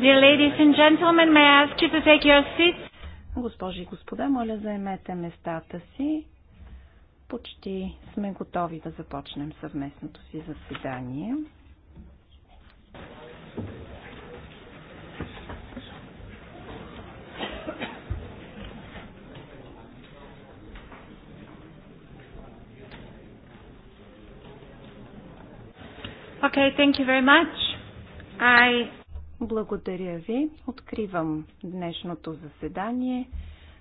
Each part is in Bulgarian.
Dear ladies and gentlemen, may I ask you to take your seats? Госпожи и господа, моля заемете местата си. Почти сме готови да започнем съвместното си заседание. Okay, thank you very much. I благодаря ви. Откривам днешното заседание.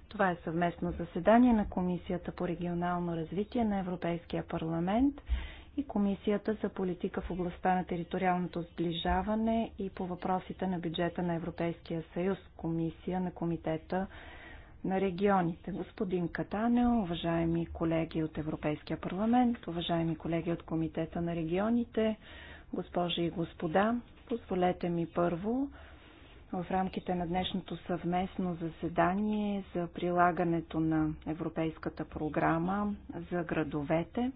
Това е съвместно заседание на Комисията по регионално развитие на Европейския парламент и Комисията за политика в областта на териториалното сближаване и по въпросите на бюджета на Европейския съюз, Комисия на Комитета на регионите. Господин Катане, уважаеми колеги от Европейския парламент, уважаеми колеги от Комитета на регионите, госпожи и господа, Позволете ми първо в рамките на днешното съвместно заседание за прилагането на Европейската програма за градовете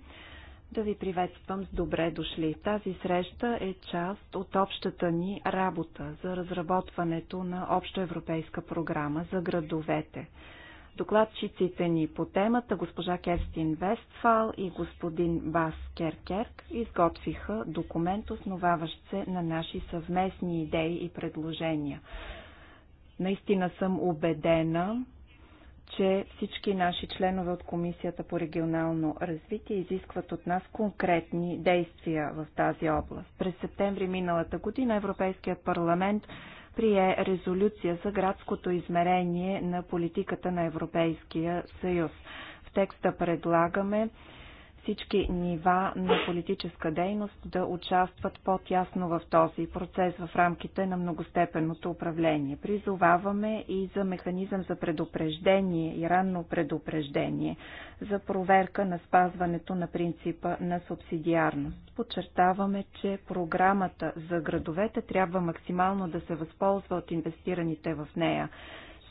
да ви приветствам с добре дошли. Тази среща е част от общата ни работа за разработването на общоевропейска програма за градовете докладчиците ни по темата, госпожа Керстин Вестфал и господин Бас Керкерк, изготвиха документ, основаващ се на наши съвместни идеи и предложения. Наистина съм убедена, че всички наши членове от Комисията по регионално развитие изискват от нас конкретни действия в тази област. През септември миналата година Европейският парламент прие резолюция за градското измерение на политиката на Европейския съюз. В текста предлагаме всички нива на политическа дейност да участват по-тясно в този процес в рамките на многостепенното управление. Призоваваме и за механизъм за предупреждение и ранно предупреждение за проверка на спазването на принципа на субсидиарност. Подчертаваме, че програмата за градовете трябва максимално да се възползва от инвестираните в нея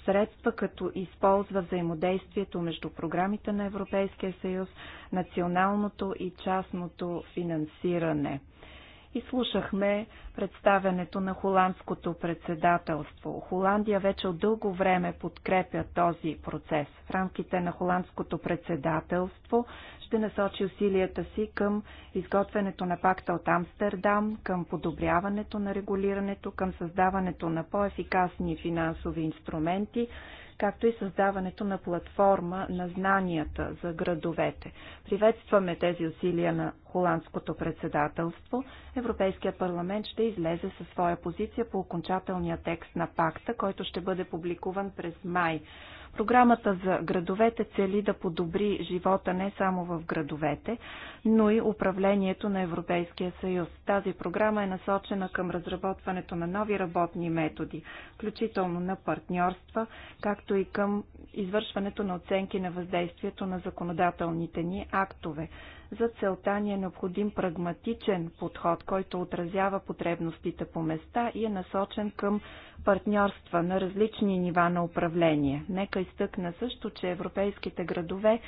средства, като използва взаимодействието между програмите на Европейския съюз, националното и частното финансиране. И слушахме представянето на холандското председателство. Холандия вече от дълго време подкрепя този процес. В рамките на холандското председателство ще насочи усилията си към изготвянето на пакта от Амстердам, към подобряването на регулирането, към създаването на по-ефикасни финансови инструменти, както и създаването на платформа на знанията за градовете. Приветстваме тези усилия на холандското председателство. Европейският парламент ще излезе със своя позиция по окончателния текст на пакта, който ще бъде публикуван през май. Програмата за градовете цели да подобри живота не само в градовете, но и управлението на Европейския съюз. Тази програма е насочена към разработването на нови работни методи, включително на партньорства, както и към извършването на оценки на въздействието на законодателните ни актове. За целта ни е необходим прагматичен подход, който отразява потребностите по места и е насочен към партньорства на различни нива на управление. Нека изтъкна също, че европейските градове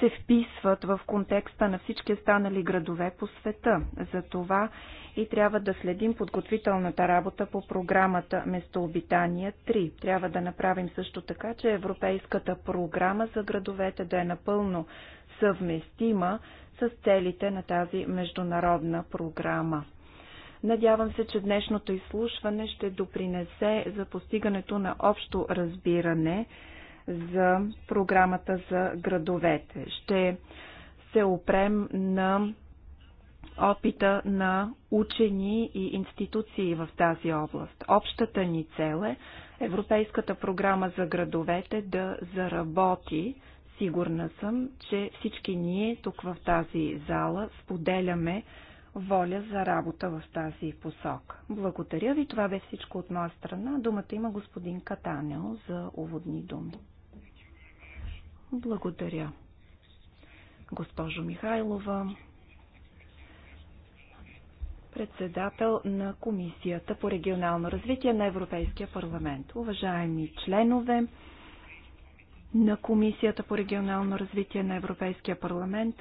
се вписват в контекста на всички останали градове по света. Затова и трябва да следим подготвителната работа по програмата Местообитания 3. Трябва да направим също така, че Европейската програма за градовете да е напълно съвместима с целите на тази международна програма. Надявам се, че днешното изслушване ще допринесе за постигането на общо разбиране за програмата за градовете. Ще се опрем на опита на учени и институции в тази област. Общата ни цел е Европейската програма за градовете да заработи, Сигурна съм, че всички ние тук в тази зала споделяме воля за работа в тази посок. Благодаря ви. Това бе всичко от моя страна. Думата има господин Катанел за уводни думи. Благодаря. Госпожо Михайлова, председател на Комисията по регионално развитие на Европейския парламент. Уважаеми членове, на Комисията по регионално развитие на Европейския парламент.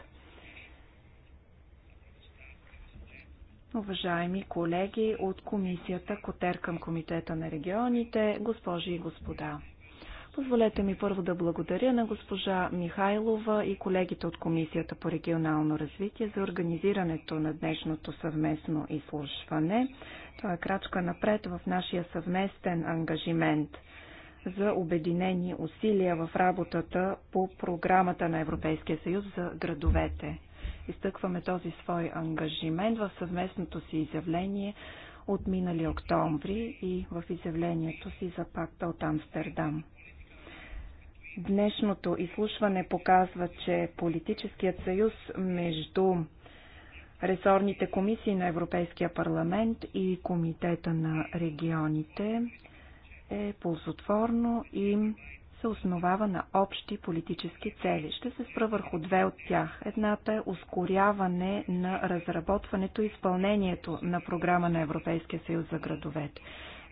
Уважаеми колеги от Комисията Котер към Комитета на регионите, госпожи и господа. Позволете ми първо да благодаря на госпожа Михайлова и колегите от Комисията по регионално развитие за организирането на днешното съвместно изслушване. Това е крачка напред в нашия съвместен ангажимент за обединени усилия в работата по програмата на Европейския съюз за градовете. Изтъкваме този свой ангажимент в съвместното си изявление от минали октомври и в изявлението си за пакта от Амстердам. Днешното изслушване показва, че политическият съюз между ресорните комисии на Европейския парламент и Комитета на регионите е ползотворно и се основава на общи политически цели. Ще се спра върху две от тях. Едната е ускоряване на разработването и изпълнението на програма на Европейския съюз за градовете.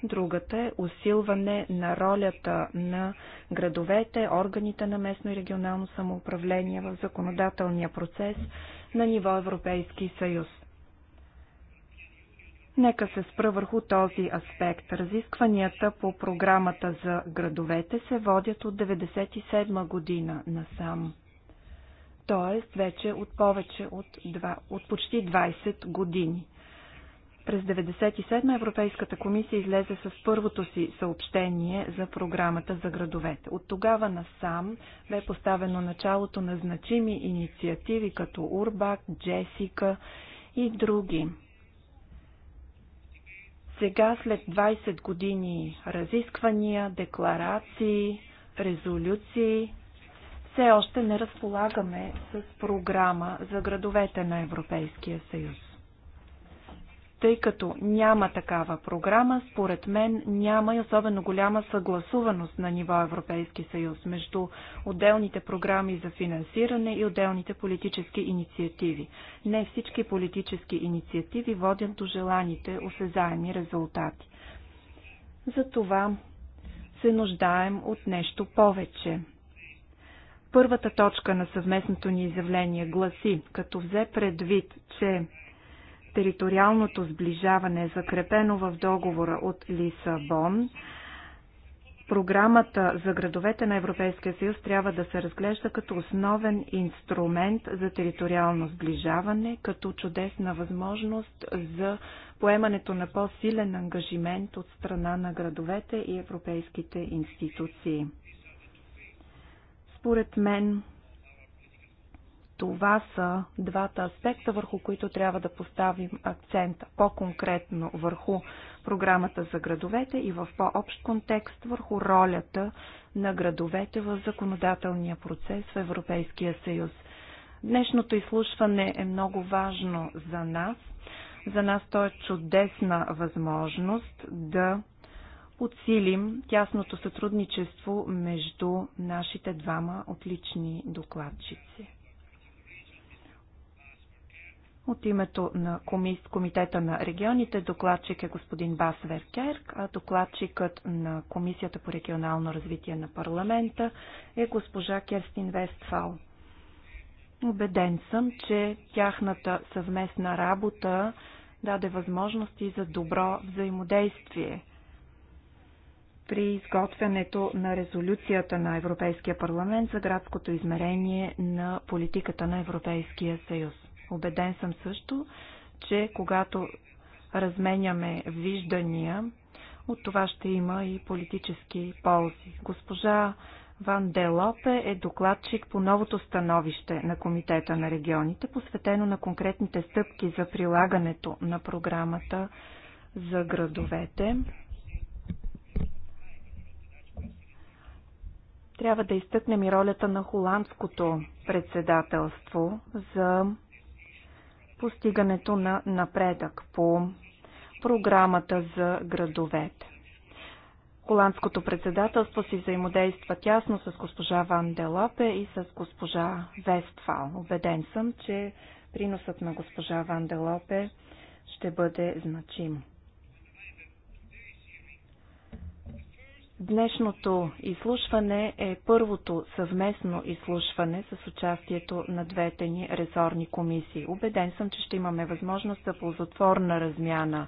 Другата е усилване на ролята на градовете, органите на местно и регионално самоуправление в законодателния процес на ниво Европейски съюз. Нека се спра върху този аспект. Разискванията по програмата за градовете се водят от 1997 година насам. Тоест вече от повече от, 2, от почти 20 години. През 1997 Европейската комисия излезе с първото си съобщение за програмата за градовете. От тогава насам бе поставено началото на значими инициативи като Урбак, Джесика и други. Сега, след 20 години разисквания, декларации, резолюции, все още не разполагаме с програма за градовете на Европейския съюз. Тъй като няма такава програма, според мен няма и особено голяма съгласуваност на ниво Европейски съюз между отделните програми за финансиране и отделните политически инициативи. Не всички политически инициативи водят до желаните осезаеми резултати. Затова се нуждаем от нещо повече. Първата точка на съвместното ни изявление гласи, като взе предвид, че териториалното сближаване закрепено в договора от Лисабон, Програмата за градовете на Европейския съюз трябва да се разглежда като основен инструмент за териториално сближаване, като чудесна възможност за поемането на по-силен ангажимент от страна на градовете и европейските институции. Според мен това са двата аспекта, върху които трябва да поставим акцента. По-конкретно върху програмата за градовете и в по-общ контекст върху ролята на градовете в законодателния процес в Европейския съюз. Днешното изслушване е много важно за нас. За нас то е чудесна възможност да подсилим тясното сътрудничество между нашите двама отлични докладчици. От името на Комитета на регионите докладчик е господин Бас Веркерк, а докладчикът на Комисията по регионално развитие на парламента е госпожа Керстин Вестфал. Обеден съм, че тяхната съвместна работа даде възможности за добро взаимодействие – при изготвянето на резолюцията на Европейския парламент за градското измерение на политиката на Европейския съюз. Обеден съм също, че когато разменяме виждания, от това ще има и политически ползи. Госпожа Ван Лопе е докладчик по новото становище на Комитета на регионите, посветено на конкретните стъпки за прилагането на програмата за градовете. Трябва да изтъкнем и ролята на холандското председателство за постигането на напредък по програмата за градовете. Холандското председателство си взаимодейства тясно с госпожа Ван Делапе и с госпожа Вестфал. Обеден съм, че приносът на госпожа Ван Делапе ще бъде значим. Днешното изслушване е първото съвместно изслушване с участието на двете ни ресорни комисии. Убеден съм, че ще имаме възможност за ползотворна размяна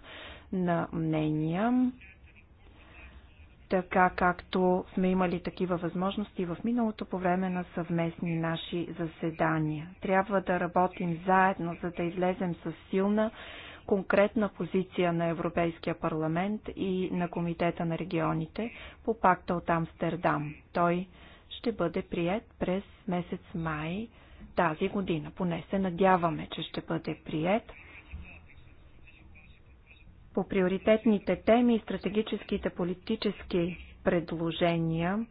на мнения, така както сме имали такива възможности в миналото по време на съвместни наши заседания. Трябва да работим заедно, за да излезем с силна конкретна позиция на Европейския парламент и на Комитета на регионите по пакта от Амстердам. Той ще бъде прият през месец май тази година. Поне се надяваме, че ще бъде прият. По приоритетните теми и стратегическите политически предложения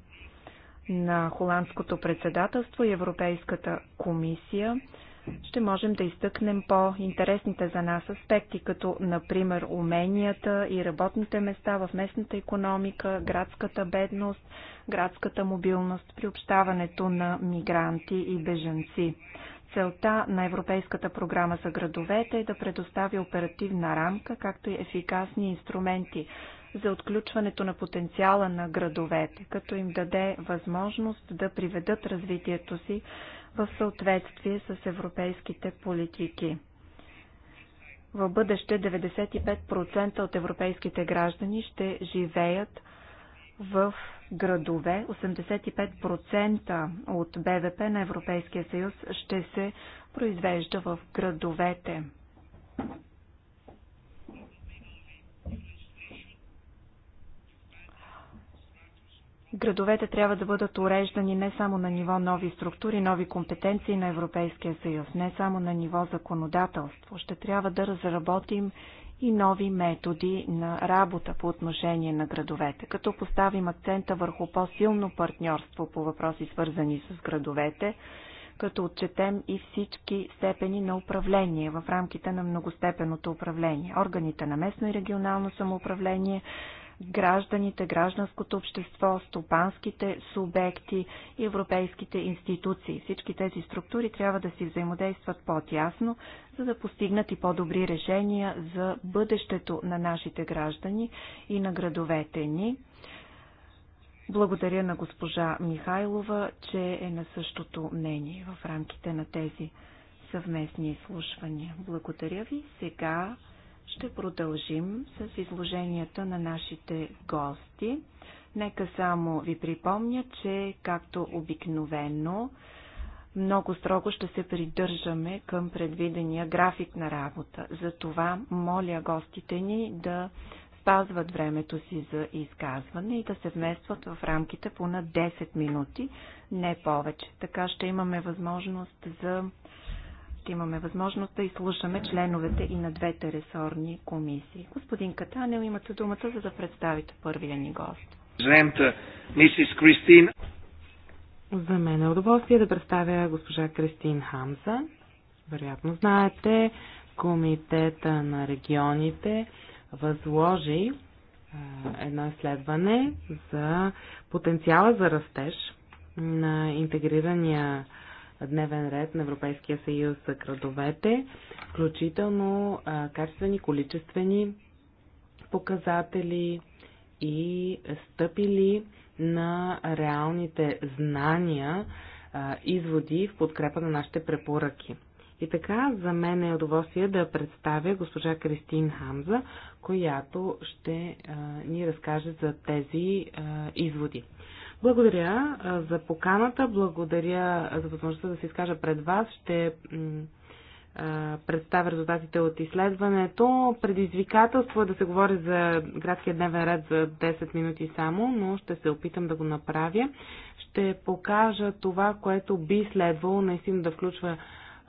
на Холандското председателство и Европейската комисия ще можем да изтъкнем по-интересните за нас аспекти, като например уменията и работните места в местната економика, градската бедност, градската мобилност, приобщаването на мигранти и бежанци. Целта на Европейската програма за градовете е да предостави оперативна рамка, както и ефикасни инструменти за отключването на потенциала на градовете, като им даде възможност да приведат развитието си в съответствие с европейските политики. В бъдеще 95% от европейските граждани ще живеят в градове. 85% от БВП на Европейския съюз ще се произвежда в градовете. Градовете трябва да бъдат уреждани не само на ниво нови структури, нови компетенции на Европейския съюз, не само на ниво законодателство. Ще трябва да разработим и нови методи на работа по отношение на градовете, като поставим акцента върху по-силно партньорство по въпроси свързани с градовете, като отчетем и всички степени на управление в рамките на многостепеното управление. Органите на местно и регионално самоуправление, гражданите, гражданското общество, стопанските субекти и европейските институции. Всички тези структури трябва да си взаимодействат по-тясно, за да постигнат и по-добри решения за бъдещето на нашите граждани и на градовете ни. Благодаря на госпожа Михайлова, че е на същото мнение в рамките на тези съвместни изслушвания. Благодаря ви. Сега ще продължим с изложенията на нашите гости. Нека само ви припомня, че както обикновено, много строго ще се придържаме към предвидения график на работа. Затова моля гостите ни да спазват времето си за изказване и да се вместват в рамките по на 10 минути, не повече. Така ще имаме възможност за ще имаме възможност да изслушаме членовете и на двете ресорни комисии. Господин Катанел имате думата, за да представите първия ни гост. За мен е удоволствие да представя госпожа Кристин Хамза. Вероятно знаете, Комитета на регионите възложи едно изследване за потенциала за растеж на интегрирания дневен ред на Европейския съюз за градовете, включително качествени, количествени показатели и стъпили на реалните знания, изводи в подкрепа на нашите препоръки. И така, за мен е удоволствие да представя госпожа Кристин Хамза, която ще ни разкаже за тези изводи. Благодаря за поканата, благодаря за възможността да се изкажа пред вас. Ще представя резултатите от изследването. Предизвикателство е да се говори за градския дневен ред за 10 минути само, но ще се опитам да го направя. Ще покажа това, което би следвало наистина да включва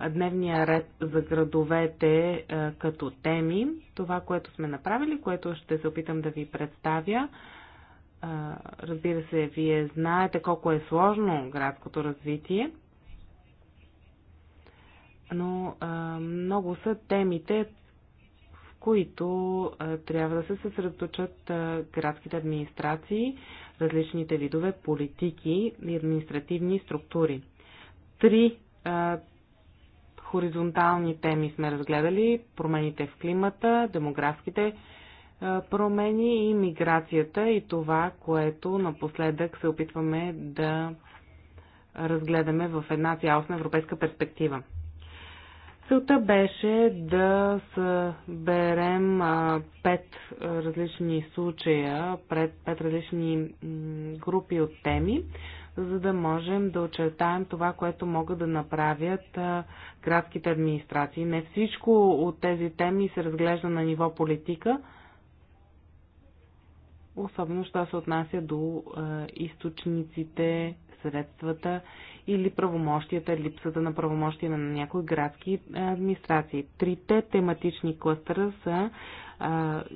дневния ред за градовете като теми. Това, което сме направили, което ще се опитам да ви представя разбира се, вие знаете колко е сложно градското развитие, но много са темите, в които трябва да се съсредоточат градските администрации, различните видове политики и административни структури. Три хоризонтални теми сме разгледали промените в климата, демографските промени и миграцията и това, което напоследък се опитваме да разгледаме в една цялостна европейска перспектива. Целта беше да съберем пет различни случая, пред пет различни групи от теми, за да можем да очертаем това, което могат да направят градските администрации. Не всичко от тези теми се разглежда на ниво политика, особено що се отнася до е, източниците, средствата или правомощията, липсата на правомощия на някои градски е, администрации. Трите тематични кластера са е,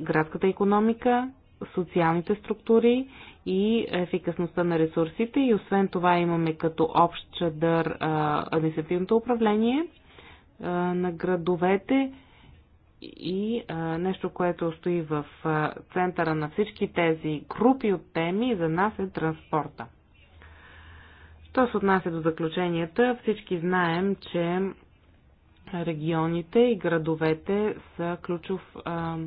градската економика, социалните структури и ефикасността на ресурсите. И освен това имаме като общ чадър административното управление на градовете и а, нещо, което стои в а, центъра на всички тези групи от теми за нас е транспорта. Що се отнася до заключенията, всички знаем, че регионите и градовете са ключов а,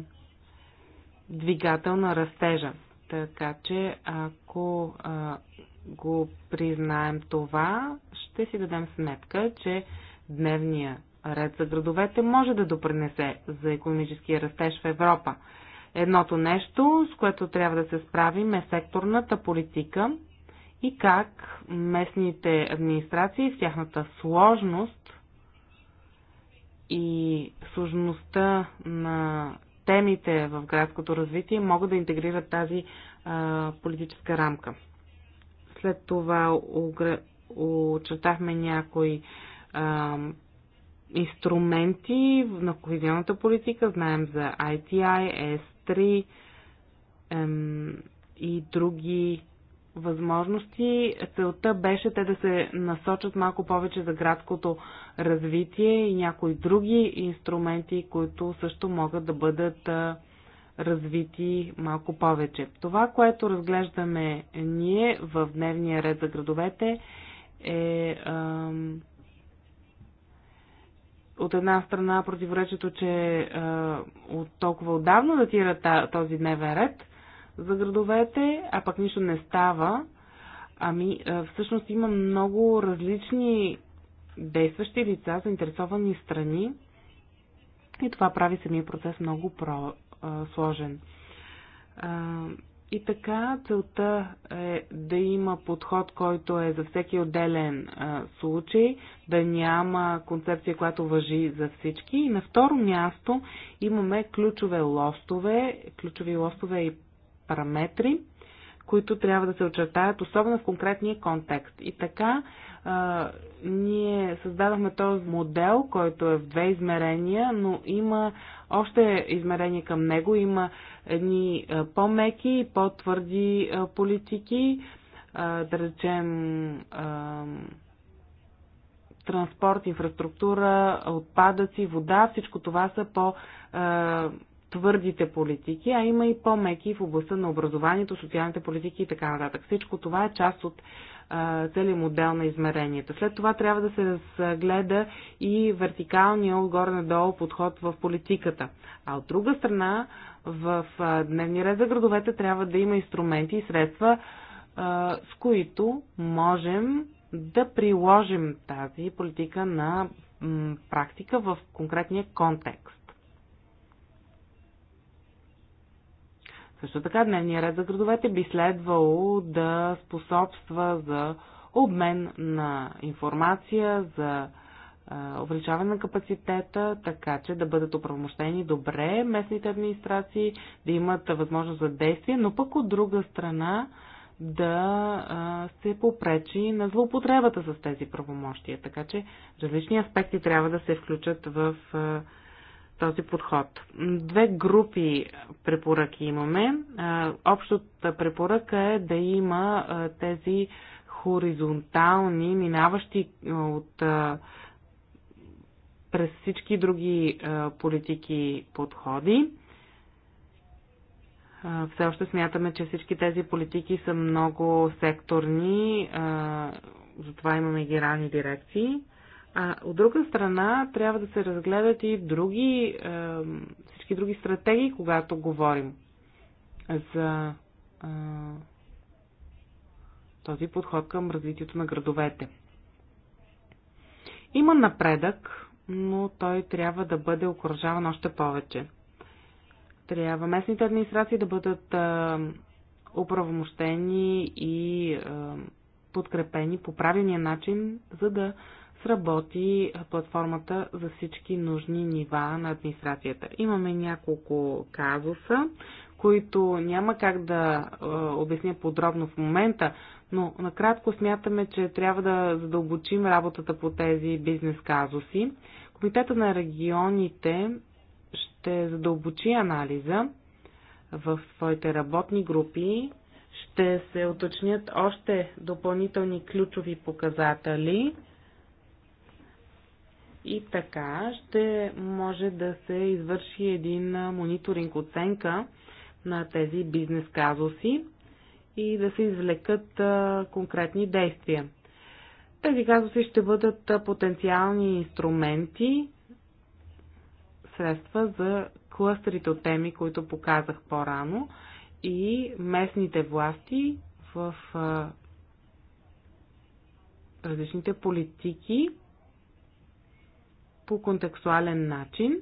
двигател на растежа. Така че ако а, го признаем това, ще си дадем сметка, че дневният ред за градовете може да допринесе за економическия растеж в Европа. Едното нещо, с което трябва да се справим е секторната политика и как местните администрации с тяхната сложност и сложността на темите в градското развитие могат да интегрират тази а, политическа рамка. След това очертахме някои а, инструменти на кохезионната политика. Знаем за ITI, S3 ем, и други възможности. Целта беше те да се насочат малко повече за градското развитие и някои други инструменти, които също могат да бъдат развити малко повече. Това, което разглеждаме ние в дневния ред за градовете е. Ем, от една страна противоречието, че е, от толкова отдавна датира този дневен ред за градовете, а пък нищо не става. Ами, е, всъщност има много различни действащи лица, заинтересовани страни и това прави самия процес много про, е, сложен. И така целта е да има подход, който е за всеки отделен а, случай, да няма концепция, която въжи за всички. И на второ място имаме ключове лостове, ключови лостове и параметри, които трябва да се очертаят, особено в конкретния контекст. И така а, ние създадохме този модел, който е в две измерения, но има още измерение към него. Има едни по-меки и по-твърди политики, а, да речем а, транспорт, инфраструктура, отпадъци, вода. Всичко това са по- твърдите политики, а има и по-меки в областта на образованието, социалните политики и така нататък. Всичко това е част от целият модел на измеренията. След това трябва да се разгледа и вертикалния отгоре надолу подход в политиката. А от друга страна, в дневния ред за градовете трябва да има инструменти и средства, с които можем да приложим тази политика на практика в конкретния контекст. Също така дневния ред за градовете би следвало да способства за обмен на информация, за увеличаване на капацитета, така че да бъдат оправомощени добре местните администрации, да имат възможност за действие, но пък от друга страна да се попречи на злоупотребата с тези правомощия. Така че различни аспекти трябва да се включат в този подход. Две групи препоръки имаме. Общата препоръка е да има тези хоризонтални, минаващи от през всички други политики подходи. Все още смятаме, че всички тези политики са много секторни, затова имаме генерални дирекции. А от друга страна, трябва да се разгледат и други, е, всички други стратегии, когато говорим за е, този подход към развитието на градовете. Има напредък, но той трябва да бъде окоръжаван още повече. Трябва местните администрации да бъдат е, оправомощени и е, подкрепени по правилния начин, за да сработи платформата за всички нужни нива на администрацията. Имаме няколко казуса, които няма как да е, обясня подробно в момента, но накратко смятаме, че трябва да задълбочим работата по тези бизнес казуси. Комитета на регионите ще задълбочи анализа в своите работни групи, ще се уточнят още допълнителни ключови показатели и така ще може да се извърши един мониторинг оценка на тези бизнес казуси и да се извлекат конкретни действия. Тези казуси ще бъдат потенциални инструменти, средства за кластерите от теми, които показах по-рано и местните власти в различните политики по контекстуален начин,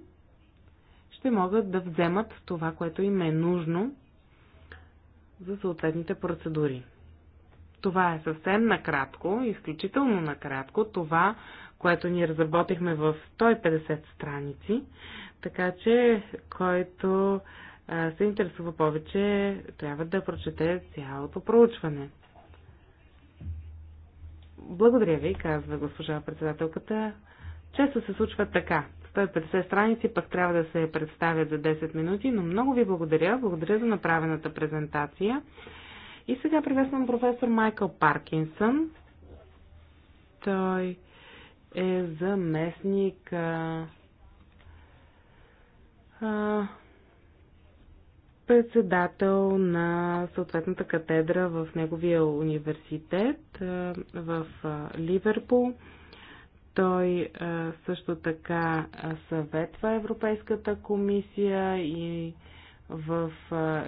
ще могат да вземат това, което им е нужно за съответните процедури. Това е съвсем накратко, изключително накратко, това, което ние разработихме в 150 страници, така че който се интересува повече, трябва да прочете цялото проучване. Благодаря ви, казва госпожа председателката. Често се случва така. 150 страници пък трябва да се представят за 10 минути, но много ви благодаря. Благодаря за направената презентация. И сега приветствам професор Майкъл Паркинсън. Той е заместник а, а, председател на съответната катедра в неговия университет а, в а, Ливерпул. Той също така съветва Европейската комисия и в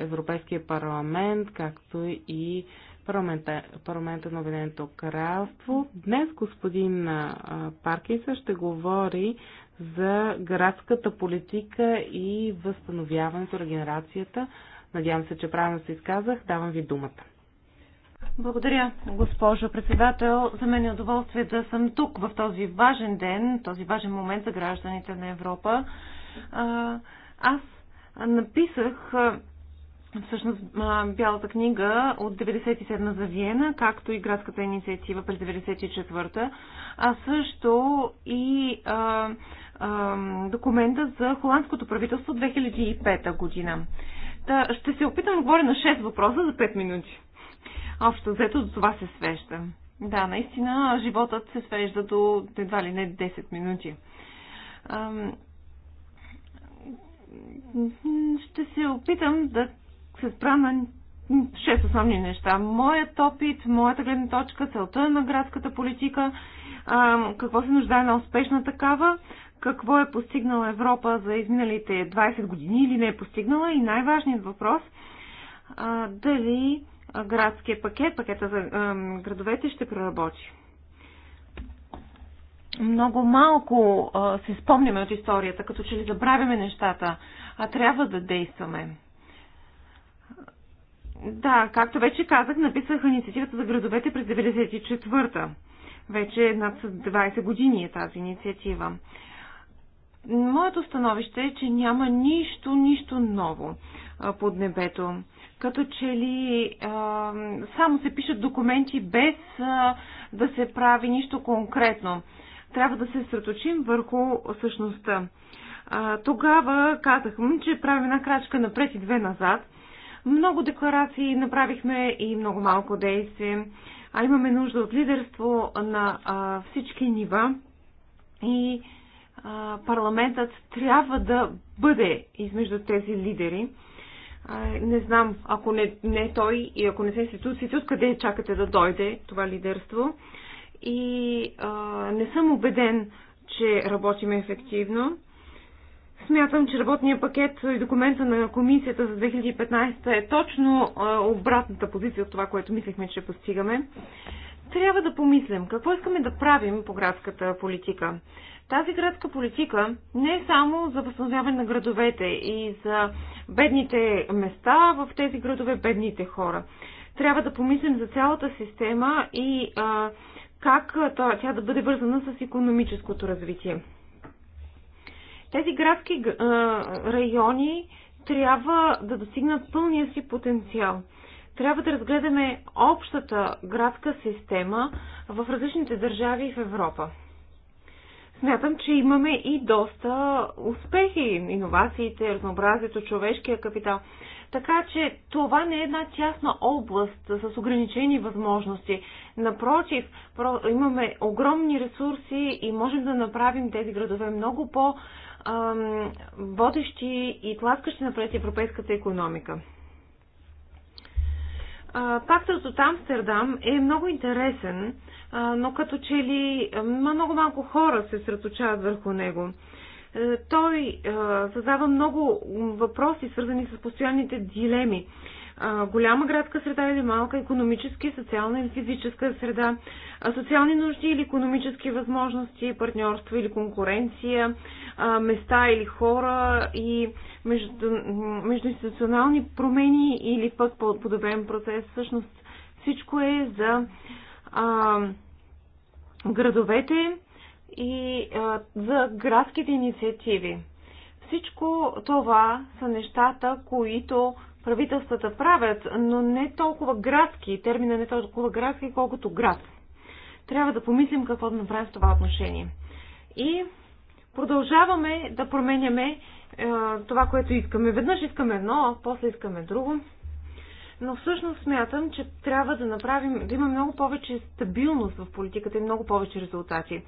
Европейския парламент, както и парламента, парламента на Обединеното кралство. Днес господин Паркинса ще говори за градската политика и възстановяването, регенерацията. Надявам се, че правилно се изказах. Давам ви думата. Благодаря, госпожо председател. За мен е удоволствие да съм тук в този важен ден, този важен момент за гражданите на Европа. Аз написах всъщност Бялата книга от 97 за Виена, както и градската инициатива през 94-та, а също и а, а, документа за холандското правителство 2005 година. Та, ще се опитам да говоря на 6 въпроса за 5 минути. Общо взето до това се свежда. Да, наистина животът се свежда до едва ли не 10 минути. Ще се опитам да се спра на 6 основни неща. Моят опит, моята гледна точка, целта на градската политика, какво се нуждае на успешна такава, какво е постигнала Европа за изминалите 20 години или не е постигнала и най-важният въпрос дали градския пакет, пакета за градовете ще проработи. Много малко се спомняме от историята, като че ли забравяме нещата, а трябва да действаме. Да, както вече казах, написах инициативата за градовете през 94-та. Вече е над 20 години е тази инициатива. Моето становище е, че няма нищо, нищо ново под небето като че ли а, само се пишат документи без а, да се прави нищо конкретно. Трябва да се сръточим върху същността. А, тогава казахме, че правим една крачка напред и две назад. Много декларации направихме и много малко действие, а имаме нужда от лидерство на а, всички нива и а, парламентът трябва да бъде измежду тези лидери не знам, ако не, не той и ако не са институциите, откъде чакате да дойде това лидерство. И а, не съм убеден, че работим ефективно. Смятам, че работният пакет и документа на комисията за 2015 е точно а, обратната позиция от това, което мислехме, че постигаме. Трябва да помислим какво искаме да правим по градската политика. Тази градска политика не е само за възстановяване на градовете и за бедните места в тези градове, бедните хора. Трябва да помислим за цялата система и а, как тя да бъде вързана с економическото развитие. Тези градски а, райони трябва да достигнат пълния си потенциал трябва да разгледаме общата градска система в различните държави в Европа. Смятам, че имаме и доста успехи. Иновациите, разнообразието, човешкия капитал. Така че това не е една тясна област с ограничени възможности. Напротив, имаме огромни ресурси и можем да направим тези градове много по- водещи и тласкащи напред европейската економика. Пактът от Амстердам е много интересен, но като че ли много малко хора се сръточават върху него. Е, той създава много въпроси, свързани с постоянните дилеми а, голяма градска среда или малка, економически, социална или физическа среда, а, социални нужди или економически възможности, партньорство или конкуренция, а, места или хора и между, институционални промени или пък подобен процес. Всъщност всичко е за а, градовете и а, за градските инициативи. Всичко това са нещата, които правителствата правят, но не толкова градски. Термина не е толкова градски, колкото град. Трябва да помислим какво да направим в това отношение. И продължаваме да променяме е, това, което искаме. Веднъж искаме едно, а после искаме друго но всъщност смятам, че трябва да направим, да има много повече стабилност в политиката и много повече резултати.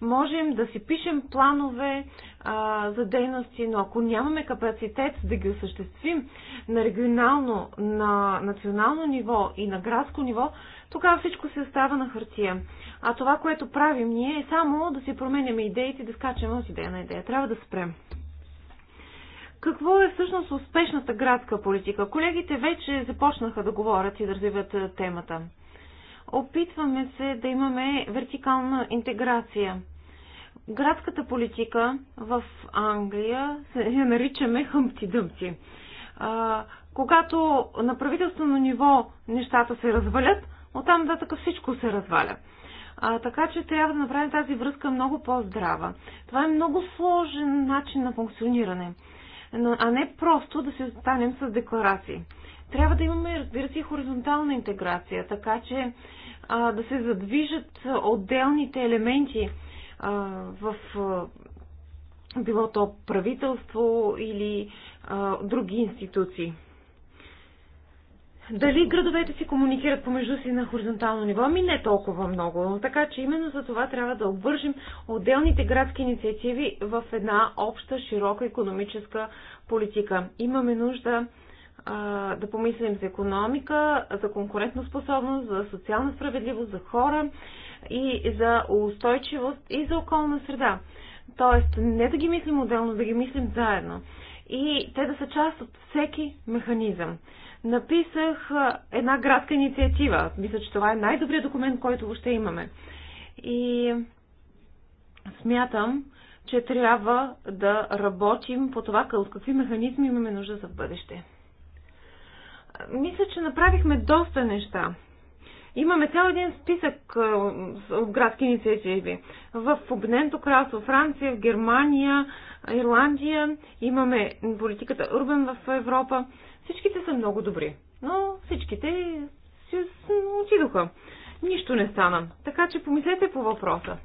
Можем да си пишем планове а, за дейности, но ако нямаме капацитет да ги осъществим на регионално, на национално ниво и на градско ниво, тогава всичко се остава на хартия. А това, което правим ние е само да си променяме идеите, да скачаме от идея на идея. Трябва да спрем. Какво е всъщност успешната градска политика? Колегите вече започнаха да говорят и да развиват е, темата. Опитваме се да имаме вертикална интеграция. Градската политика в Англия се я наричаме хъмти-дъмти. Когато на правителствено ниво нещата се развалят, оттам нататък всичко се разваля. А, така че трябва да направим тази връзка много по-здрава. Това е много сложен начин на функциониране а не просто да се останем с декларации. Трябва да имаме, разбира се, хоризонтална интеграция, така че а, да се задвижат отделните елементи а, в а, било то правителство или а, други институции. Дали градовете си комуникират помежду си на хоризонтално ниво? Ми не толкова много. Така че именно за това трябва да обвържим отделните градски инициативи в една обща, широка економическа политика. Имаме нужда а, да помислим за економика, за конкурентоспособност, за социална справедливост, за хора и за устойчивост и за околна среда. Тоест, не да ги мислим отделно, да ги мислим заедно. И те да са част от всеки механизъм написах една градска инициатива. Мисля, че това е най-добрият документ, който въобще имаме. И смятам, че трябва да работим по това, от какви механизми имаме нужда за бъдеще. Мисля, че направихме доста неща. Имаме цял един списък от градски инициативи. В Обненто кралство, Франция, в Германия, Ирландия, имаме политиката Урбан в Европа. Всичките са много добри, но всичките си отидоха. Нищо не стана. Така че помислете по въпроса.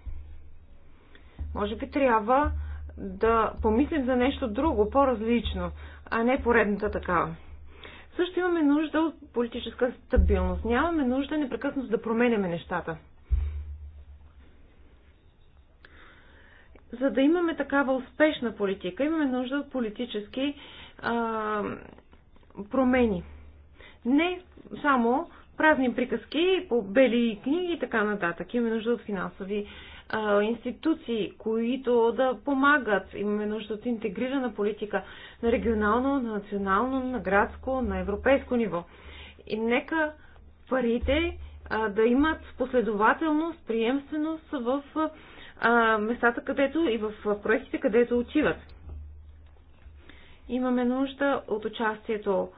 Може би трябва да помислим за нещо друго, по-различно, а не поредната такава. Също имаме нужда от политическа стабилност. Нямаме нужда непрекъснато да променяме нещата. За да имаме такава успешна политика, имаме нужда от политически а, промени. Не само празни приказки по бели книги и така нататък. Имаме нужда от финансови а, институции, които да помагат. Имаме нужда от интегрирана политика на регионално, на национално, на градско, на европейско ниво. И нека парите а, да имат последователност, приемственост в а, местата, където и в проектите, където отиват имаме нужда от участието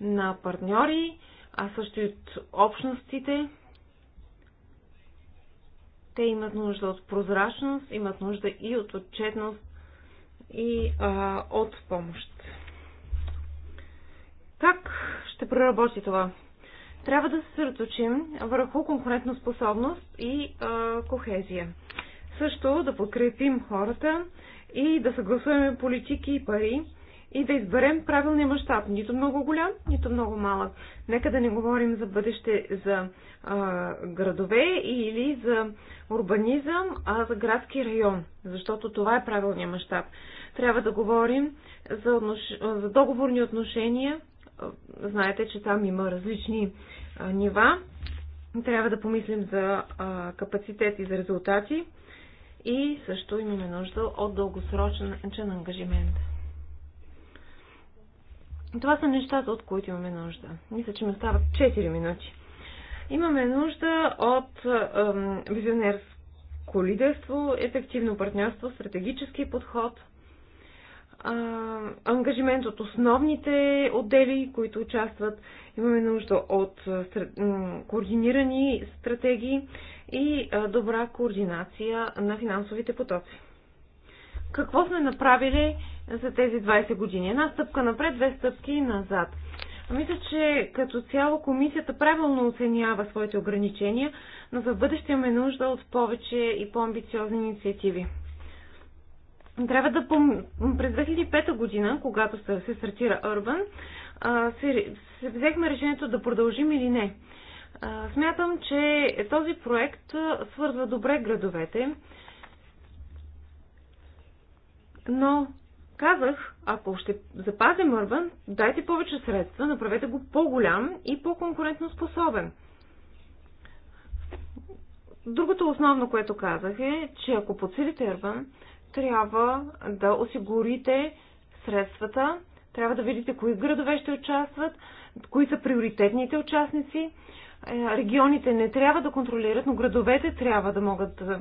на партньори, а също и от общностите. Те имат нужда от прозрачност, имат нужда и от отчетност и а, от помощ. Как ще проработи това? Трябва да се съсредоточим върху способност и а, кохезия. Също да подкрепим хората и да съгласуваме политики и пари, и да изберем правилния мащаб, нито много голям, нито много малък. Нека да не говорим за бъдеще за а, градове или за урбанизъм, а за градски район, защото това е правилният мащаб. Трябва да говорим за, отнош... за договорни отношения. Знаете, че там има различни а, нива. Трябва да помислим за а, капацитет и за резултати. И също имаме нужда от дългосрочен ангажимент. Това са нещата, от които имаме нужда. Мисля, че ми остават 4 минути. Имаме нужда от ем, визионерско лидерство, ефективно партньорство, стратегически подход, ем, ангажимент от основните отдели, които участват. Имаме нужда от ем, координирани стратегии и е, добра координация на финансовите потоци какво сме направили за тези 20 години. Една стъпка напред, две стъпки назад. Мисля, че като цяло комисията правилно оценява своите ограничения, но за бъдеще имаме нужда от повече и по-амбициозни инициативи. Трябва да пом... през 2005 година, когато се стартира Urban, се, се взехме решението да продължим или не. Смятам, че този проект свързва добре градовете но казах, ако ще запазим Urban, дайте повече средства, направете го по-голям и по-конкурентно способен. Другото основно, което казах е, че ако подсилите Urban, трябва да осигурите средствата, трябва да видите кои градове ще участват, кои са приоритетните участници, е, регионите не трябва да контролират, но градовете трябва да могат да,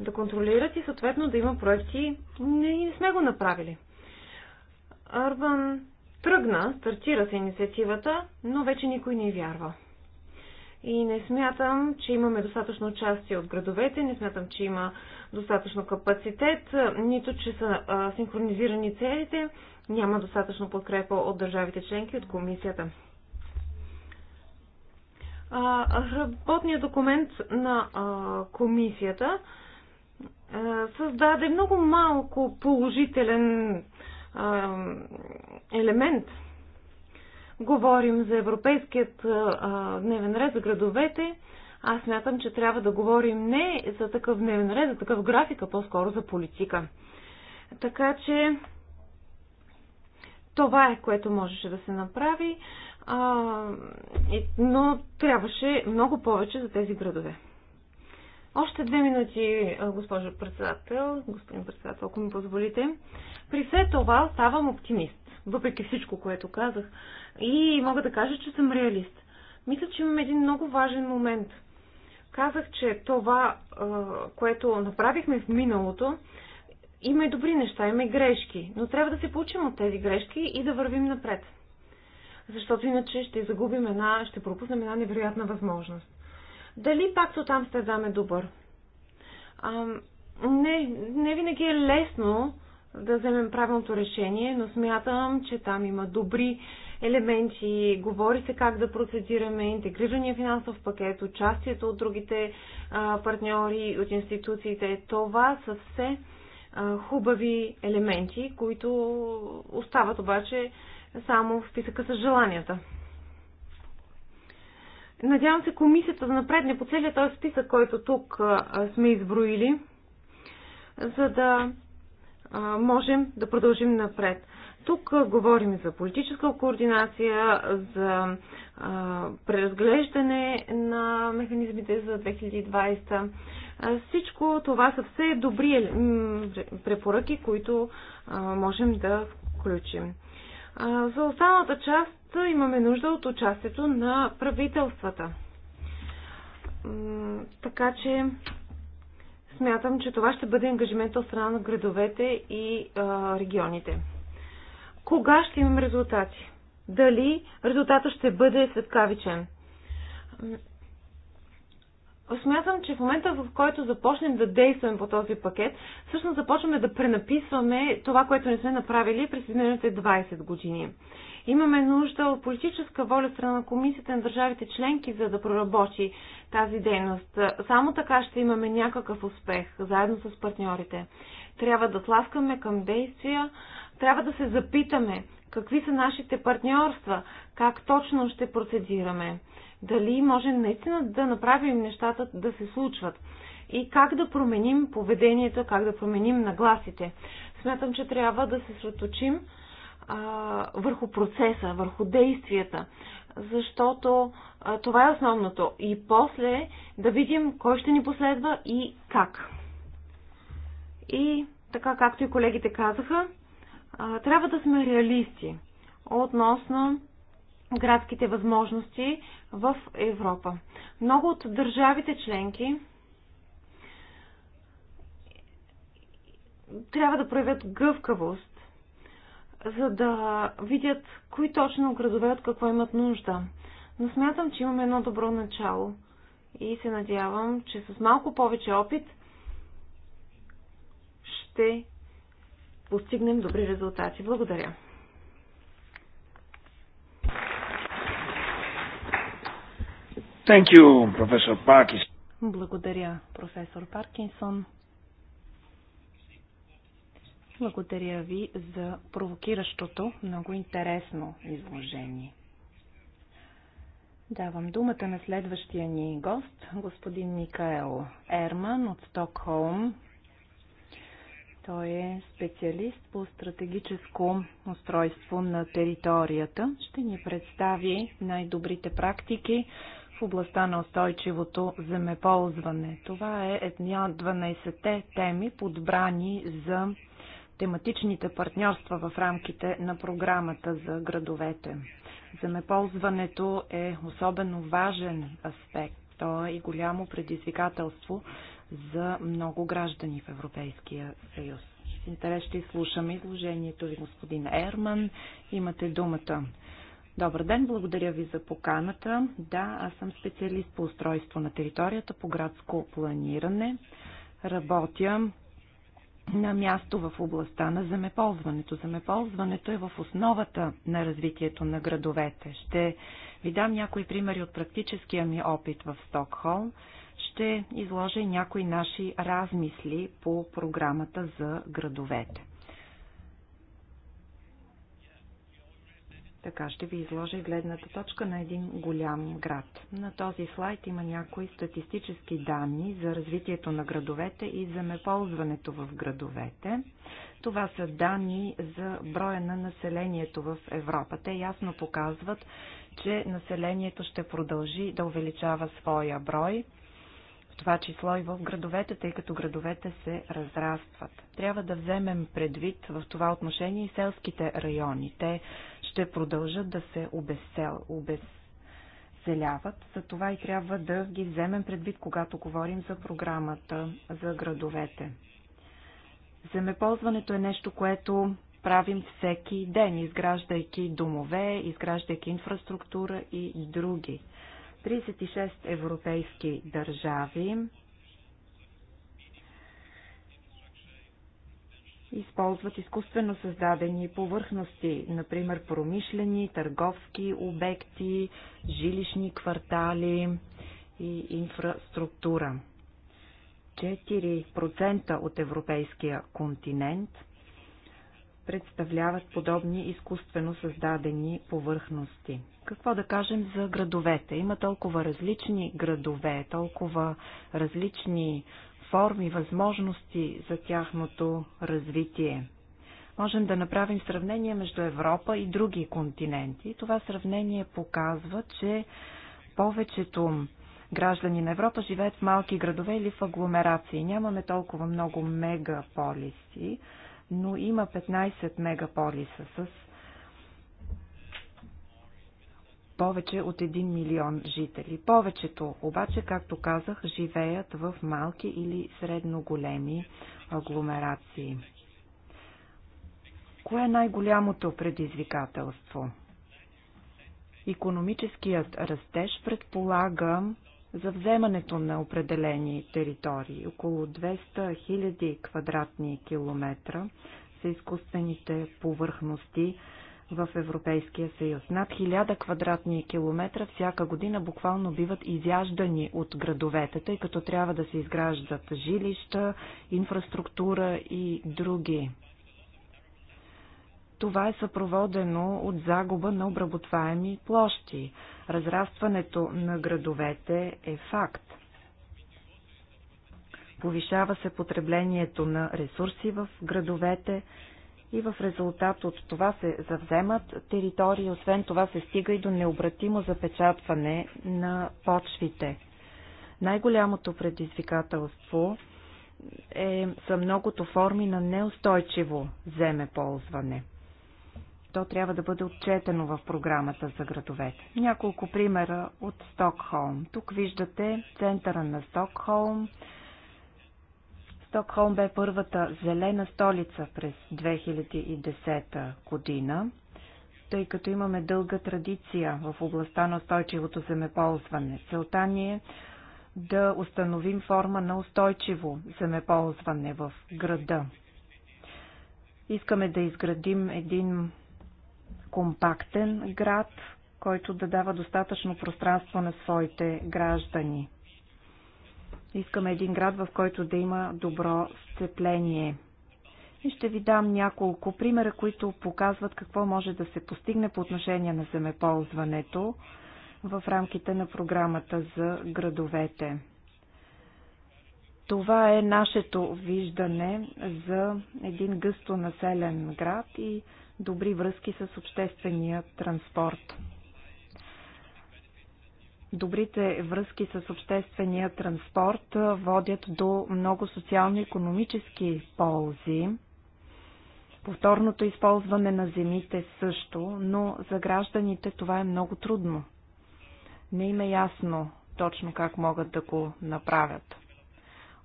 е, да контролират и съответно да има проекти. Не, не сме го направили. Арбан тръгна, стартира се инициативата, но вече никой не вярва. И не смятам, че имаме достатъчно участие от градовете, не смятам, че има достатъчно капацитет, нито че са а, синхронизирани целите, няма достатъчно подкрепа от държавите членки, от комисията работният документ на комисията създаде много малко положителен елемент. Говорим за европейският дневен ред за градовете. Аз смятам, че трябва да говорим не за такъв дневен ред, за такъв график, а по-скоро за политика. Така че това е което можеше да се направи а, но трябваше много повече за тези градове. Още две минути, госпожо председател, господин председател, ако ми позволите. При все това ставам оптимист, въпреки всичко, което казах. И мога да кажа, че съм реалист. Мисля, че имам един много важен момент. Казах, че това, което направихме в миналото, има и добри неща, има и грешки. Но трябва да се получим от тези грешки и да вървим напред защото иначе ще загубим една, ще пропуснем една невероятна възможност. Дали то от сте е добър? А, не, не винаги е лесно да вземем правилното решение, но смятам, че там има добри елементи, говори се как да процедираме, интегрирания финансов пакет, участието от другите а, партньори, от институциите. Това са все а, хубави елементи, които остават обаче само в списъка с желанията. Надявам се комисията да напредне по целият този списък, който тук сме изброили, за да можем да продължим напред. Тук говорим за политическа координация, за преразглеждане на механизмите за 2020. Всичко това са все добри препоръки, които можем да включим. За останалата част имаме нужда от участието на правителствата. Така че смятам, че това ще бъде ангажимент от страна на градовете и регионите. Кога ще имам резултати? Дали резултата ще бъде светкавичен? смятам, че в момента, в който започнем да действаме по този пакет, всъщност започваме да пренаписваме това, което не сме направили през изминалите 20 години. Имаме нужда от политическа воля страна на комисията на държавите членки, за да проработи тази дейност. Само така ще имаме някакъв успех, заедно с партньорите. Трябва да сласкаме към действия, трябва да се запитаме какви са нашите партньорства, как точно ще процедираме дали можем наистина да направим нещата да се случват и как да променим поведението, как да променим нагласите. Смятам, че трябва да се сръточим върху процеса, върху действията, защото а, това е основното. И после да видим кой ще ни последва и как. И така както и колегите казаха, а, трябва да сме реалисти относно градските възможности в Европа. Много от държавите членки трябва да проявят гъвкавост, за да видят кои точно градове от какво имат нужда. Но смятам, че имаме едно добро начало и се надявам, че с малко повече опит ще постигнем добри резултати. Благодаря. Thank you, Professor Parkinson. Благодаря, професор Паркинсон. Благодаря ви за провокиращото, много интересно изложение. Давам думата на следващия ни гост, господин Микаел Ерман от Стокхолм. Той е специалист по стратегическо устройство на територията. Ще ни представи най-добрите практики областта на устойчивото земеползване. Това е една от 12-те теми, подбрани за тематичните партньорства в рамките на програмата за градовете. Земеползването е особено важен аспект. То е и голямо предизвикателство за много граждани в Европейския съюз. С интерес ще изслушаме изложението ви, господин Ерман. Имате думата. Добър ден, благодаря ви за поканата. Да, аз съм специалист по устройство на територията, по градско планиране. Работя на място в областта на земеползването. Земеползването е в основата на развитието на градовете. Ще ви дам някои примери от практическия ми опит в Стокхолм. Ще изложа и някои наши размисли по програмата за градовете. Така ще ви изложа и гледната точка на един голям град. На този слайд има някои статистически данни за развитието на градовете и земеползването в градовете. Това са данни за броя на населението в Европа. Те ясно показват, че населението ще продължи да увеличава своя брой, в това число и в градовете, тъй като градовете се разрастват. Трябва да вземем предвид в това отношение и селските райони. Те ще продължат да се обесел, обеселяват. Затова и трябва да ги вземем предвид, когато говорим за програмата за градовете. Земеползването е нещо, което правим всеки ден, изграждайки домове, изграждайки инфраструктура и други. 36 европейски държави използват изкуствено създадени повърхности, например промишлени, търговски обекти, жилищни квартали и инфраструктура. 4% от европейския континент представляват подобни изкуствено създадени повърхности. Какво да кажем за градовете? Има толкова различни градове, толкова различни форми, възможности за тяхното развитие. Можем да направим сравнение между Европа и други континенти. Това сравнение показва, че повечето граждани на Европа живеят в малки градове или в агломерации. Нямаме толкова много мегаполиси, но има 15 мегаполиса с повече от 1 милион жители. Повечето обаче, както казах, живеят в малки или средно големи агломерации. Кое е най-голямото предизвикателство? Економическият растеж предполага за вземането на определени територии. Около 200 000 квадратни километра са изкуствените повърхности в Европейския съюз. Над 1000 квадратни километра всяка година буквално биват изяждани от градовете, тъй като трябва да се изграждат жилища, инфраструктура и други. Това е съпроводено от загуба на обработваеми площи. Разрастването на градовете е факт. Повишава се потреблението на ресурси в градовете, и в резултат от това се завземат територии, освен това се стига и до необратимо запечатване на почвите. Най-голямото предизвикателство е, са многото форми на неустойчиво земеползване. То трябва да бъде отчетено в програмата за градовете. Няколко примера от Стокхолм. Тук виждате центъра на Стокхолм, Стокхолм бе първата зелена столица през 2010 година, тъй като имаме дълга традиция в областта на устойчивото земеползване. Целта ни е да установим форма на устойчиво земеползване в града. Искаме да изградим един компактен град, който да дава достатъчно пространство на своите граждани. Искаме един град, в който да има добро сцепление. И ще ви дам няколко примера, които показват какво може да се постигне по отношение на земеползването в рамките на програмата за градовете. Това е нашето виждане за един гъсто населен град и добри връзки с обществения транспорт добрите връзки с обществения транспорт водят до много социално-економически ползи. Повторното използване на земите също, но за гражданите това е много трудно. Не им е ясно точно как могат да го направят.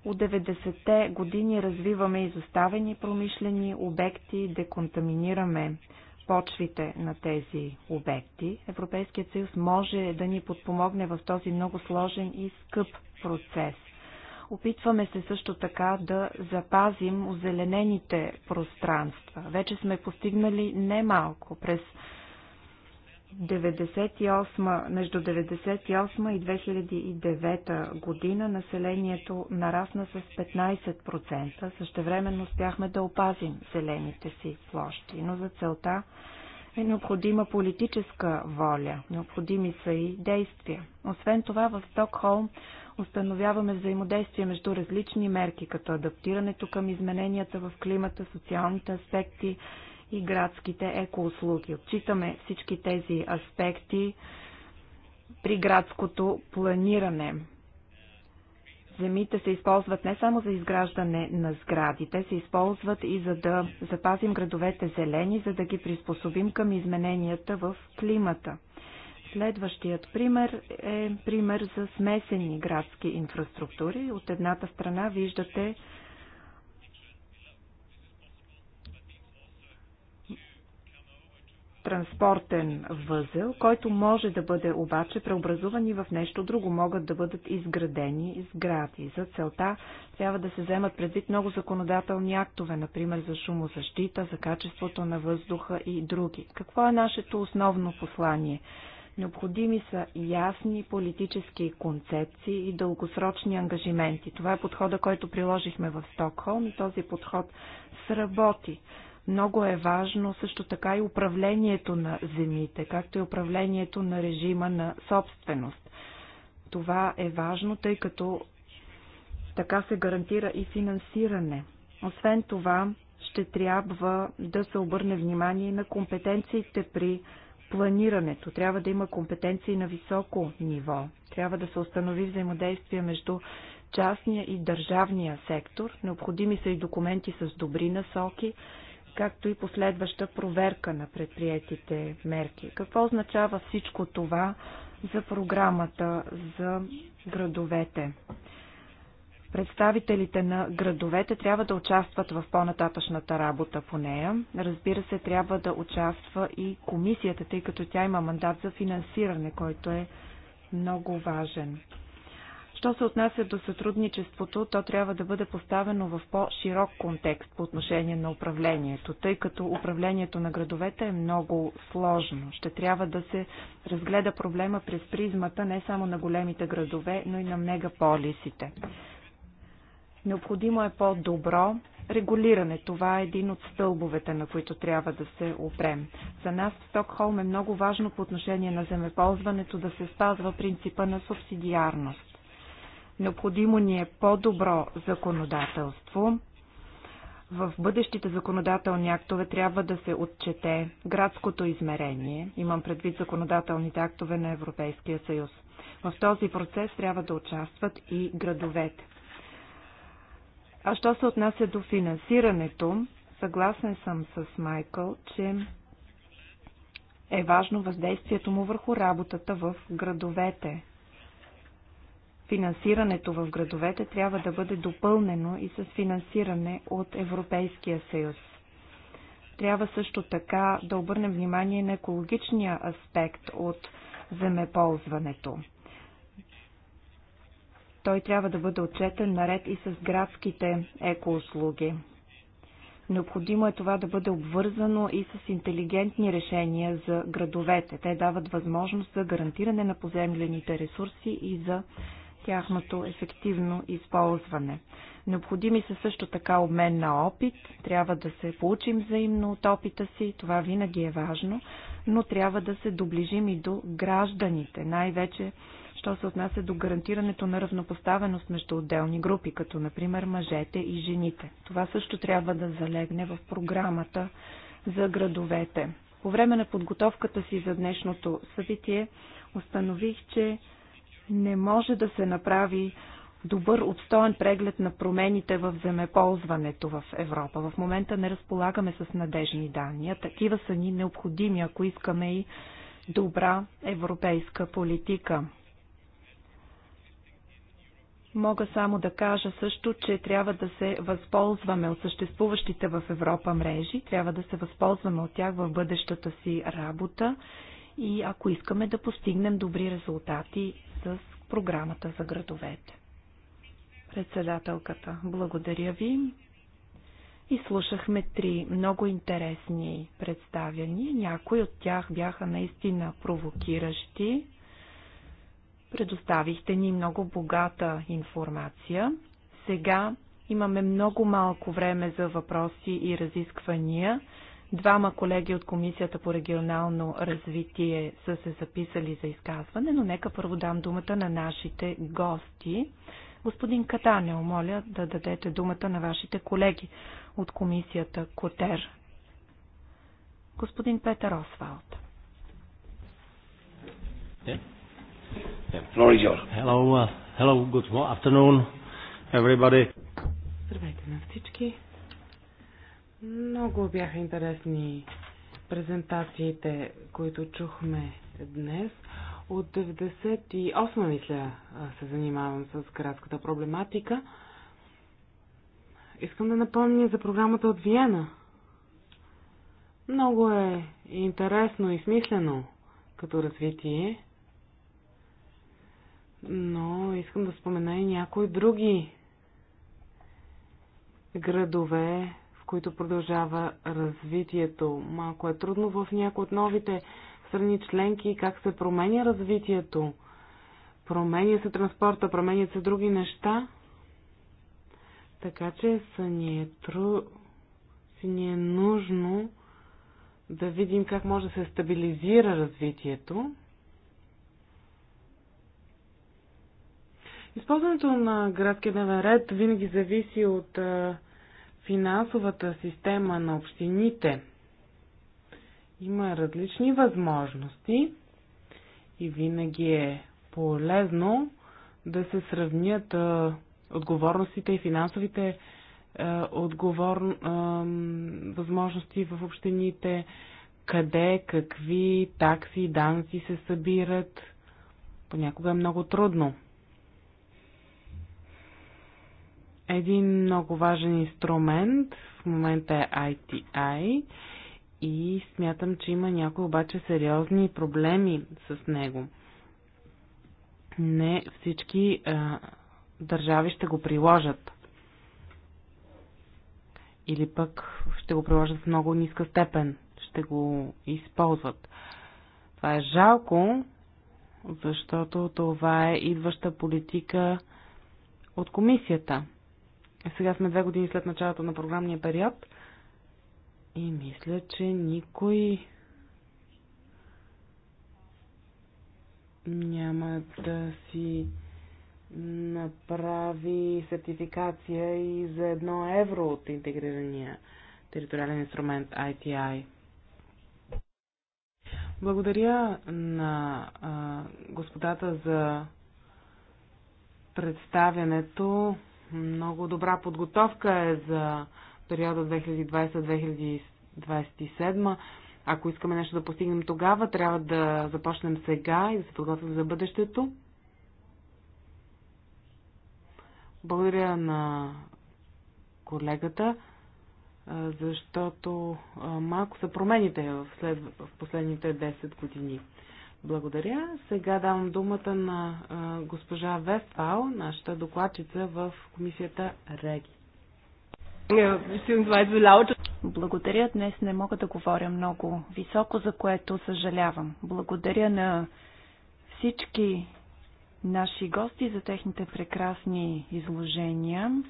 От 90-те години развиваме изоставени промишлени обекти, деконтаминираме почвите на тези обекти. Европейският съюз може да ни подпомогне в този много сложен и скъп процес. Опитваме се също така да запазим озеленените пространства. Вече сме постигнали немалко. През 98, между 1998 и 2009 година населението нарасна с 15%. Същевременно успяхме да опазим зелените си площи, но за целта е необходима политическа воля, необходими са и действия. Освен това, в Стокхолм установяваме взаимодействие между различни мерки, като адаптирането към измененията в климата, социалните аспекти, и градските екоуслуги. Отчитаме всички тези аспекти при градското планиране. Земите се използват не само за изграждане на сгради, те се използват и за да запазим градовете зелени, за да ги приспособим към измененията в климата. Следващият пример е пример за смесени градски инфраструктури. От едната страна виждате транспортен възел, който може да бъде обаче преобразуван и в нещо друго. Могат да бъдат изградени сгради. За целта трябва да се вземат предвид много законодателни актове, например за шумозащита, за качеството на въздуха и други. Какво е нашето основно послание? Необходими са ясни политически концепции и дългосрочни ангажименти. Това е подхода, който приложихме в Стокхолм и този подход сработи. Много е важно също така и управлението на земите, както и управлението на режима на собственост. Това е важно, тъй като така се гарантира и финансиране. Освен това, ще трябва да се обърне внимание на компетенциите при планирането. Трябва да има компетенции на високо ниво. Трябва да се установи взаимодействие между частния и държавния сектор. Необходими са и документи с добри насоки, както и последваща проверка на предприятите мерки. Какво означава всичко това за програмата за градовете? Представителите на градовете трябва да участват в по-нататъчната работа по нея. Разбира се, трябва да участва и комисията, тъй като тя има мандат за финансиране, който е много важен. Що се отнася до сътрудничеството, то трябва да бъде поставено в по-широк контекст по отношение на управлението, тъй като управлението на градовете е много сложно. Ще трябва да се разгледа проблема през призмата не само на големите градове, но и на мегаполисите. Необходимо е по-добро регулиране. Това е един от стълбовете, на които трябва да се опрем. За нас в Стокхолм е много важно по отношение на земеползването да се спазва принципа на субсидиарност. Необходимо ни е по-добро законодателство. В бъдещите законодателни актове трябва да се отчете градското измерение. Имам предвид законодателните актове на Европейския съюз. В този процес трябва да участват и градовете. А що се отнася до финансирането, съгласен съм с Майкъл, че е важно въздействието му върху работата в градовете финансирането в градовете трябва да бъде допълнено и с финансиране от Европейския съюз. Трябва също така да обърнем внимание на екологичния аспект от земеползването. Той трябва да бъде отчетен наред и с градските екоуслуги. Необходимо е това да бъде обвързано и с интелигентни решения за градовете. Те дават възможност за гарантиране на поземлените ресурси и за тяхното ефективно използване. Необходими са също така обмен на опит, трябва да се получим взаимно от опита си, това винаги е важно, но трябва да се доближим и до гражданите, най-вече що се отнася до гарантирането на равнопоставеност между отделни групи, като например мъжете и жените. Това също трябва да залегне в програмата за градовете. По време на подготовката си за днешното събитие установих, че не може да се направи добър обстоен преглед на промените в земеползването в Европа. В момента не разполагаме с надежни данни. Такива са ни необходими, ако искаме и добра европейска политика. Мога само да кажа също, че трябва да се възползваме от съществуващите в Европа мрежи, трябва да се възползваме от тях в бъдещата си работа и ако искаме да постигнем добри резултати с програмата за градовете. Председателката, благодаря ви. И слушахме три много интересни представяния. Някои от тях бяха наистина провокиращи. Предоставихте ни много богата информация. Сега имаме много малко време за въпроси и разисквания. Двама колеги от Комисията по регионално развитие са се записали за изказване, но нека първо дам думата на нашите гости. Господин Катане, моля да дадете думата на вашите колеги от Комисията Котер. Господин Петър Освалд. Uh, Здравейте на всички. Много бяха интересни презентациите, които чухме днес. От 98 мисля се занимавам с градската проблематика. Искам да напомня за програмата от Виена. Много е интересно и смислено като развитие, но искам да спомена и някои други градове които продължава развитието. Малко е трудно в някои от новите страни членки как се променя развитието. Променя се транспорта, променят се други неща. Така че са ни е, тру... си ни е нужно да видим как може да се стабилизира развитието. Използването на градския дневен ред винаги зависи от а, финансовата система на общините има различни възможности и винаги е полезно да се сравнят а, отговорностите и финансовите а, отговор, а, възможности в общините, къде, какви такси и данци се събират. Понякога е много трудно. един много важен инструмент в момента е ITI и смятам, че има някои обаче сериозни проблеми с него. Не всички а, държави ще го приложат. Или пък ще го приложат в много ниска степен. Ще го използват. Това е жалко, защото това е идваща политика от комисията – сега сме две години след началото на програмния период и мисля, че никой няма да си направи сертификация и за едно евро от интегрирания териториален инструмент ITI. Благодаря на а, господата за представянето много добра подготовка е за периода 2020-2027. Ако искаме нещо да постигнем тогава, трябва да започнем сега и да се подготвим за бъдещето. Благодаря на колегата, защото малко са промените в, след... в последните 10 години. Благодаря. Сега давам думата на госпожа Вестфал, нашата докладчица в комисията Реги. Благодаря. Днес не мога да говоря много високо, за което съжалявам. Благодаря на всички наши гости за техните прекрасни изложения.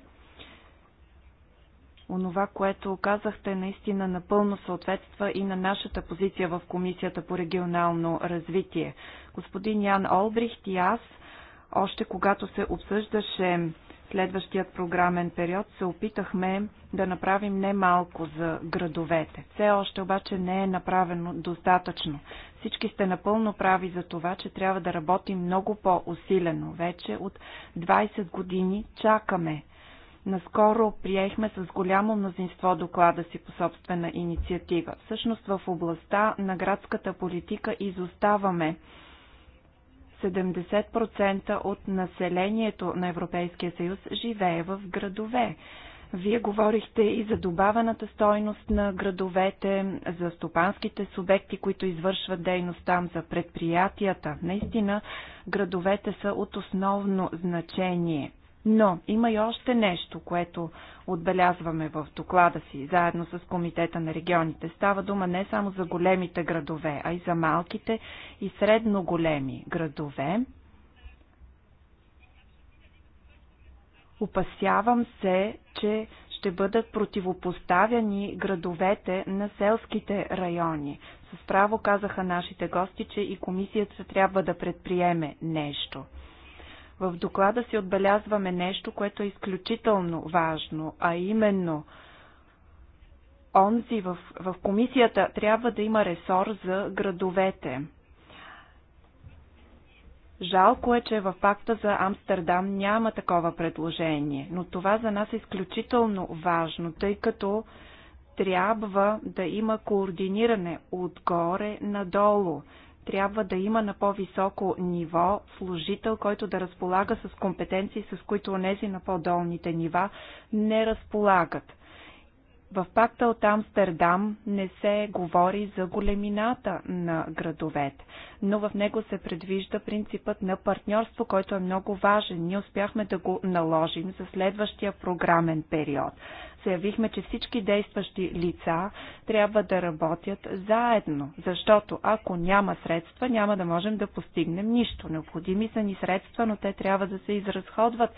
Онова, което казахте, наистина напълно съответства и на нашата позиция в Комисията по регионално развитие. Господин Ян Олбрихт и аз, още когато се обсъждаше следващият програмен период, се опитахме да направим немалко за градовете. Все още обаче не е направено достатъчно. Всички сте напълно прави за това, че трябва да работим много по-усилено. Вече от 20 години чакаме Наскоро приехме с голямо мнозинство доклада си по собствена инициатива. Всъщност в областта на градската политика изоставаме. 70% от населението на Европейския съюз живее в градове. Вие говорихте и за добавената стойност на градовете, за стопанските субекти, които извършват дейност там, за предприятията. Наистина, градовете са от основно значение. Но има и още нещо, което отбелязваме в доклада си, заедно с Комитета на регионите. Става дума не само за големите градове, а и за малките и средно големи градове. Опасявам се, че ще бъдат противопоставяни градовете на селските райони. С право казаха нашите гости, че и комисията трябва да предприеме нещо – в доклада си отбелязваме нещо, което е изключително важно, а именно онзи в, в комисията трябва да има ресор за градовете. Жалко е, че в пакта за Амстердам няма такова предложение, но това за нас е изключително важно, тъй като трябва да има координиране отгоре надолу трябва да има на по-високо ниво служител, който да разполага с компетенции, с които онези на по-долните нива не разполагат. В пакта от Амстердам не се говори за големината на градовете, но в него се предвижда принципът на партньорство, който е много важен. Ние успяхме да го наложим за следващия програмен период заявихме, че всички действащи лица трябва да работят заедно, защото ако няма средства, няма да можем да постигнем нищо. Необходими са ни средства, но те трябва да се изразходват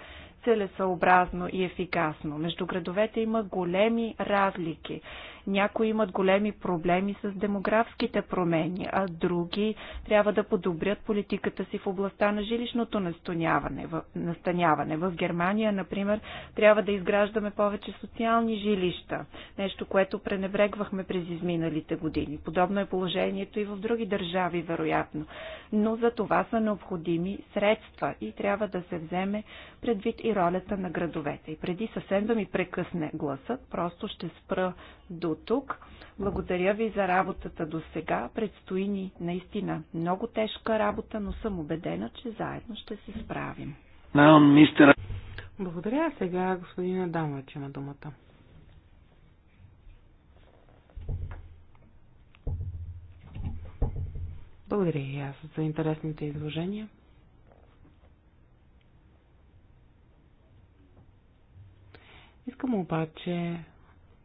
целесъобразно и ефикасно. Между градовете има големи разлики. Някои имат големи проблеми с демографските промени, а други трябва да подобрят политиката си в областта на жилищното настаняване. В, настаняване. в Германия, например, трябва да изграждаме повече социални жилища, нещо, което пренебрегвахме през изминалите години. Подобно е положението и в други държави, вероятно. Но за това са необходими средства и трябва да се вземе предвид и ролята на градовете. И преди съвсем да ми прекъсне гласът, просто ще спра до до тук. Благодаря ви за работата до сега. Предстои ни наистина много тежка работа, но съм убедена, че заедно ще се справим. Благодаря сега господин Адамович на думата. Благодаря и аз за интересните изложения. Искам обаче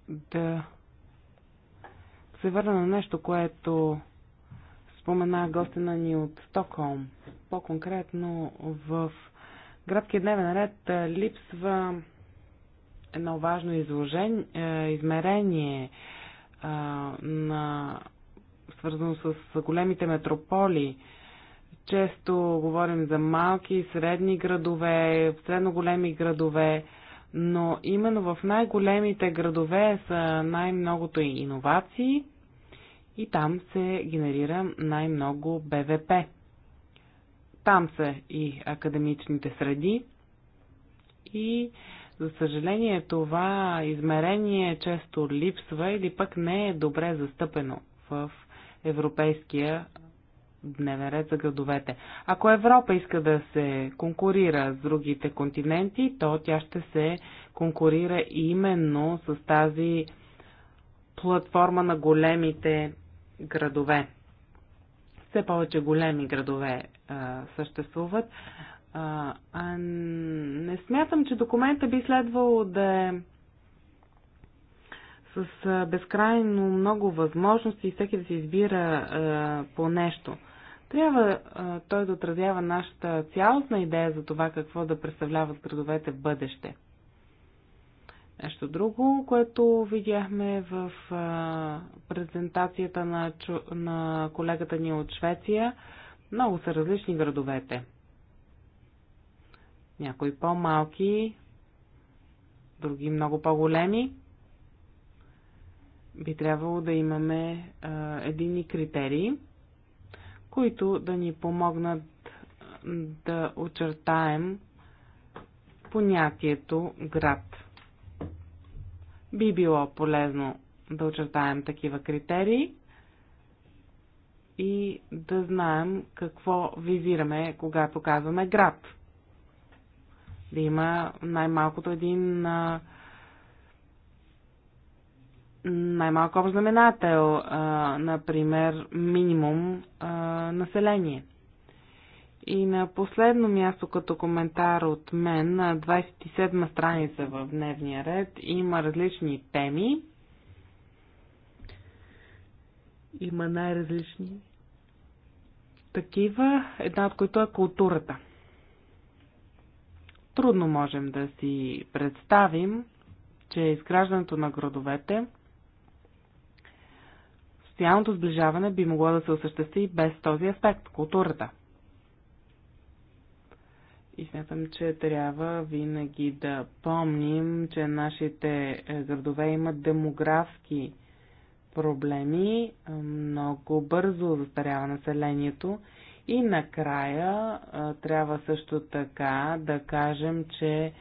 да се върна на нещо, което спомена гостена ни от Стокхолм. По-конкретно в градския дневен ред липсва едно важно изложение, измерение на свързано с големите метрополи. Често говорим за малки, средни градове, средно големи градове, но именно в най-големите градове са най-многото иновации, и там се генерира най-много БВП. Там са и академичните среди и за съжаление това измерение често липсва или пък не е добре застъпено в европейския дневен ред за градовете. Ако Европа иска да се конкурира с другите континенти, то тя ще се конкурира именно с тази платформа на големите градове. Все повече големи градове а, съществуват. А, а не смятам, че документа би следвало да е с безкрайно много възможности и всеки да се избира а, по нещо. Трябва а, той да отразява нашата цялостна идея за това какво да представляват градовете в бъдеще – Нещо друго, което видяхме в презентацията на, на колегата ни от Швеция, много са различни градовете. Някои по-малки, други много по-големи. Би трябвало да имаме а, едини критерии, които да ни помогнат да очертаем понятието град би било полезно да очертаем такива критерии и да знаем какво визираме, когато казваме град. Да има най-малкото един най-малко обзнаменател, знаменател, например, минимум население – и на последно място като коментар от мен, на 27 страница в дневния ред, има различни теми. Има най-различни такива, една от които е културата. Трудно можем да си представим, че изграждането на градовете, социалното сближаване би могло да се осъществи без този аспект – културата – и смятам, че трябва винаги да помним, че нашите е, градове имат демографски проблеми, е, много бързо застарява населението. И накрая е, трябва също така да кажем, че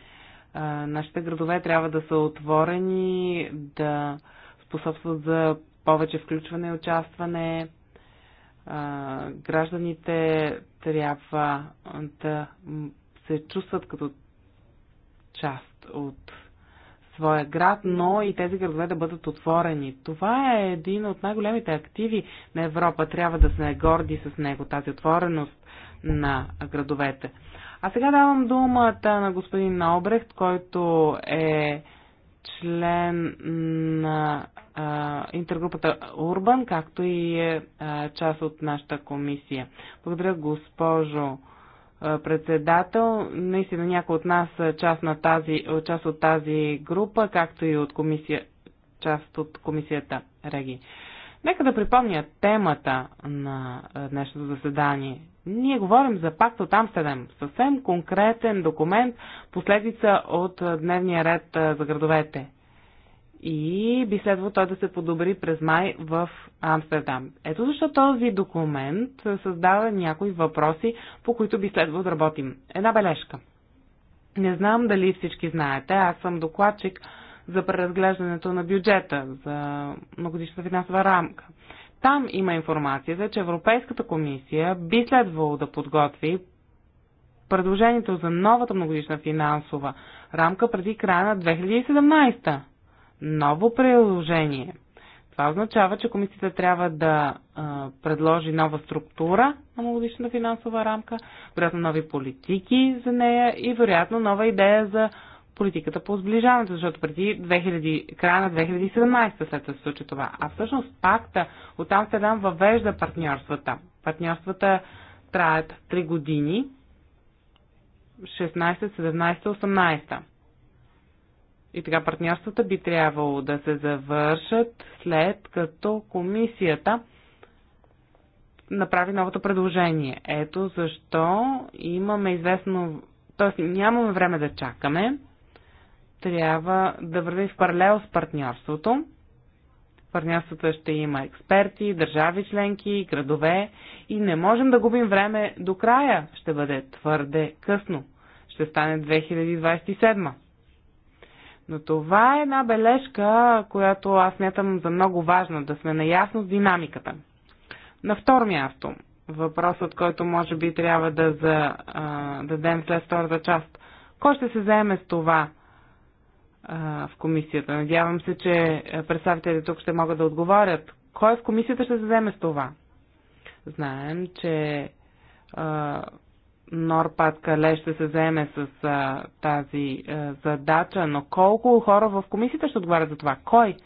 нашите градове трябва да са отворени, да способстват за повече включване и участване. Гражданите трябва да се чувстват като част от своя град, но и тези градове да бъдат отворени. Това е един от най-големите активи на Европа. Трябва да сме горди с него, тази отвореност на градовете. А сега давам думата на господин Наобрехт, който е член на а, интергрупата Урбан, както и е а, част от нашата комисия. Благодаря, госпожо председател. Наистина някои от нас са част, на тази, част от тази група, както и от комисия, част от комисията Реги. Нека да припомня темата на днешното заседание. Ние говорим за пакт от Амстердам, съвсем конкретен документ, последица от дневния ред за градовете и би следвало той да се подобри през май в Амстердам. Ето защо този документ създава някои въпроси, по които би следвало да работим. Една бележка. Не знам дали всички знаете, аз съм докладчик за преразглеждането на бюджета, за многодишната финансова рамка. Там има информацията, че Европейската комисия би следвало да подготви предложението за новата многодишна финансова рамка преди края на 2017 ново приложение. Това означава, че комисията трябва да а, предложи нова структура на многодишната финансова рамка, вероятно нови политики за нея и вероятно нова идея за политиката по сближаването, защото преди 2000, края на 2017 след да се случи това. А всъщност пакта от Амстердам въвежда партньорствата. Партньорствата траят 3 години, 16, 17, 18. И така партньорствата би трябвало да се завършат след като комисията направи новото предложение. Ето защо имаме известно... Тоест нямаме време да чакаме. Трябва да върви в паралел с партньорството. партньорството ще има експерти, държави членки, градове и не можем да губим време до края. Ще бъде твърде късно. Ще стане 2027. Но това е една бележка, която аз мятам за много важна, да сме наясно с динамиката. На второ място, въпросът, който може би трябва да, за, а, дадем след втората част. Кой ще се заеме с това а, в комисията? Надявам се, че представителите тук ще могат да отговорят. Кой в комисията ще се заеме с това? Знаем, че а, Норпад Кале ще се заеме с а, тази а, задача, но колко хора в комисията ще отговарят за това? Кой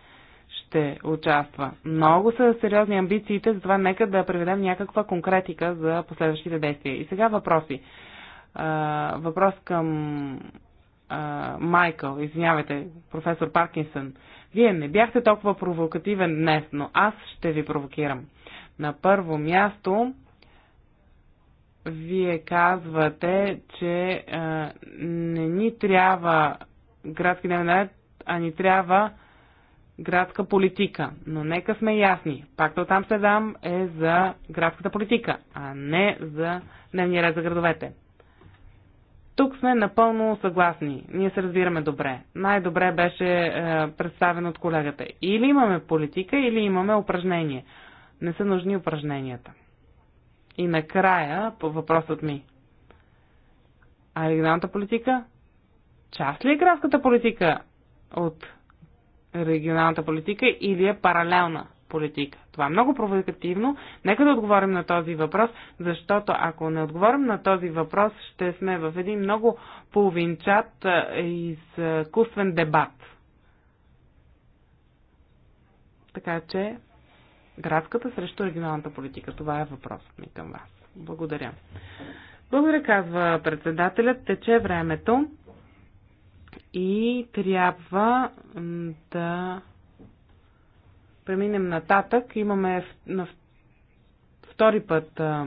ще участва? Много са сериозни амбициите, затова нека да приведем някаква конкретика за последващите действия. И сега въпроси. А, въпрос към а, Майкъл, извинявайте, професор Паркинсън. Вие не бяхте толкова провокативен днес, но аз ще ви провокирам. На първо място, вие казвате, че а, не ни трябва градски дневен ред, а ни трябва градска политика. Но нека сме ясни. Пакта от дам е за градската политика, а не за дневния ред за градовете. Тук сме напълно съгласни. Ние се разбираме добре. Най-добре беше е, представено от колегата. Или имаме политика, или имаме упражнение. Не са нужни упражненията. И накрая, по въпросът ми. А регионалната политика? Част ли е градската политика от регионалната политика или е паралелна политика? Това е много провокативно. Нека да отговорим на този въпрос, защото ако не отговорим на този въпрос, ще сме в един много половинчат изкуствен дебат. Така че градската срещу регионалната политика. Това е въпросът ми към вас. Благодаря. Благодаря, казва председателят. Тече времето и трябва да преминем нататък. Имаме на втори път а,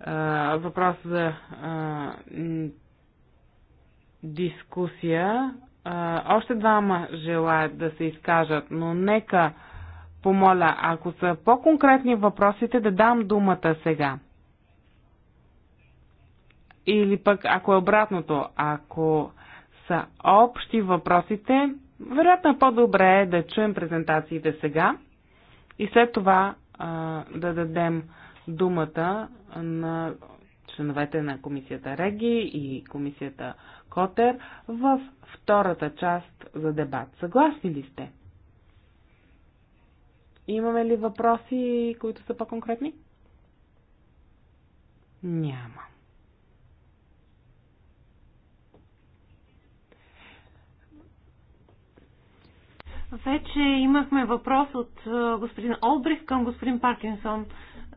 а, въпрос за а, дискусия. А, още двама желаят да се изкажат, но нека помоля, ако са по-конкретни въпросите, да дам думата сега. Или пък, ако е обратното, ако са общи въпросите, вероятно е по-добре е да чуем презентациите сега и след това а, да дадем думата на членовете на комисията Реги и комисията Котер в втората част за дебат. Съгласни ли сте? Имаме ли въпроси, които са по-конкретни? Няма. Вече имахме въпрос от господин Олбрих към господин Паркинсон.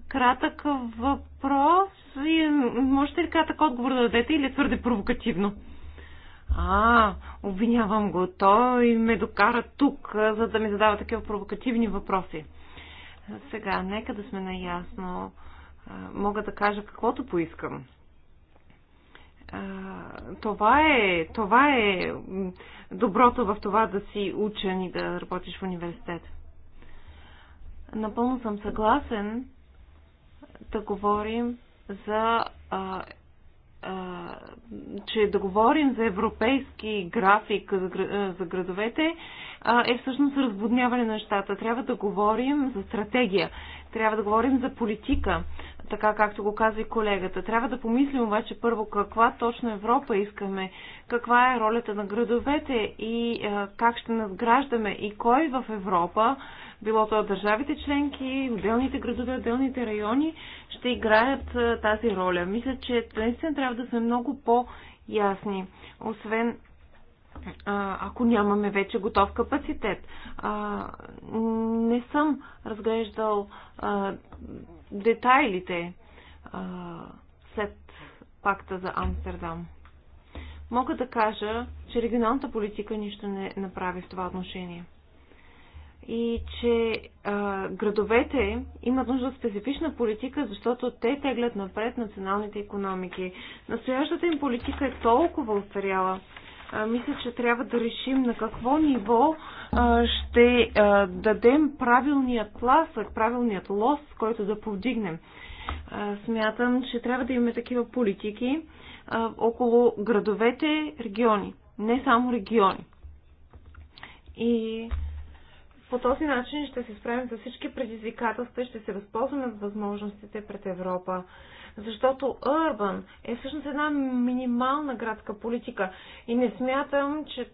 Кратък въпрос и можете ли кратък отговор да дадете или е твърде провокативно? А, обвинявам го. Той ме докара тук, за да ми задава такива провокативни въпроси. Сега, нека да сме наясно. Мога да кажа каквото поискам. Това е, това е доброто в това да си учен и да работиш в университет. Напълно съм съгласен да говорим за че да говорим за европейски график за градовете е всъщност разводняване на нещата. Трябва да говорим за стратегия, трябва да говорим за политика, така както го каза и колегата. Трябва да помислим обаче първо каква точно Европа искаме, каква е ролята на градовете и как ще надграждаме и кой е в Европа било то държавите членки, отделните градове, отделните райони, ще играят тази роля. Мисля, че наистина трябва да сме много по-ясни. Освен ако нямаме вече готов капацитет. А, не съм разглеждал а, детайлите а, след пакта за Амстердам. Мога да кажа, че регионалната политика нищо не направи в това отношение и че а, градовете имат нужда от специфична политика, защото те теглят напред националните економики. Настоящата им политика е толкова устаряла. А, мисля, че трябва да решим на какво ниво а, ще а, дадем правилният тласък, правилният лос, който да повдигнем. А, смятам, че трябва да имаме такива политики а, около градовете, региони, не само региони. И по този начин ще се справим за всички предизвикателства и ще се възползваме от възможностите пред Европа. Защото Urban е всъщност една минимална градска политика и не смятам, че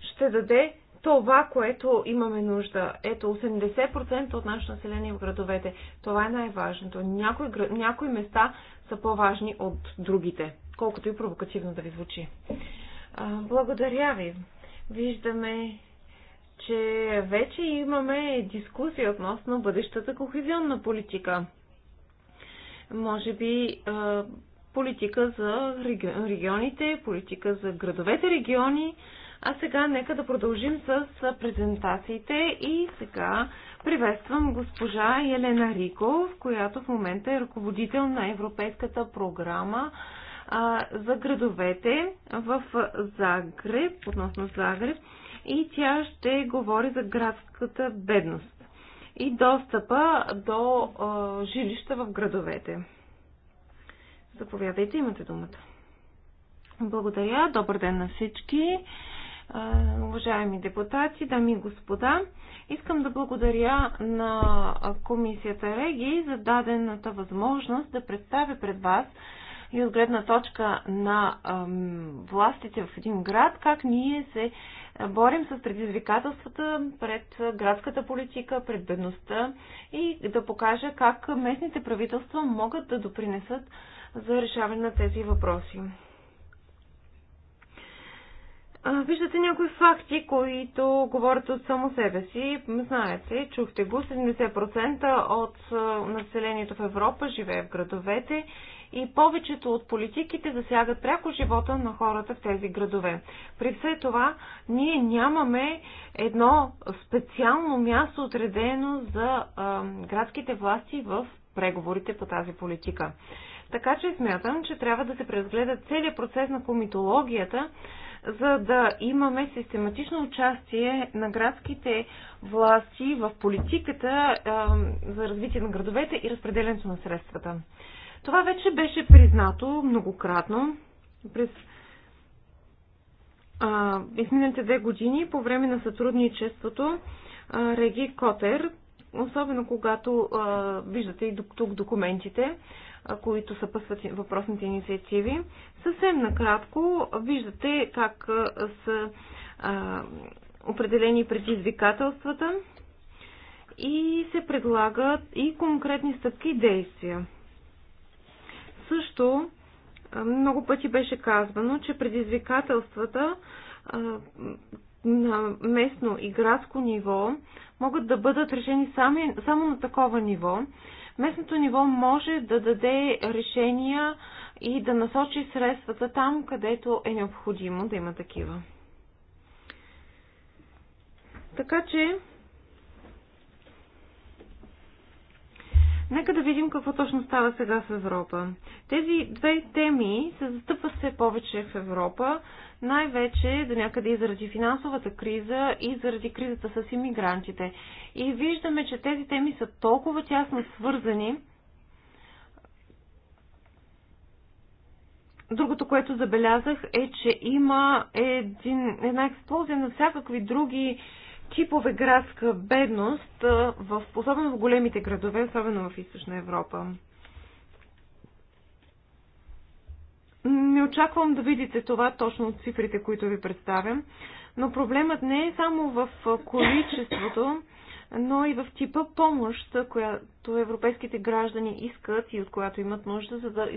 ще даде това, което имаме нужда. Ето, 80% от нашето население в градовете. Това е най-важното. Някои, някои места са по-важни от другите, колкото и провокативно да ви звучи. А, благодаря ви. Виждаме, че вече имаме дискусия относно бъдещата кохезионна политика. Може би политика за регионите, политика за градовете региони. А сега нека да продължим с презентациите и сега приветствам госпожа Елена Риков, която в момента е ръководител на Европейската програма за градовете в Загреб, относно Загреб и тя ще говори за градската бедност и достъпа до а, жилища в градовете. Заповядайте, имате думата. Благодаря, добър ден на всички. Уважаеми депутати, дами и господа, искам да благодаря на комисията Реги за дадената възможност да представя пред вас и от гледна точка на властите в един град, как ние се борим с предизвикателствата пред градската политика, пред бедността и да покажа как местните правителства могат да допринесат за решаване на тези въпроси. Виждате някои факти, които говорят от само себе си. Знаете, чухте го, 70% от населението в Европа живее в градовете и повечето от политиките засягат пряко живота на хората в тези градове. При все това, ние нямаме едно специално място отредено за а, градските власти в преговорите по тази политика. Така че смятам, че трябва да се преразгледа целият процес на комитологията, за да имаме систематично участие на градските власти в политиката а, за развитие на градовете и разпределенето на средствата. Това вече беше признато многократно през изминалите две години по време на сътрудничеството а, Реги Котер, особено когато а, виждате и тук документите, а, които съпъсват въпросните инициативи, съвсем накратко виждате как а, са а, определени предизвикателствата и се предлагат и конкретни стъпки и действия също много пъти беше казвано, че предизвикателствата на местно и градско ниво могат да бъдат решени сами, само на такова ниво. Местното ниво може да даде решения и да насочи средствата там, където е необходимо да има такива. Така че Нека да видим какво точно става сега в Европа. Тези две теми се застъпват все повече в Европа, най-вече до някъде и заради финансовата криза и заради кризата с иммигрантите. И виждаме, че тези теми са толкова тясно свързани. Другото, което забелязах е, че има един, една експлозия на всякакви други типове градска бедност, в, особено в големите градове, особено в Източна Европа. Не очаквам да видите това точно от цифрите, които ви представям, но проблемът не е само в количеството, но и в типа помощ, която европейските граждани искат и от която имат нужда, за да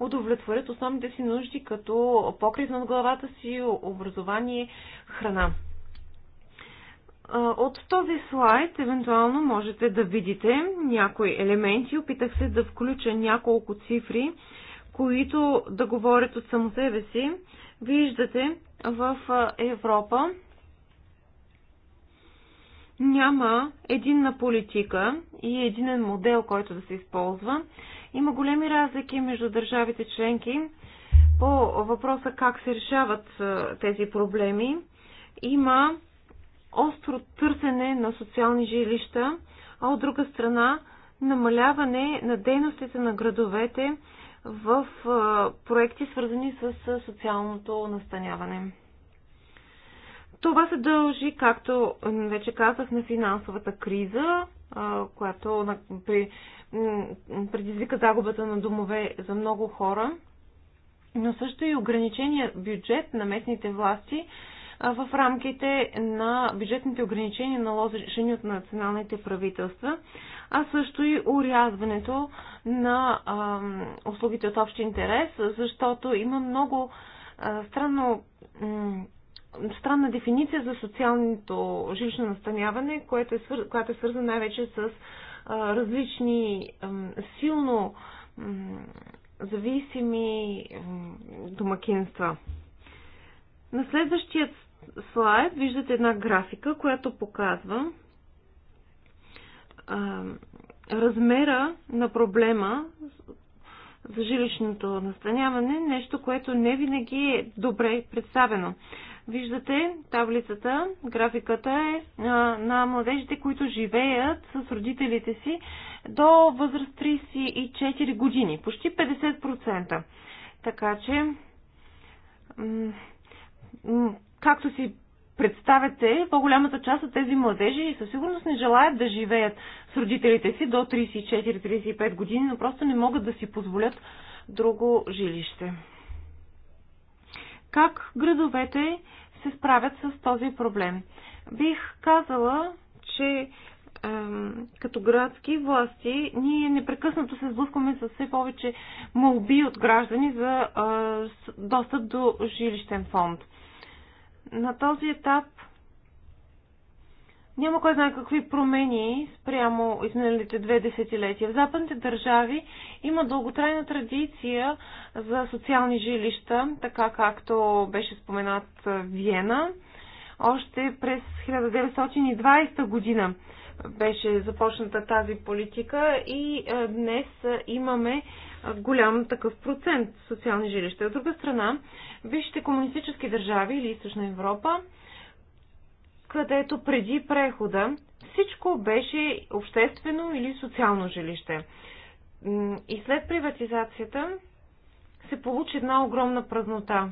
удовлетворят основните си нужди, като покрив над главата си, образование, храна. От този слайд евентуално можете да видите някои елементи. Опитах се да включа няколко цифри, които да говорят от само себе си. Виждате в Европа няма единна политика и единен модел, който да се използва. Има големи разлики между държавите членки по въпроса как се решават тези проблеми. Има остро търсене на социални жилища, а от друга страна намаляване на дейностите на градовете в проекти, свързани с социалното настаняване. Това се дължи, както вече казах, на финансовата криза, която предизвика загубата на домове за много хора, но също и ограничения бюджет на местните власти, в рамките на бюджетните ограничения, наложени от националните правителства, а също и урязването на услугите от общ интерес, защото има много странно странна дефиниция за социалното жилищно настаняване, което е свър... която е свързана най-вече с а, различни а, силно а, зависими а, домакинства. На следващият слайд виждате една графика, която показва а, размера на проблема за жилищното настаняване, нещо, което не винаги е добре представено. Виждате таблицата, графиката е а, на младежите, които живеят с родителите си до възраст 34 години, почти 50%. Така че Както си представяте, по-голямата част от тези младежи със сигурност не желаят да живеят с родителите си до 34-35 години, но просто не могат да си позволят друго жилище. Как градовете се справят с този проблем? Бих казала, че като градски власти, ние непрекъснато се сблъскваме с все повече молби от граждани за достъп до жилищен фонд на този етап няма кой знае какви промени спрямо изминалите две десетилетия. В западните държави има дълготрайна традиция за социални жилища, така както беше споменат Виена. Още през 1920 година беше започната тази политика и е, днес имаме голям такъв процент социални жилища. От друга страна, вижте комунистически държави или Източна Европа, където преди прехода всичко беше обществено или социално жилище. И след приватизацията се получи една огромна празнота.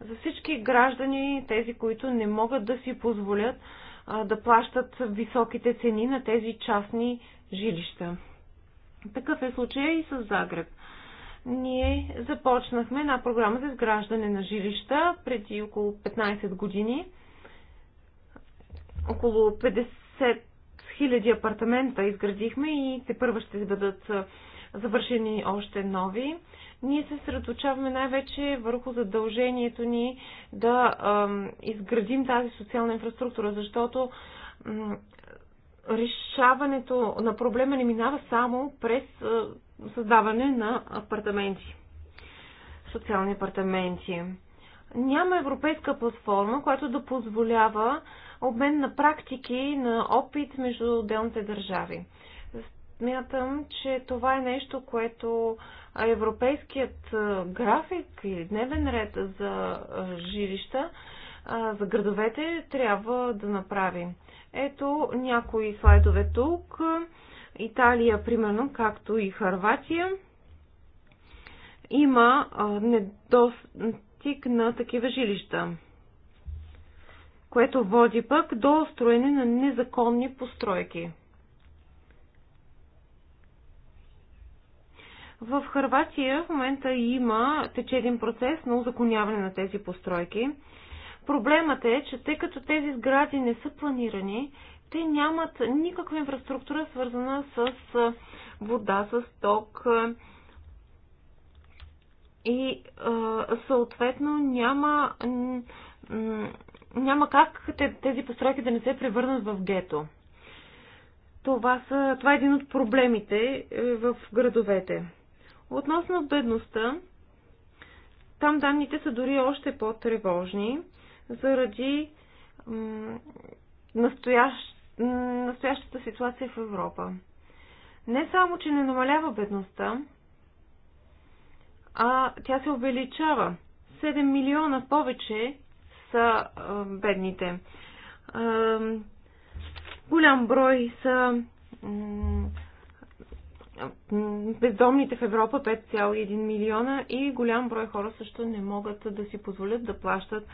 За всички граждани, тези, които не могат да си позволят да плащат високите цени на тези частни жилища. Такъв е случай и с Загреб. Ние започнахме една програма за изграждане на жилища преди около 15 години. Около 50 000 апартамента изградихме и те първа ще бъдат завършени още нови. Ние се средочаваме най-вече върху задължението ни да изградим тази социална инфраструктура, защото решаването на проблема не минава само през създаване на апартаменти, социални апартаменти. Няма европейска платформа, която да позволява обмен на практики, на опит между отделните държави. Смятам, че това е нещо, което европейският график или дневен ред за жилища, за градовете трябва да направи. Ето някои слайдове тук. Италия, примерно, както и Харватия, има недостиг на такива жилища, което води пък до строене на незаконни постройки. В Харватия в момента има тече един процес на узаконяване на тези постройки. Проблемът е, че тъй като тези сгради не са планирани, те нямат никаква инфраструктура свързана с вода, с ток и съответно няма, няма как тези постройки да не се превърнат в гето. Това, са, това е един от проблемите е, в градовете. Относно бедността, там данните са дори още по-тревожни заради настоящ, настоящата ситуация в Европа. Не само, че не намалява бедността, а тя се увеличава. 7 милиона повече са бедните. голям брой са бездомните в Европа 5,1 милиона и голям брой хора също не могат да си позволят да плащат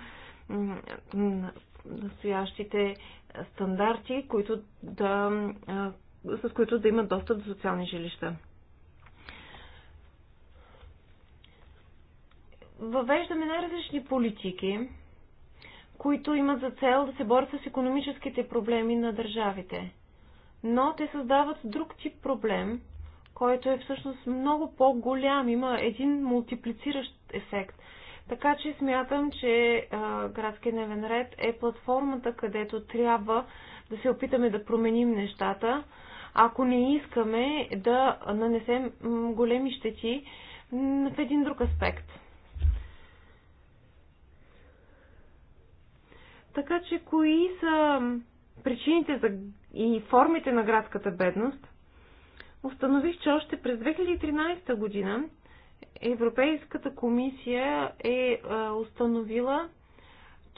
настоящите стандарти, които да, с които да имат достъп до социални жилища. Въвеждаме най-различни политики, които имат за цел да се борят с економическите проблеми на държавите. Но те създават друг тип проблем, който е всъщност много по-голям, има един мултиплициращ ефект – така че смятам, че градски градския дневен ред е платформата, където трябва да се опитаме да променим нещата, ако не искаме да нанесем големи щети в един друг аспект. Така че кои са причините за и формите на градската бедност? Установих, че още през 2013 година Европейската комисия е, е установила,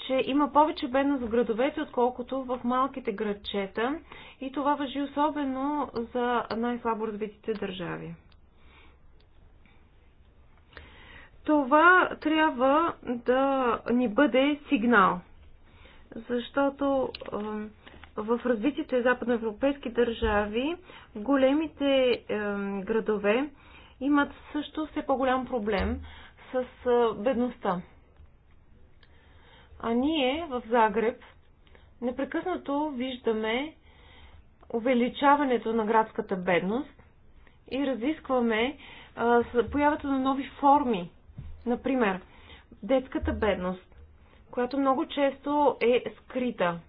че има повече бедност в градовете, отколкото в малките градчета и това въжи особено за най-слабо развитите държави. Това трябва да ни бъде сигнал, защото е, в развитите западноевропейски държави големите е, градове имат също все по-голям проблем с бедността. А ние в Загреб непрекъснато виждаме увеличаването на градската бедност и разискваме появата на нови форми. Например, детската бедност, която много често е скрита.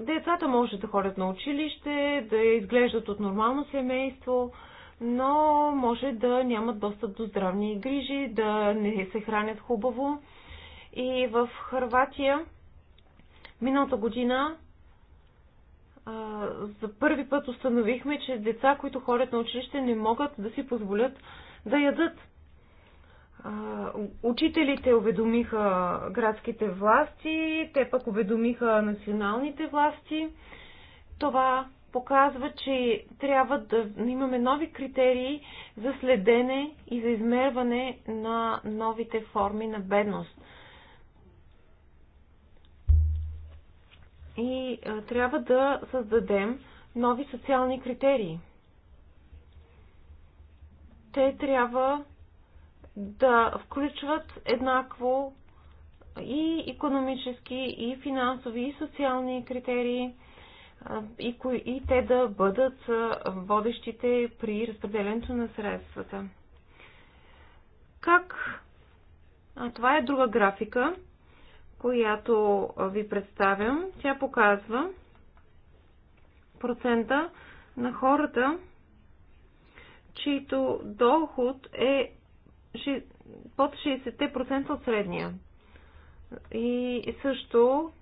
Децата може да ходят на училище, да изглеждат от нормално семейство, но може да нямат достъп до здравни грижи, да не се хранят хубаво. И в Харватия миналата година а, за първи път установихме, че деца, които ходят на училище, не могат да си позволят да ядат. А, учителите уведомиха градските власти, те пък уведомиха националните власти. Това показва, че трябва да имаме нови критерии за следене и за измерване на новите форми на бедност. И трябва да създадем нови социални критерии. Те трябва да включват еднакво и економически, и финансови, и социални критерии – и, кои, и те да бъдат водещите при разпределението на средствата. Как? А, това е друга графика, която ви представям. Тя показва процента на хората, чието доход е под 60% от средния. И също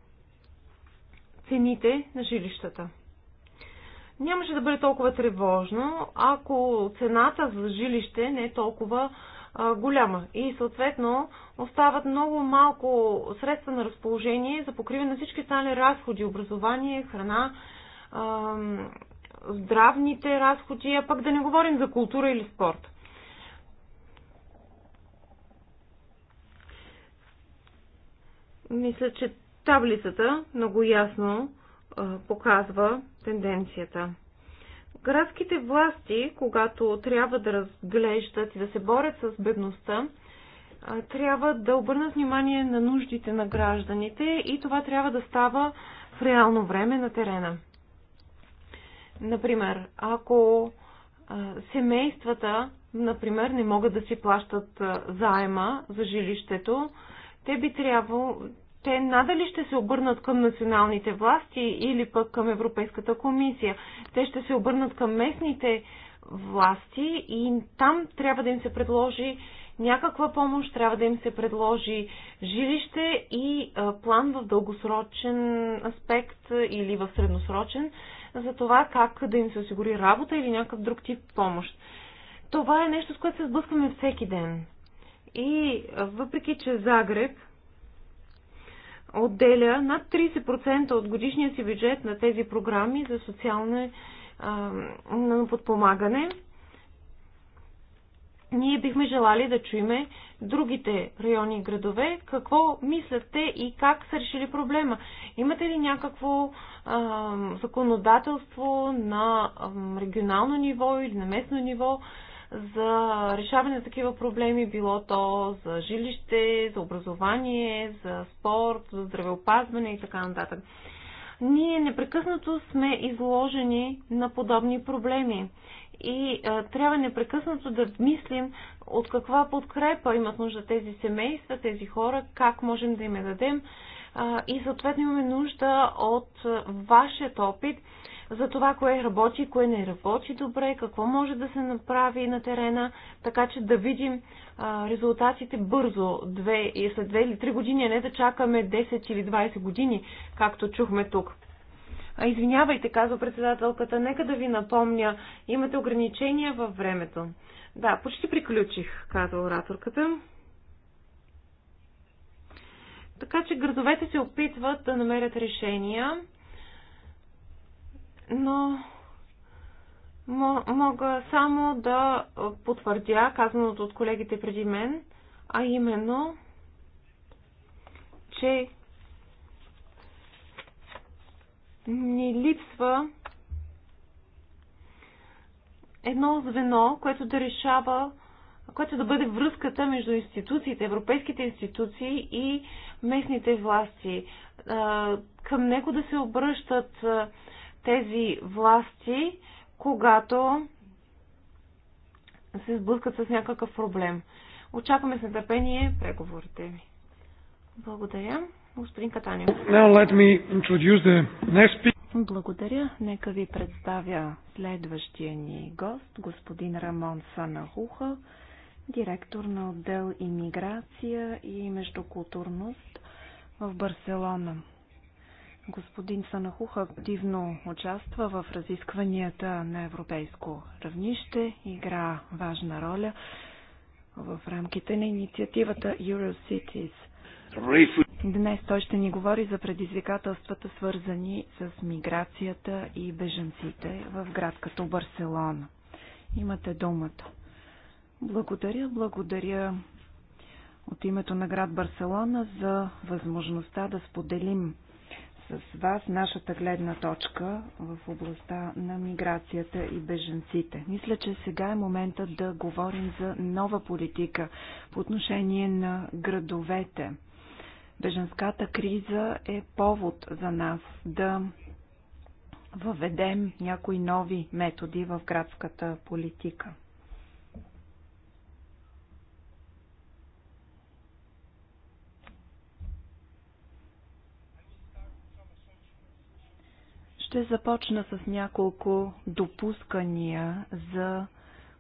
цените на жилищата. Нямаше да бъде толкова тревожно, ако цената за жилище не е толкова а, голяма. И съответно остават много малко средства на разположение за покриване на всички останали разходи, образование, храна, а, здравните разходи, а пък да не говорим за култура или спорт. Мисля, че Таблицата много ясно показва тенденцията. Градските власти, когато трябва да разглеждат и да се борят с бедността, трябва да обърнат внимание на нуждите на гражданите и това трябва да става в реално време на терена. Например, ако семействата, например, не могат да си плащат заема за жилището, те би трябвало, те надали ще се обърнат към националните власти или пък към Европейската комисия. Те ще се обърнат към местните власти и там трябва да им се предложи някаква помощ, трябва да им се предложи жилище и план в дългосрочен аспект или в средносрочен за това как да им се осигури работа или някакъв друг тип помощ. Това е нещо, с което се сблъскваме всеки ден. И въпреки, че Загреб отделя над 30% от годишния си бюджет на тези програми за социално подпомагане. Ние бихме желали да чуеме другите райони и градове, какво мислят те и как са решили проблема. Имате ли някакво а, законодателство на а, регионално ниво или на местно ниво, за решаване на такива проблеми, било то за жилище, за образование, за спорт, за здравеопазване и така нататък. Ние непрекъснато сме изложени на подобни проблеми и а, трябва непрекъснато да мислим от каква подкрепа имат нужда тези семейства, тези хора, как можем да им я дадем а, и съответно имаме нужда от вашият опит за това кое работи, кое не работи добре, какво може да се направи на терена, така че да видим а, резултатите бързо, две, и след 2 или 3 години, а не да чакаме 10 или 20 години, както чухме тук. А, извинявайте, казва председателката, нека да ви напомня, имате ограничения във времето. Да, почти приключих, каза ораторката. Така че градовете се опитват да намерят решения но мога само да потвърдя казаното от колегите преди мен, а именно, че ни липсва едно звено, което да решава, което да бъде връзката между институциите, европейските институции и местните власти. Към него да се обръщат тези власти, когато се сблъскат с някакъв проблем. Очакваме с нетърпение преговорите ви. Благодаря. Господин Катанио. Next... Благодаря. Нека ви представя следващия ни гост, господин Рамон Санахуха, директор на отдел Имиграция и междукултурност в Барселона. Господин Санахух активно участва в разискванията на европейско равнище, игра важна роля в рамките на инициативата EuroCities. Днес той ще ни говори за предизвикателствата, свързани с миграцията и беженците в град като Барселона. Имате думата. Благодаря, благодаря от името на град Барселона за възможността да споделим с вас нашата гледна точка в областта на миграцията и беженците. Мисля, че сега е момента да говорим за нова политика по отношение на градовете. Беженската криза е повод за нас да въведем някои нови методи в градската политика. Ще започна с няколко допускания за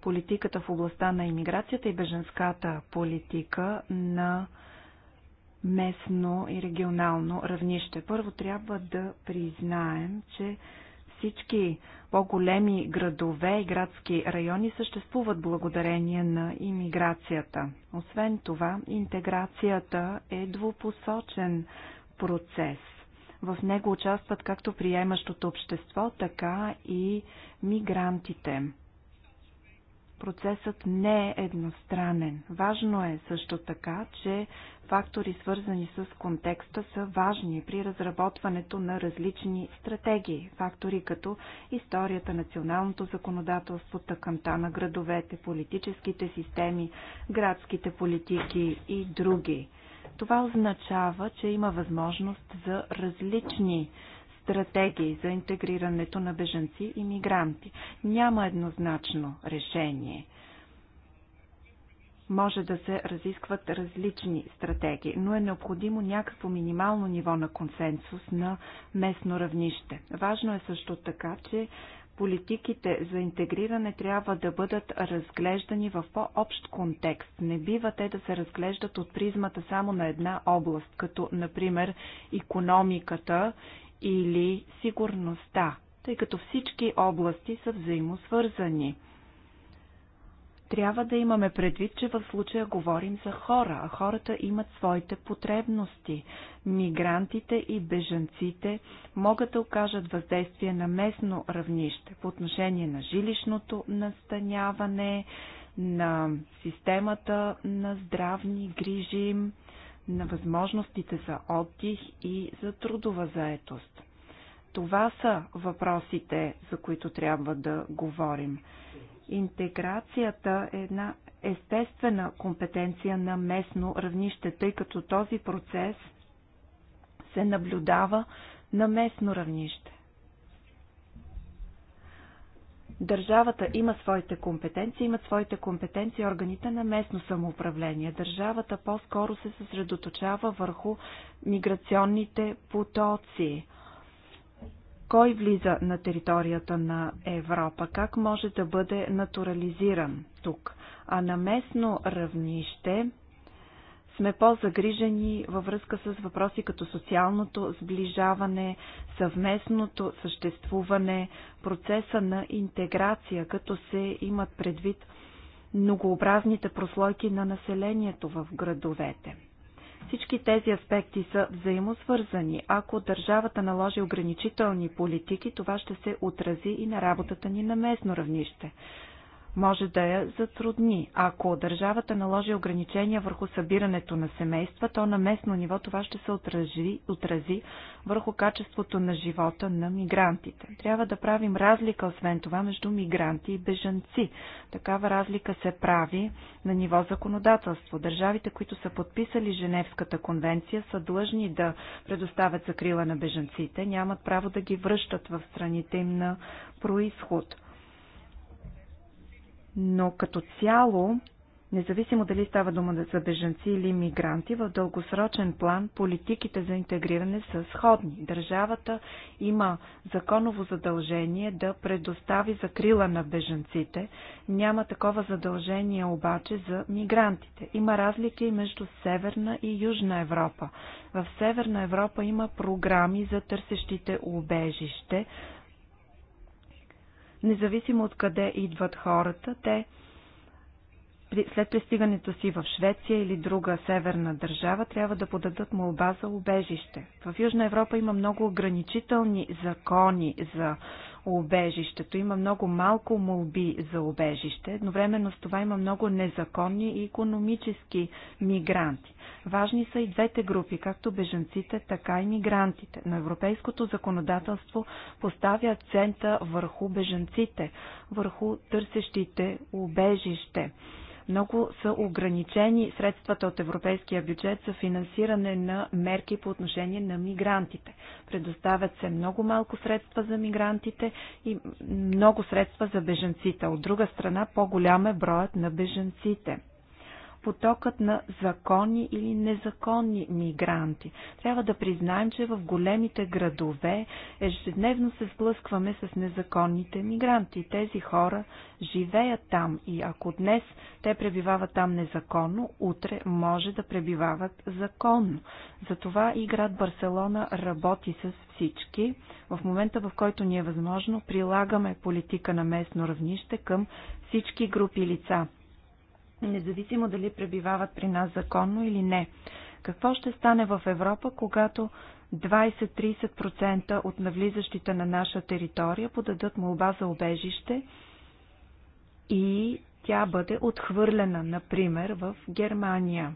политиката в областта на иммиграцията и беженската политика на местно и регионално равнище. Първо трябва да признаем, че всички по-големи градове и градски райони съществуват благодарение на имиграцията. Освен това, интеграцията е двупосочен процес – в него участват както приемащото общество, така и мигрантите. Процесът не е едностранен. Важно е също така, че фактори свързани с контекста са важни при разработването на различни стратегии. Фактори като историята, националното законодателство, тъканта на градовете, политическите системи, градските политики и други. Това означава, че има възможност за различни стратегии за интегрирането на бежанци и мигранти. Няма еднозначно решение. Може да се разискват различни стратегии, но е необходимо някакво минимално ниво на консенсус на местно равнище. Важно е също така, че политиките за интегриране трябва да бъдат разглеждани в по-общ контекст. Не бива те да се разглеждат от призмата само на една област, като например економиката или сигурността, тъй като всички области са взаимосвързани. Трябва да имаме предвид, че в случая говорим за хора, а хората имат своите потребности. Мигрантите и бежанците могат да окажат въздействие на местно равнище по отношение на жилищното настаняване, на системата на здравни грижи, на възможностите за отдих и за трудова заетост. Това са въпросите, за които трябва да говорим. Интеграцията е една естествена компетенция на местно равнище, тъй като този процес се наблюдава на местно равнище. Държавата има своите компетенции, имат своите компетенции органите на местно самоуправление. Държавата по-скоро се съсредоточава върху миграционните потоци кой влиза на територията на Европа, как може да бъде натурализиран тук. А на местно равнище сме по-загрижени във връзка с въпроси като социалното сближаване, съвместното съществуване, процеса на интеграция, като се имат предвид многообразните прослойки на населението в градовете. Всички тези аспекти са взаимосвързани. Ако държавата наложи ограничителни политики, това ще се отрази и на работата ни на местно равнище може да я затрудни. Ако държавата наложи ограничения върху събирането на семейства, то на местно ниво това ще се отрази, отрази върху качеството на живота на мигрантите. Трябва да правим разлика, освен това, между мигранти и бежанци. Такава разлика се прави на ниво законодателство. Държавите, които са подписали Женевската конвенция, са длъжни да предоставят закрила на бежанците, нямат право да ги връщат в страните им на происход – но като цяло, независимо дали става дума за бежанци или мигранти, в дългосрочен план политиките за интегриране са сходни. Държавата има законово задължение да предостави закрила на бежанците, няма такова задължение обаче за мигрантите. Има разлики между Северна и Южна Европа. В Северна Европа има програми за търсещите убежище, Независимо от къде идват хората, те след пристигането си в Швеция или друга северна държава, трябва да подадат молба за убежище. В Южна Европа има много ограничителни закони за убежището. Има много малко молби за убежище. Едновременно с това има много незаконни и економически мигранти. Важни са и двете групи, както бежанците, така и мигрантите. Но европейското законодателство поставя акцента върху бежанците, върху търсещите убежище. Много са ограничени средствата от европейския бюджет за финансиране на мерки по отношение на мигрантите. Предоставят се много малко средства за мигрантите и много средства за беженците. От друга страна, по-голям е броят на беженците потокът на законни или незаконни мигранти. Трябва да признаем, че в големите градове ежедневно се сблъскваме с незаконните мигранти. Тези хора живеят там и ако днес те пребивават там незаконно, утре може да пребивават законно. Затова и град Барселона работи с всички. В момента, в който ни е възможно, прилагаме политика на местно равнище към всички групи лица независимо дали пребивават при нас законно или не. Какво ще стане в Европа, когато 20-30% от навлизащите на наша територия подадат молба за обежище и тя бъде отхвърлена, например, в Германия?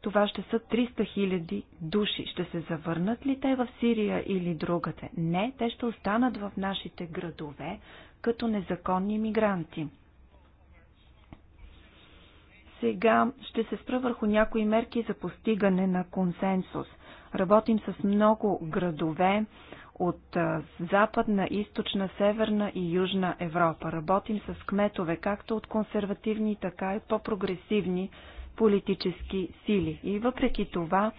Това ще са 300 000 души. Ще се завърнат ли те в Сирия или другата? Не, те ще останат в нашите градове като незаконни мигранти. Сега ще се спра върху някои мерки за постигане на консенсус. Работим с много градове от западна, източна, северна и южна Европа. Работим с кметове, както от консервативни, така и по-прогресивни политически сили. И въпреки това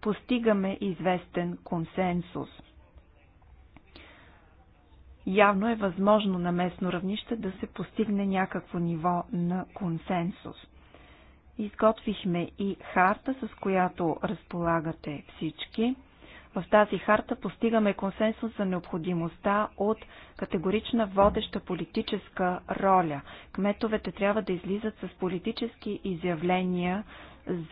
постигаме известен консенсус. Явно е възможно на местно равнище да се постигне някакво ниво на консенсус. Изготвихме и харта, с която разполагате всички. В тази харта постигаме консенсус за необходимостта от категорична водеща политическа роля. Кметовете трябва да излизат с политически изявления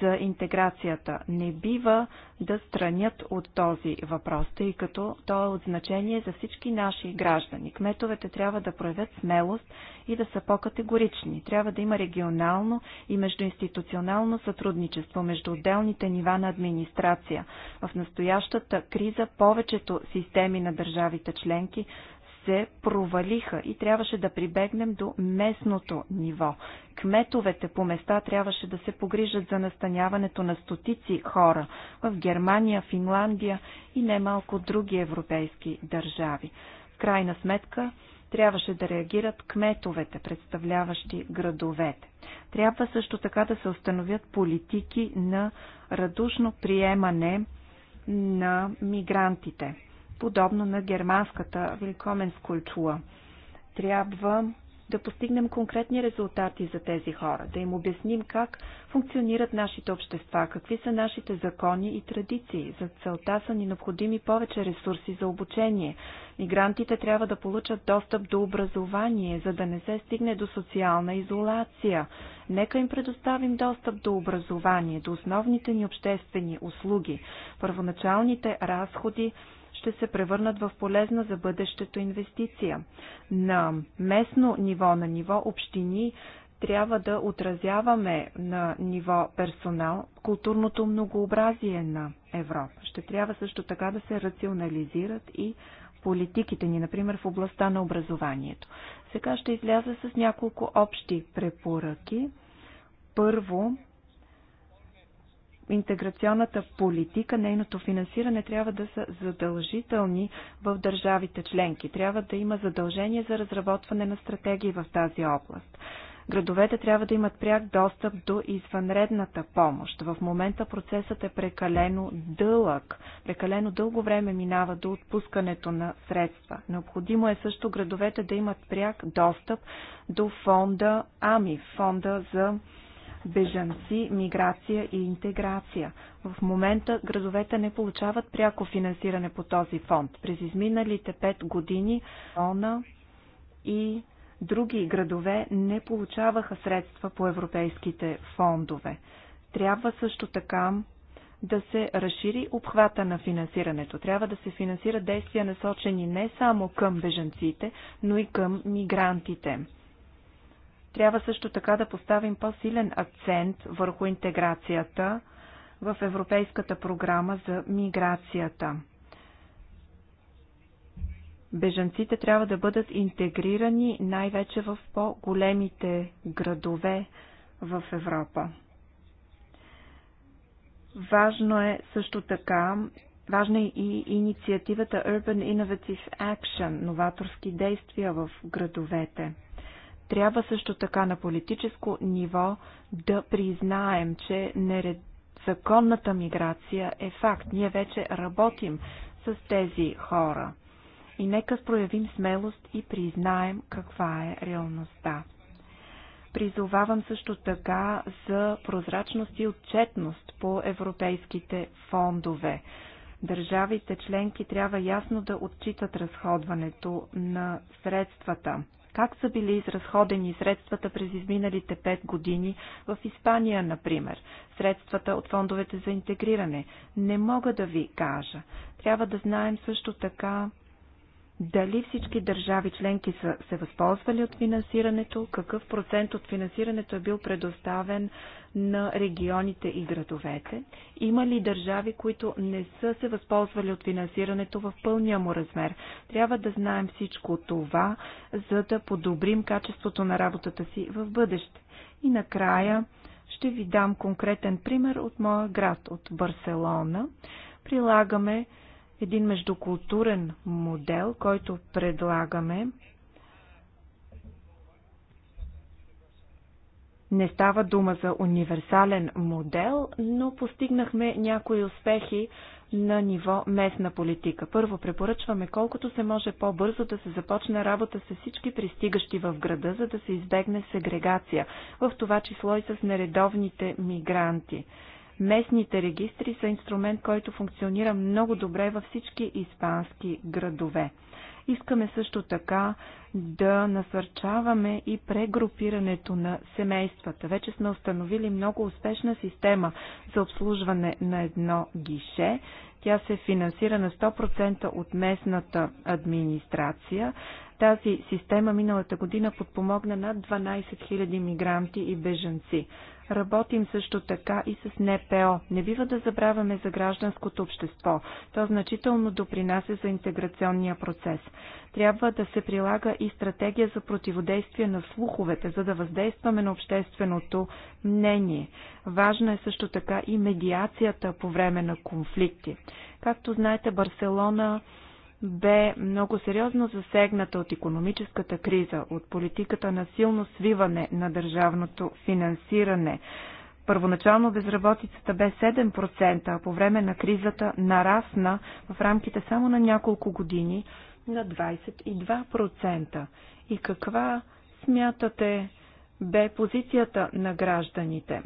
за интеграцията. Не бива да странят от този въпрос, тъй като то е от значение за всички наши граждани. Кметовете трябва да проявят смелост и да са по-категорични. Трябва да има регионално и междуинституционално сътрудничество между отделните нива на администрация. В настоящата криза повечето системи на държавите членки се провалиха и трябваше да прибегнем до местното ниво. Кметовете по места трябваше да се погрижат за настаняването на стотици хора в Германия, Финландия и немалко други европейски държави. В крайна сметка, трябваше да реагират кметовете, представляващи градовете. Трябва също така да се установят политики на радушно приемане на мигрантите подобно на германската култура. Трябва да постигнем конкретни резултати за тези хора, да им обясним как функционират нашите общества, какви са нашите закони и традиции. За целта са ни необходими повече ресурси за обучение. Мигрантите трябва да получат достъп до образование, за да не се стигне до социална изолация. Нека им предоставим достъп до образование, до основните ни обществени услуги. Първоначалните разходи ще се превърнат в полезна за бъдещето инвестиция. На местно ниво, на ниво общини, трябва да отразяваме на ниво персонал културното многообразие на Европа. Ще трябва също така да се рационализират и политиките ни, например в областта на образованието. Сега ще изляза с няколко общи препоръки. Първо, интеграционната политика, нейното финансиране трябва да са задължителни в държавите членки. Трябва да има задължение за разработване на стратегии в тази област. Градовете трябва да имат пряк достъп до извънредната помощ. В момента процесът е прекалено дълъг. Прекалено дълго време минава до отпускането на средства. Необходимо е също градовете да имат пряк достъп до фонда АМИ, фонда за бежанци, миграция и интеграция. В момента градовете не получават пряко финансиране по този фонд. През изминалите пет години ОНА и други градове не получаваха средства по европейските фондове. Трябва също така да се разшири обхвата на финансирането. Трябва да се финансират действия насочени не само към бежанците, но и към мигрантите. Трябва също така да поставим по-силен акцент върху интеграцията в Европейската програма за миграцията. Бежанците трябва да бъдат интегрирани най-вече в по-големите градове в Европа. Важно е също така, важна е и инициативата Urban Innovative Action, новаторски действия в градовете. Трябва също така на политическо ниво да признаем, че незаконната законната миграция е факт. Ние вече работим с тези хора. И нека проявим смелост и признаем каква е реалността. Призовавам също така за прозрачност и отчетност по европейските фондове. Държавите членки трябва ясно да отчитат разходването на средствата. Как са били изразходени средствата през изминалите 5 години в Испания, например? Средствата от фондовете за интегриране? Не мога да ви кажа. Трябва да знаем също така дали всички държави членки са се възползвали от финансирането, какъв процент от финансирането е бил предоставен на регионите и градовете, има ли държави, които не са се възползвали от финансирането в пълния му размер. Трябва да знаем всичко това, за да подобрим качеството на работата си в бъдеще. И накрая ще ви дам конкретен пример от моя град, от Барселона. Прилагаме един междукултурен модел, който предлагаме, Не става дума за универсален модел, но постигнахме някои успехи на ниво местна политика. Първо препоръчваме колкото се може по-бързо да се започне работа с всички пристигащи в града, за да се избегне сегрегация, в това число и с нередовните мигранти. Местните регистри са инструмент, който функционира много добре във всички испански градове. Искаме също така да насърчаваме и прегрупирането на семействата. Вече сме установили много успешна система за обслужване на едно гише. Тя се финансира на 100% от местната администрация. Тази система миналата година подпомогна над 12 000 мигранти и бежанци. Работим също така и с НПО. Не бива да забравяме за гражданското общество. То значително допринася за интеграционния процес. Трябва да се прилага и стратегия за противодействие на слуховете, за да въздействаме на общественото мнение. Важна е също така и медиацията по време на конфликти. Както знаете, Барселона бе много сериозно засегната от економическата криза, от политиката на силно свиване на държавното финансиране. Първоначално безработицата бе 7%, а по време на кризата нарасна в рамките само на няколко години на 22%. И каква смятате бе позицията на гражданите?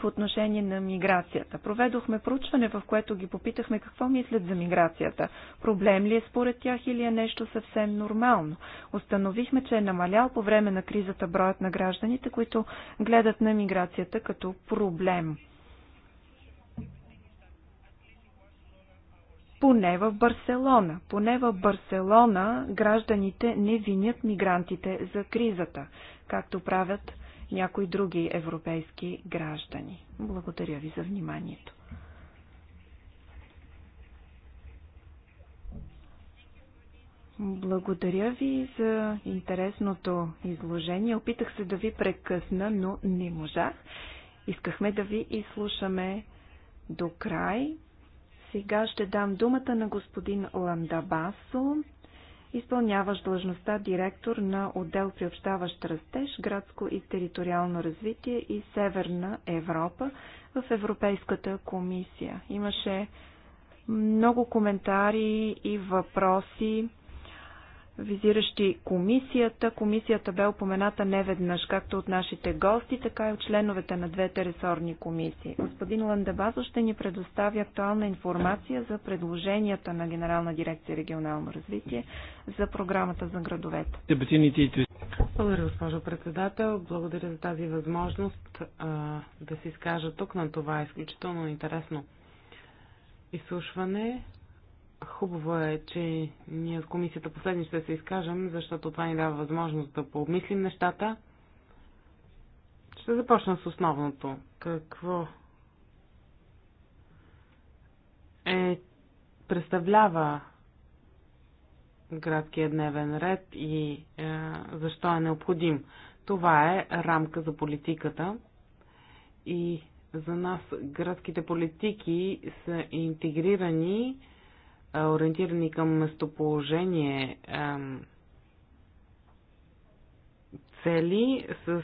по отношение на миграцията. Проведохме проучване, в което ги попитахме какво мислят за миграцията. Проблем ли е според тях или е нещо съвсем нормално? Установихме, че е намалял по време на кризата броят на гражданите, които гледат на миграцията като проблем. поне в Барселона. Поне в Барселона гражданите не винят мигрантите за кризата, както правят някои други европейски граждани. Благодаря ви за вниманието. Благодаря ви за интересното изложение. Опитах се да ви прекъсна, но не можах. Искахме да ви изслушаме до край. Сега ще дам думата на господин Ландабасо, изпълняващ длъжността директор на отдел приобщаващ растеж, градско и териториално развитие и Северна Европа в Европейската комисия. Имаше много коментари и въпроси визиращи комисията. Комисията бе упомената не веднъж, както от нашите гости, така и от членовете на двете ресорни комисии. Господин Ландебазо ще ни предостави актуална информация за предложенията на Генерална дирекция регионално развитие за програмата за градовете. Благодаря, госпожо председател. Благодаря за тази възможност а, да се изкажа тук на това е изключително интересно изслушване. Хубаво е, че ние с комисията последни ще се изкажем, защото това ни дава възможност да пообмислим нещата. Ще започна с основното. Какво е, представлява градския дневен ред и е, защо е необходим. Това е рамка за политиката и за нас градските политики са интегрирани ориентирани към местоположение цели с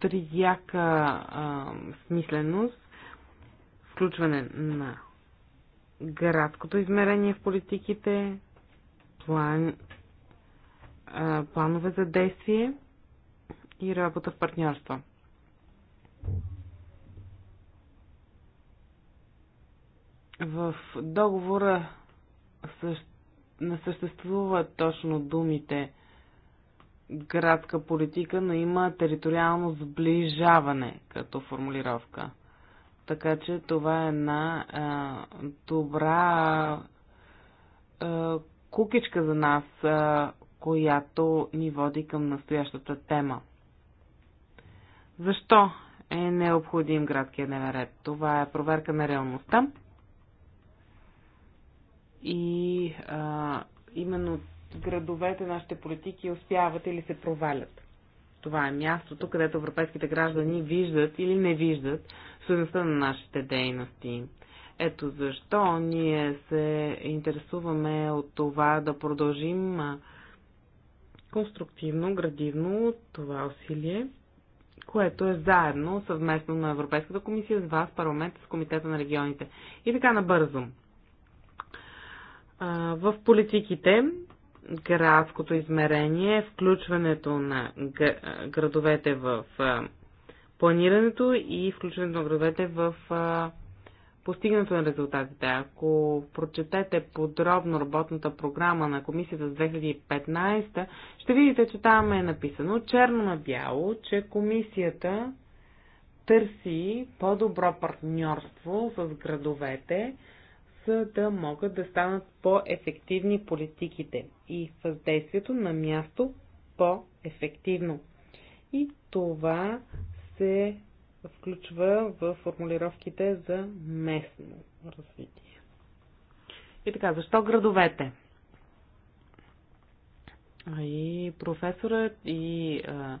трияка смисленост, включване на градското измерение в политиките, план, планове за действие и работа в партньорства. В договора не съществуват точно думите градска политика, но има териториално сближаване като формулировка. Така че това е една а, добра а, кукичка за нас, а, която ни води към настоящата тема. Защо е необходим градския дневен ред? Това е проверка на реалността и а, именно градовете, нашите политики успяват или се провалят. Това е мястото, където европейските граждани виждат или не виждат стоеността на нашите дейности. Ето защо ние се интересуваме от това да продължим конструктивно, градивно това усилие, което е заедно, съвместно на Европейската комисия с вас, парламент, с Комитета на регионите. И така набързо в политиките градското измерение, е включването на градовете в планирането и включването на градовете в постигането на резултатите. Ако прочетете подробно работната програма на комисията за 2015, ще видите, че там е написано черно на бяло, че комисията търси по-добро партньорство с градовете, за да могат да станат по-ефективни политиките и въздействието на място по-ефективно. И това се включва в формулировките за местно развитие. И така, защо градовете? И професорът и а,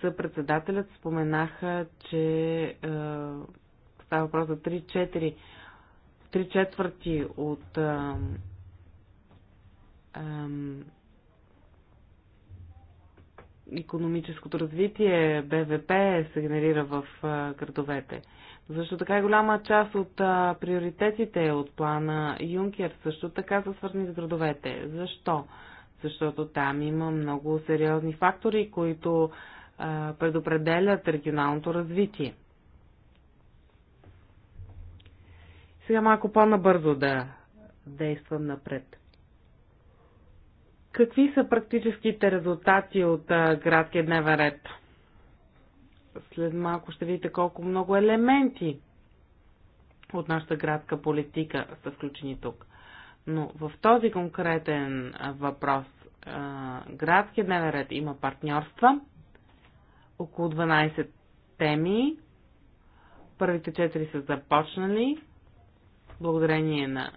съпредседателят споменаха, че а, става въпрос за 3-4 три четвърти от ам, ам, економическото развитие, БВП, се генерира в а, градовете. Защо така и е голяма част от а, приоритетите от плана Юнкер също така са свързани с градовете. Защо? Защото там има много сериозни фактори, които а, предопределят регионалното развитие. Сега малко по-набързо да действам напред. Какви са практическите резултати от градския дневен ред? След малко ще видите колко много елементи от нашата градска политика са включени тук. Но в този конкретен въпрос градския дневен ред има партньорства, около 12 теми. Първите 4 са започнали, благодарение на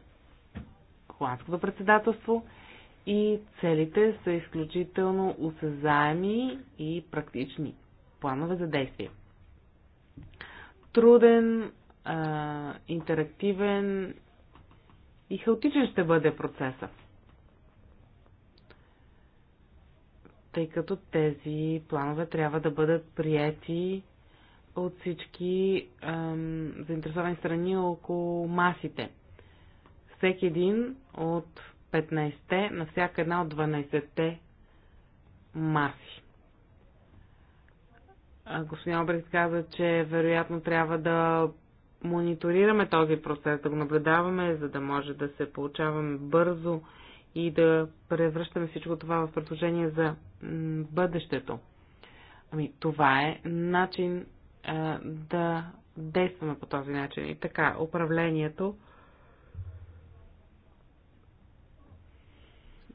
холандското председателство и целите са изключително осезаеми и практични. Планове за действие. Труден, а, интерактивен и хаотичен ще бъде процеса. Тъй като тези планове трябва да бъдат прияти от всички ам, заинтересовани страни около масите. Всеки един от 15-те на всяка една от 12-те маси. Господин Обрис каза, че вероятно трябва да мониторираме този процес, да го наблюдаваме, за да може да се получаваме бързо и да превръщаме всичко това в предложение за бъдещето. Ами, това е начин да действаме по този начин. И така, управлението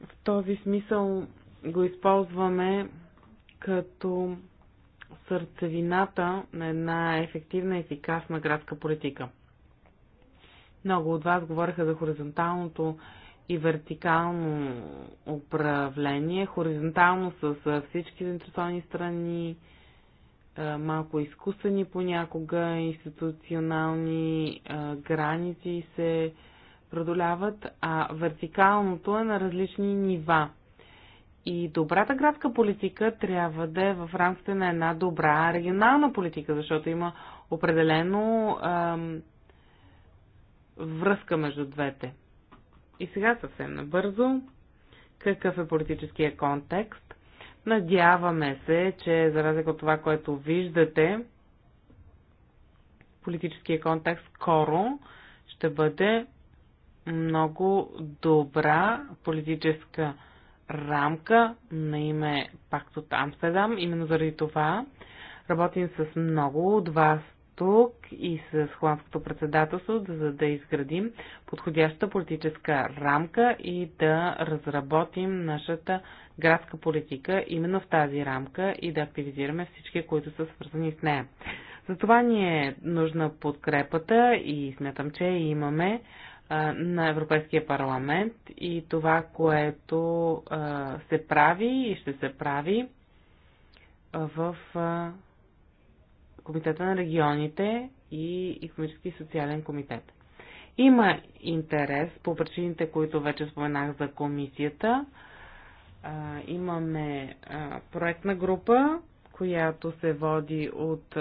в този смисъл го използваме като сърцевината на една ефективна и ефикасна градска политика. Много от вас говориха за хоризонталното и вертикално управление. Хоризонтално с всички заинтересовани страни, малко изкусани понякога, институционални граници се продоляват, а вертикалното е на различни нива. И добрата градска политика трябва да е в рамките на една добра регионална политика, защото има определено ам, връзка между двете. И сега съвсем набързо, какъв е политическия контекст? Надяваме се, че за разлика от това, което виждате, политическия контакт скоро ще бъде много добра политическа рамка на име Пакт от Амстердам. Именно заради това работим с много от вас тук и с Холандското председателство, за да изградим подходяща политическа рамка и да разработим нашата градска политика именно в тази рамка и да активизираме всички, които са свързани с нея. Затова ни е нужна подкрепата и смятам, че имаме на Европейския парламент и това, което се прави и ще се прави в Комитета на регионите и Економически и социален комитет. Има интерес по причините, които вече споменах за комисията а, имаме а, проектна група, която се води от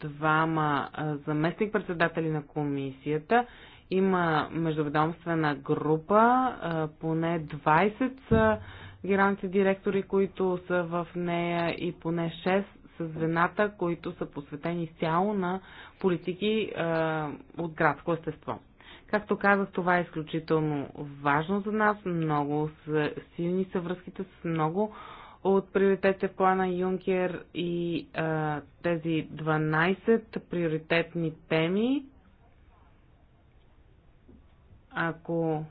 двама заместник-председатели на комисията. Има междуведомствена група, а, поне 20 са гиранци директори, които са в нея и поне 6 с звената, които са посветени изцяло на политики а, от градско естество. Както казах, това е изключително важно за нас. Много са, силни са връзките с много от приоритетите в плана Юнкер и а, тези 12 приоритетни теми. Ако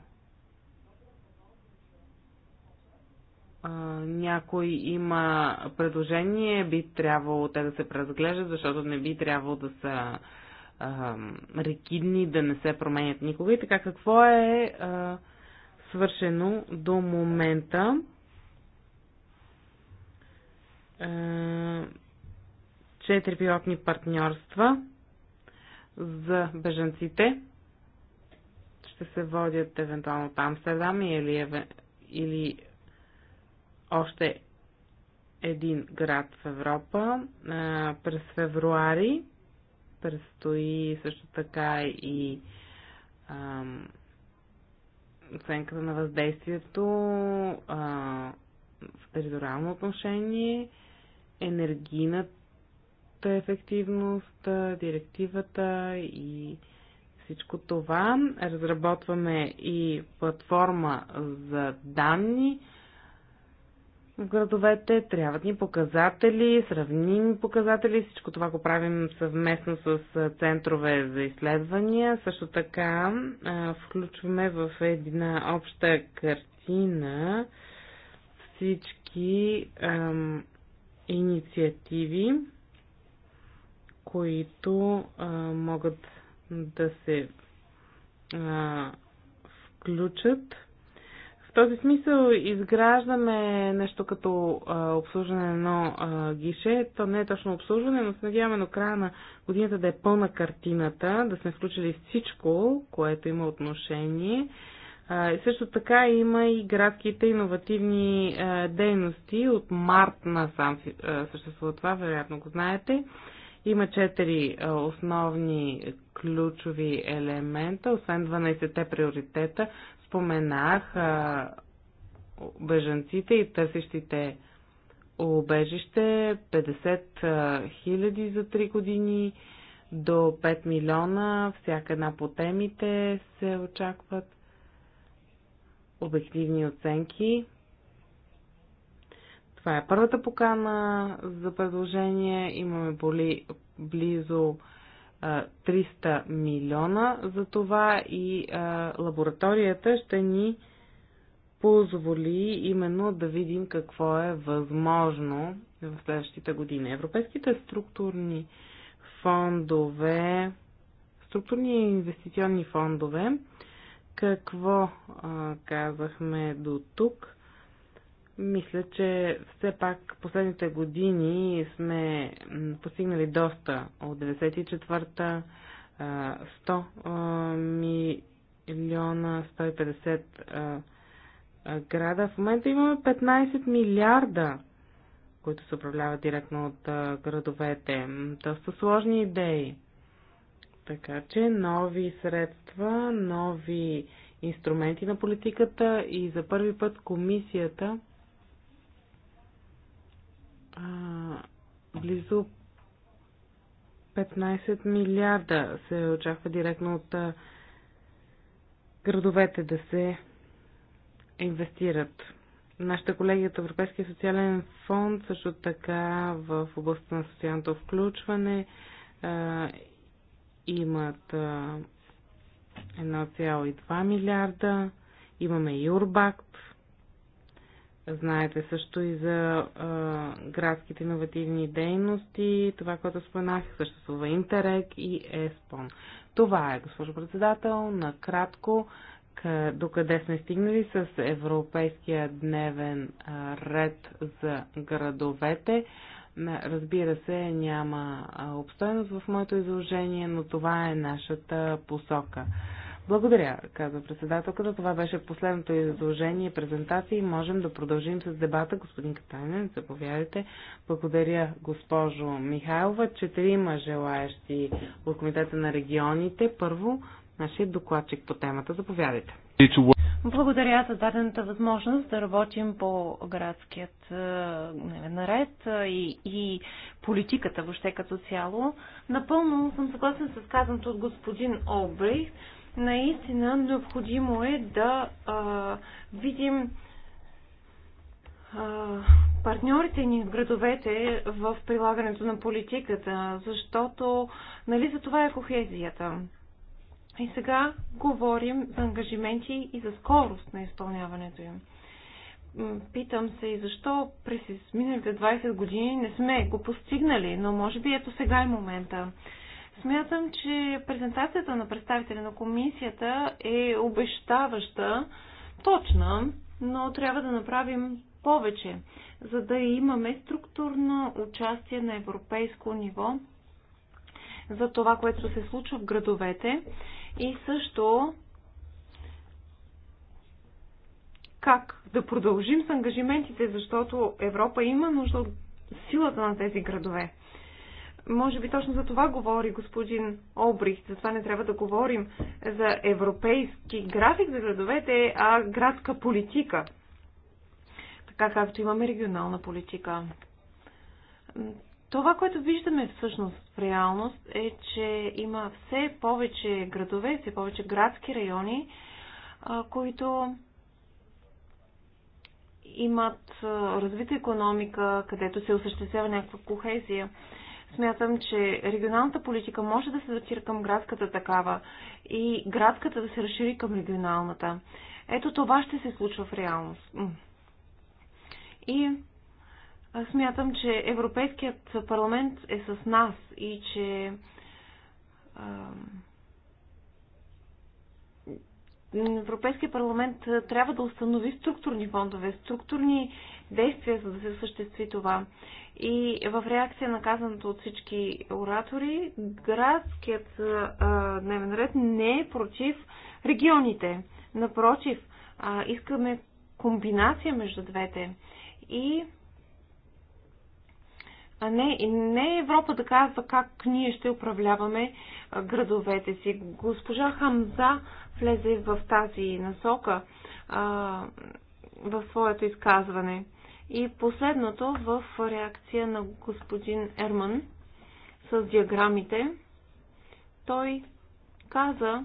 а, някой има предложение, би трябвало те да се преразглеждат, защото не би трябвало да са а, ригидни, да не се променят никога. И така, какво е а, свършено до момента? Четири пилотни партньорства за бежанците ще се водят евентуално от Амстердам или, или още един град в Европа а, през февруари Предстои също така и ам, оценката на въздействието а, в териториално отношение, енергийната ефективност, директивата и всичко това. Разработваме и платформа за данни, в градовете, трябват ни показатели, сравними показатели, всичко това го правим съвместно с центрове за изследвания. Също така включваме в една обща картина всички ам, инициативи, които а, могат да се а, включат този смисъл изграждаме нещо като а, обслужване на едно а, гише. То не е точно обслужване, но се надяваме до края на годината да е пълна картината, да сме включили всичко, което има отношение. А, и също така има и градските иновативни а, дейности. От март насам а, съществува това, вероятно го знаете. Има четири основни ключови елемента, освен 12-те приоритета, споменах, бежанците и търсещите обежище 50 хиляди за 3 години до 5 милиона. Всяка една по темите се очакват обективни оценки. Това е първата покана за предложение. Имаме боли близо 300 милиона. За това и лабораторията ще ни позволи именно да видим какво е възможно в следващите години. Европейските структурни фондове, структурни инвестиционни фондове, какво казахме до тук? Мисля, че все пак последните години сме постигнали доста от 94-та, 100 милиона, 150 града. В момента имаме 15 милиарда, които се управляват директно от градовете. Доста сложни идеи. Така че нови средства, нови инструменти на политиката и за първи път комисията а, близо 15 милиарда се очаква директно от а, градовете да се инвестират. Нашите колеги от Европейския социален фонд също така в областта на социалното включване а, имат 1,2 милиарда. Имаме и Урбакт, Знаете също и за а, градските иновативни дейности, това, което споменах, е съществува Интерек и ЕСПОН. Това е, госпожо председател, накратко докъде сме стигнали с Европейския дневен ред за градовете. Разбира се, няма обстойност в моето изложение, но това е нашата посока. Благодаря, каза председателката. Това беше последното изложение и презентация и можем да продължим с дебата. Господин Катанин, заповядайте. Благодаря, госпожо Михайлова. Четирима желаящи от Комитета на регионите. Първо, нашия докладчик по темата. Заповядайте. Благодаря за дадената възможност да работим по градският е, наред е, и, и политиката въобще като цяло. Напълно съм съгласен с казаното от господин Олбрих наистина необходимо е да а, видим а, партньорите ни в градовете в прилагането на политиката, защото нали за това е кохезията. И сега говорим за ангажименти и за скорост на изпълняването им. Питам се и защо през изминалите 20 години не сме го постигнали, но може би ето сега е момента. Смятам, че презентацията на представителя на комисията е обещаваща, точна, но трябва да направим повече, за да имаме структурно участие на европейско ниво за това, което се случва в градовете и също как да продължим с ангажиментите, защото Европа има нужда от силата на тези градове. Може би точно за това говори господин Обрих. Затова не трябва да говорим за европейски график за градовете, а градска политика. Така както имаме регионална политика. Това, което виждаме всъщност в реалност е, че има все повече градове, все повече градски райони, които имат развита економика, където се осъществява някаква кохезия. Смятам, че регионалната политика може да се адаптира към градската такава и градската да се разшири към регионалната. Ето това ще се случва в реалност. И смятам, че Европейският парламент е с нас и че Европейският парламент трябва да установи структурни фондове, структурни действия, за да се осъществи това. И в реакция на казаното от всички оратори, градският а, дневен ред не е против регионите. Напротив, а, искаме комбинация между двете. И а не, не е Европа да казва как ние ще управляваме градовете си. Госпожа Хамза влезе в тази насока а, в своето изказване. И последното в реакция на господин Ерман с диаграмите. Той каза,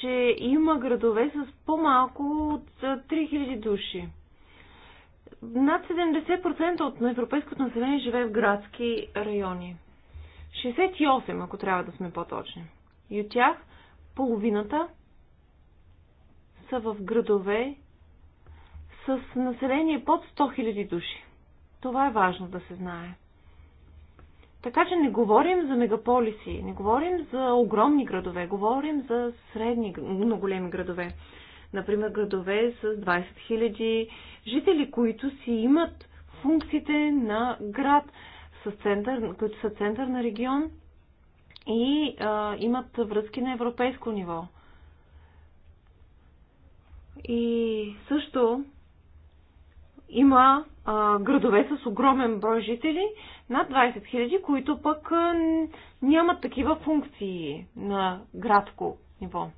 че има градове с по-малко от 3000 души. Над 70% от европейското население живее в градски райони. 68, ако трябва да сме по-точни. И от тях половината са в градове с население под 100 000 души. Това е важно да се знае. Така че не говорим за мегаполиси, не говорим за огромни градове, говорим за средни, много големи градове. Например, градове с 20 000 жители, които си имат функциите на град, с център, които са център на регион и а, имат връзки на европейско ниво. И също има а, градове с огромен брой жители, над 20 000, които пък а, нямат такива функции на градко ниво.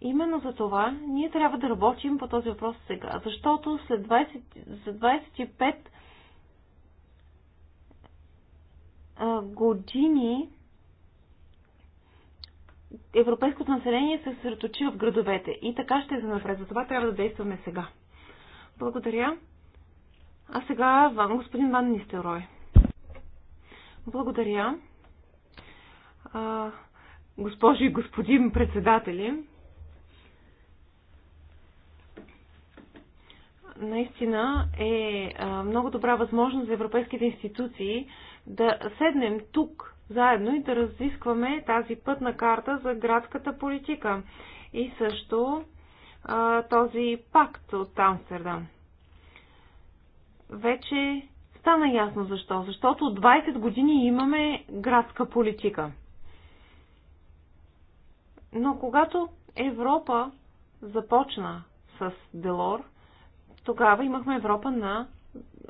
Именно за това ние трябва да работим по този въпрос сега, защото след 20, за 25 а, години европейското население се съсредоточи в градовете и така ще се напред. Затова трябва да действаме сега. Благодаря. А сега вам, господин Ван Нистерой. Благодаря. А, госпожи и господин председатели, наистина е много добра възможност за европейските институции да седнем тук заедно и да разискваме тази пътна карта за градската политика. И също а, този пакт от Амстердам. Вече стана ясно защо. Защото от 20 години имаме градска политика. Но когато Европа започна с Делор, тогава имахме Европа на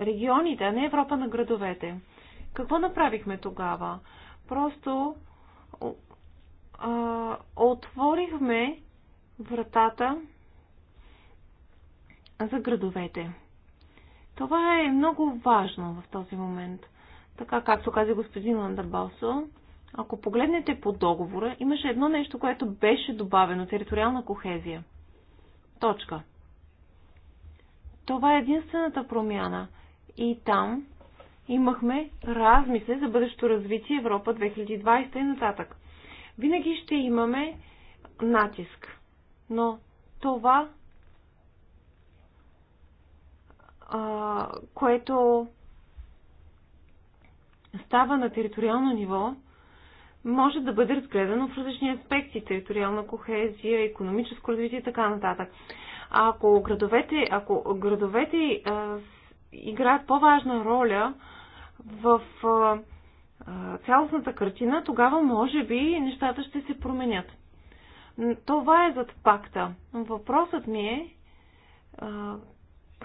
регионите, а не Европа на градовете. Какво направихме тогава? Просто а, отворихме вратата за градовете. Това е много важно в този момент. Така както каза господин Ландабалсо, ако погледнете по договора, имаше едно нещо, което беше добавено териториална кохезия. Точка. Това е единствената промяна. И там имахме размисле за бъдещето развитие Европа 2020 и нататък. Винаги ще имаме натиск. Но това което става на териториално ниво, може да бъде разгледано в различни аспекти териториална кохезия, економическо развитие и така нататък. Ако градовете, ако градовете играят по-важна роля в цялостната картина, тогава може би нещата ще се променят. Това е зад пакта. Въпросът ми е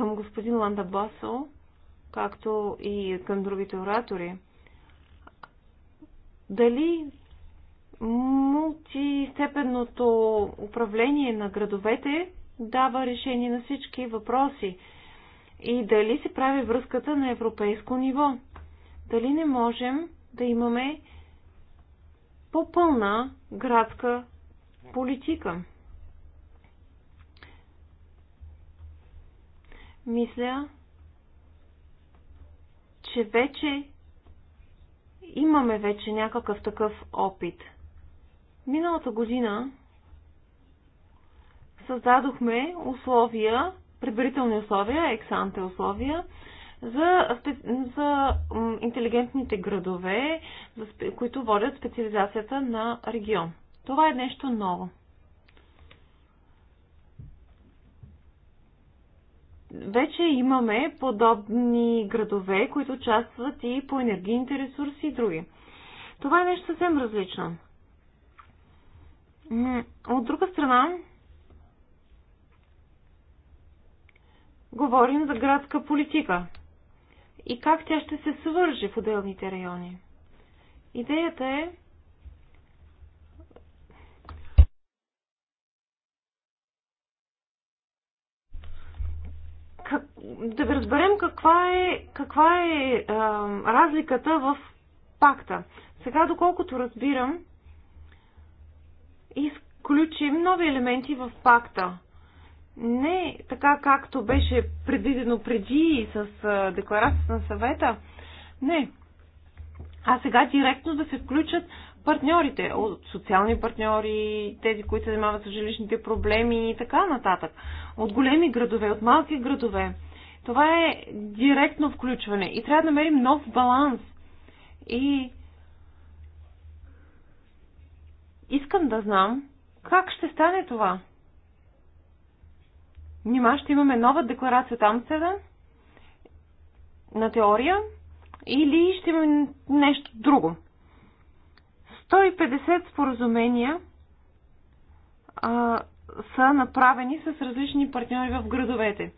към господин Ланда Босо, както и към другите оратори. Дали мултистепенното управление на градовете дава решение на всички въпроси? И дали се прави връзката на европейско ниво? Дали не можем да имаме по-пълна градска политика? мисля, че вече имаме вече някакъв такъв опит. Миналата година създадохме условия, предварителни условия, ексанте условия, за, за интелигентните градове, за, които водят специализацията на регион. Това е нещо ново. вече имаме подобни градове, които участват и по енергийните ресурси и други. Това е нещо съвсем различно. От друга страна, говорим за градска политика и как тя ще се свържи в отделните райони. Идеята е как, да ви разберем каква е, каква е а, разликата в пакта. Сега, доколкото разбирам, изключим нови елементи в пакта. Не така, както беше предвидено преди с а, декларацията на съвета. Не. А сега директно да се включат партньорите, от социални партньори, тези, които се занимават с жилищните проблеми и така нататък. От големи градове, от малки градове. Това е директно включване и трябва да намерим нов баланс. И искам да знам как ще стане това. Нима ще имаме нова декларация там седа На теория? Или ще имаме нещо друго? 150 споразумения а, са направени с различни партньори в градовете.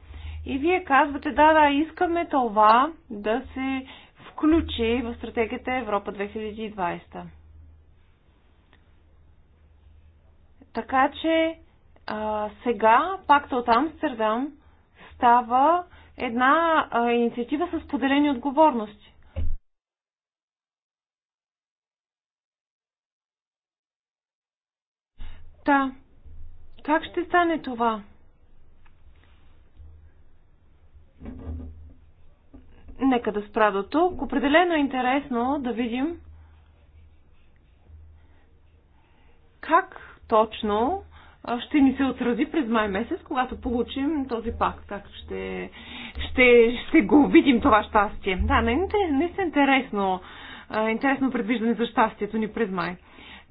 И вие казвате, да, да, искаме това да се включи в стратегията Европа 2020. Така че а, сега пакта от Амстердам става една а, инициатива с поделени отговорности. Та, как ще стане това? Нека да спра до тук. Определено е интересно да видим как точно ще ни се отрази през май месец, когато получим този пак, Как ще, ще, ще го видим това щастие. Да, наистина интересно. Интересно предвиждане за щастието ни през май.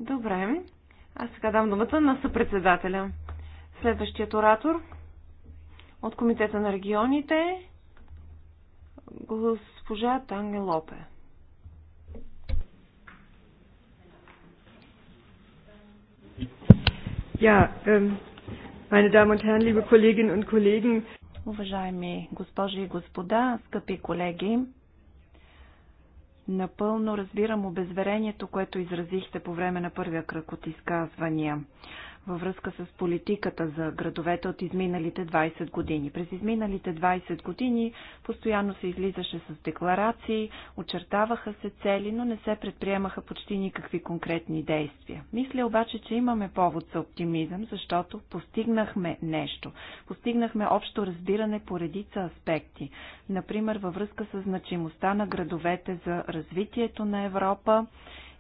Добре. Аз сега дам думата на съпредседателя. Следващият оратор от Комитета на регионите госпожа Танге Лопе. Ja, ähm, meine Damen und Herren, liebe Kolleginnen und Kollegen. Уважаеми госпожи и господа, скъпи колеги, Напълно разбирам обезверението, което изразихте по време на първия кръг от изказвания във връзка с политиката за градовете от изминалите 20 години. През изминалите 20 години постоянно се излизаше с декларации, очертаваха се цели, но не се предприемаха почти никакви конкретни действия. Мисля обаче, че имаме повод за оптимизъм, защото постигнахме нещо. Постигнахме общо разбиране по редица аспекти. Например, във връзка с значимостта на градовете за развитието на Европа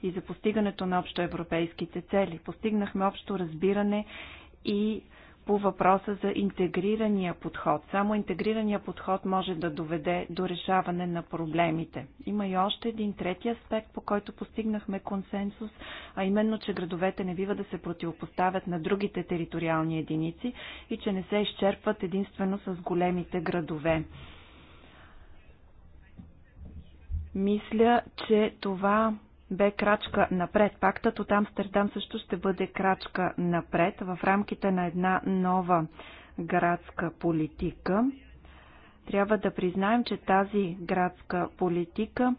и за постигането на общо европейските цели. Постигнахме общо разбиране и по въпроса за интегрирания подход. Само интегрирания подход може да доведе до решаване на проблемите. Има и още един трети аспект, по който постигнахме консенсус, а именно, че градовете не бива да се противопоставят на другите териториални единици и че не се изчерпват единствено с големите градове. Мисля, че това бе крачка напред. Пактът от Амстердам също ще бъде крачка напред в рамките на една нова градска политика. Трябва да признаем, че тази градска политика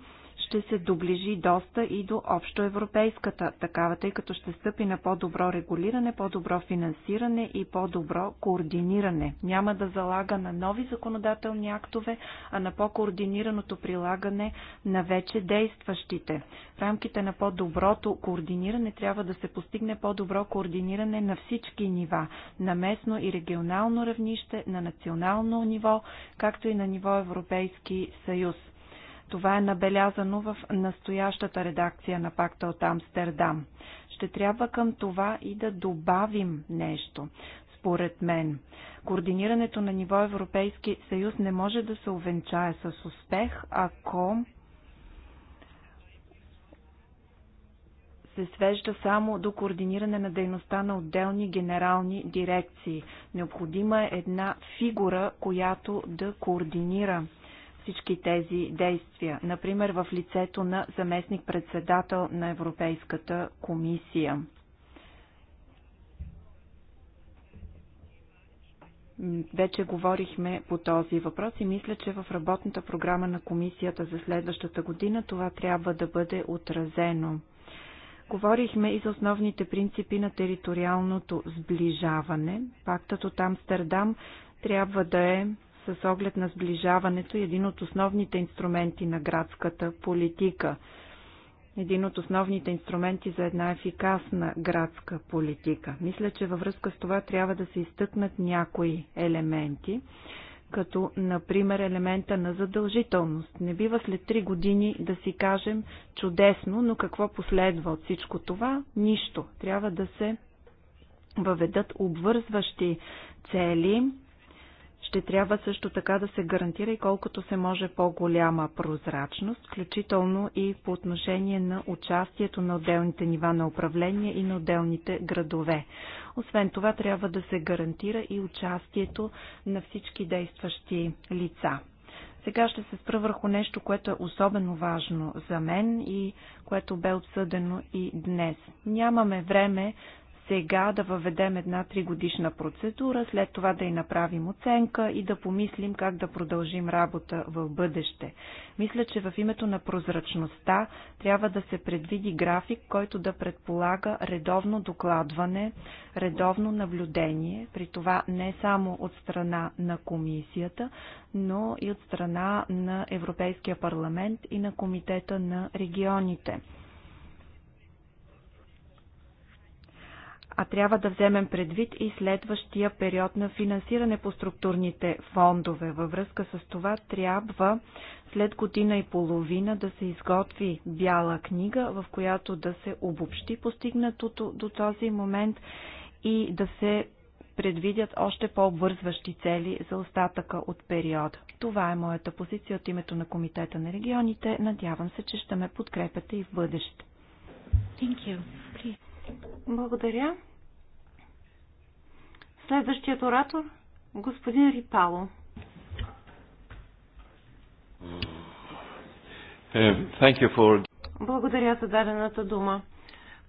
ще се доближи доста и до общоевропейската такава, тъй като ще стъпи на по-добро регулиране, по-добро финансиране и по-добро координиране. Няма да залага на нови законодателни актове, а на по-координираното прилагане на вече действащите. В рамките на по-доброто координиране трябва да се постигне по-добро координиране на всички нива, на местно и регионално равнище, на национално ниво, както и на ниво Европейски съюз. Това е набелязано в настоящата редакция на пакта от Амстердам. Ще трябва към това и да добавим нещо според мен. Координирането на ниво Европейски съюз не може да се увенчае с успех, ако се свежда само до координиране на дейността на отделни генерални дирекции. Необходима е една фигура, която да координира всички тези действия, например в лицето на заместник-председател на Европейската комисия. Вече говорихме по този въпрос и мисля, че в работната програма на комисията за следващата година това трябва да бъде отразено. Говорихме и за основните принципи на териториалното сближаване. Пактът от Амстердам трябва да е с оглед на сближаването и един от основните инструменти на градската политика. Един от основните инструменти за една ефикасна градска политика. Мисля, че във връзка с това трябва да се изтъкнат някои елементи, като например елемента на задължителност. Не бива след три години да си кажем чудесно, но какво последва от всичко това? Нищо. Трябва да се въведат обвързващи цели, ще трябва също така да се гарантира и колкото се може по-голяма прозрачност, включително и по отношение на участието на отделните нива на управление и на отделните градове. Освен това, трябва да се гарантира и участието на всички действащи лица. Сега ще се спра върху нещо, което е особено важно за мен и което бе обсъдено и днес. Нямаме време сега да въведем една тригодишна процедура, след това да й направим оценка и да помислим как да продължим работа в бъдеще. Мисля, че в името на прозрачността трябва да се предвиди график, който да предполага редовно докладване, редовно наблюдение, при това не само от страна на комисията, но и от страна на Европейския парламент и на Комитета на регионите. а трябва да вземем предвид и следващия период на финансиране по структурните фондове. Във връзка с това трябва след година и половина да се изготви бяла книга, в която да се обобщи постигнатото до този момент и да се предвидят още по-обвързващи цели за остатъка от периода. Това е моята позиция от името на Комитета на регионите. Надявам се, че ще ме подкрепяте и в бъдеще. Thank you. Please. Благодаря. Следващият оратор господин Рипало. Е, for... Благодаря за дадената дума.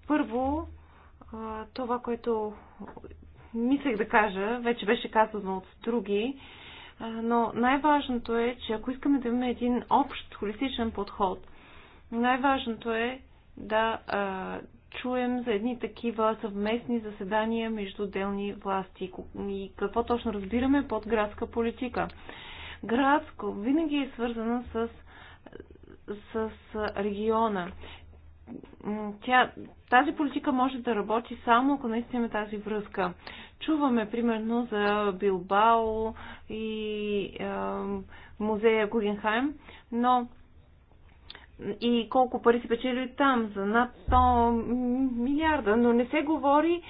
Първо, това, което мислех да кажа, вече беше казано от други, но най-важното е, че ако искаме да имаме един общ холистичен подход, най-важното е да чуем за едни такива съвместни заседания между отделни власти и какво точно разбираме под градска политика. Градско винаги е свързана с, с региона. Тя, тази политика може да работи само ако наистина има тази връзка. Чуваме примерно за Билбао и е, музея Гугенхайм, но и колко пари се печели там за над 100 милиарда, но не се говори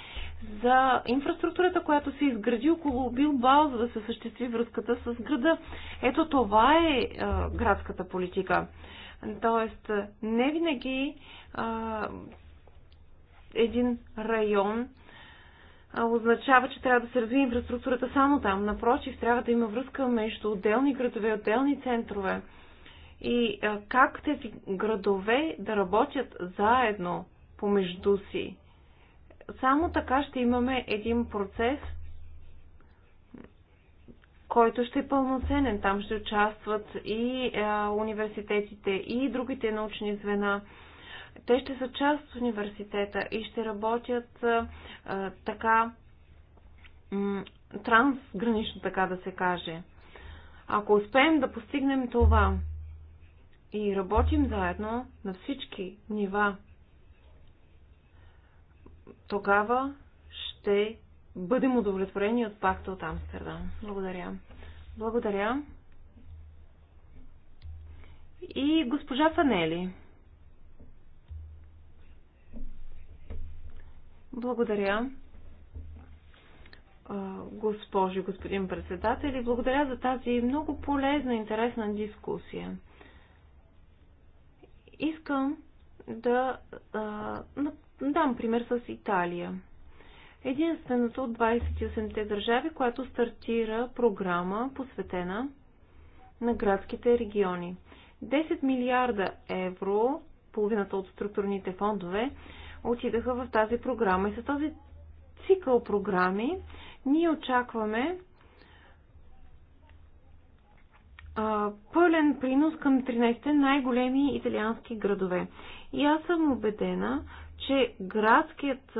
за инфраструктурата, която се изгради около Билбао, за да се съществи връзката с града. Ето това е а, градската политика. Тоест, не винаги а, един район а, означава, че трябва да се развие инфраструктурата само там. Напротив, трябва да има връзка между отделни градове, отделни центрове и как тези градове да работят заедно помежду си. Само така ще имаме един процес, който ще е пълноценен. Там ще участват и е, университетите, и другите научни звена. Те ще са част от университета и ще работят е, така трансгранично, така да се каже. Ако успеем да постигнем това, и работим заедно на всички нива, тогава ще бъдем удовлетворени от пакта от Амстердам. Благодаря. Благодаря. И госпожа Фанели. Благодаря. Госпожи, господин председател, и благодаря за тази много полезна, интересна дискусия. Искам да а, дам пример с Италия. Единственото от 28-те държави, която стартира програма посветена на градските региони. 10 милиарда евро, половината от структурните фондове, отидаха в тази програма. И с този цикъл програми ние очакваме а, пълен принос към 13-те най-големи италиански градове. И аз съм убедена, че градският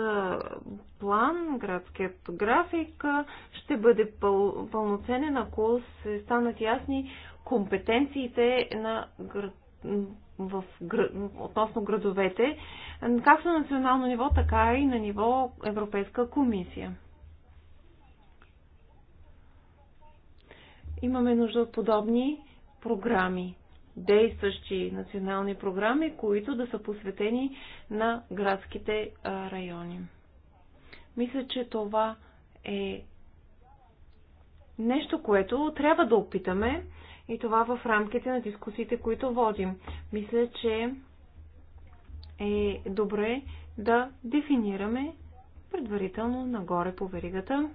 план, градският график ще бъде пъл, пълноценен, ако се станат ясни компетенциите на град, в, относно градовете, както на национално ниво, така и на ниво Европейска комисия. имаме нужда от подобни програми, действащи национални програми, които да са посветени на градските райони. Мисля, че това е нещо, което трябва да опитаме и това в рамките на дискусиите, които водим. Мисля, че е добре да дефинираме предварително нагоре по веригата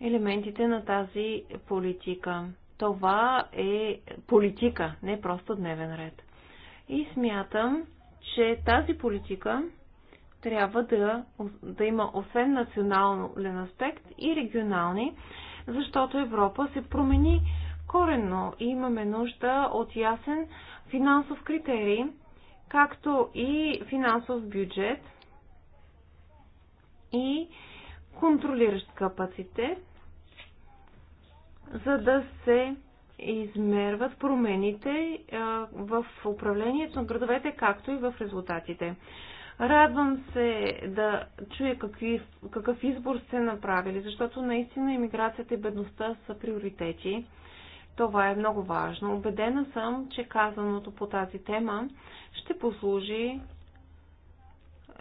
елементите на тази политика. Това е политика, не просто дневен ред. И смятам, че тази политика трябва да, да има освен национален аспект и регионални, защото Европа се промени коренно и имаме нужда от ясен финансов критерий, както и финансов бюджет и контролиращ капацитет, за да се измерват промените в управлението на градовете, както и в резултатите. Радвам се да чуя какви, какъв избор сте направили, защото наистина иммиграцията и бедността са приоритети. Това е много важно. Обедена съм, че казаното по тази тема ще послужи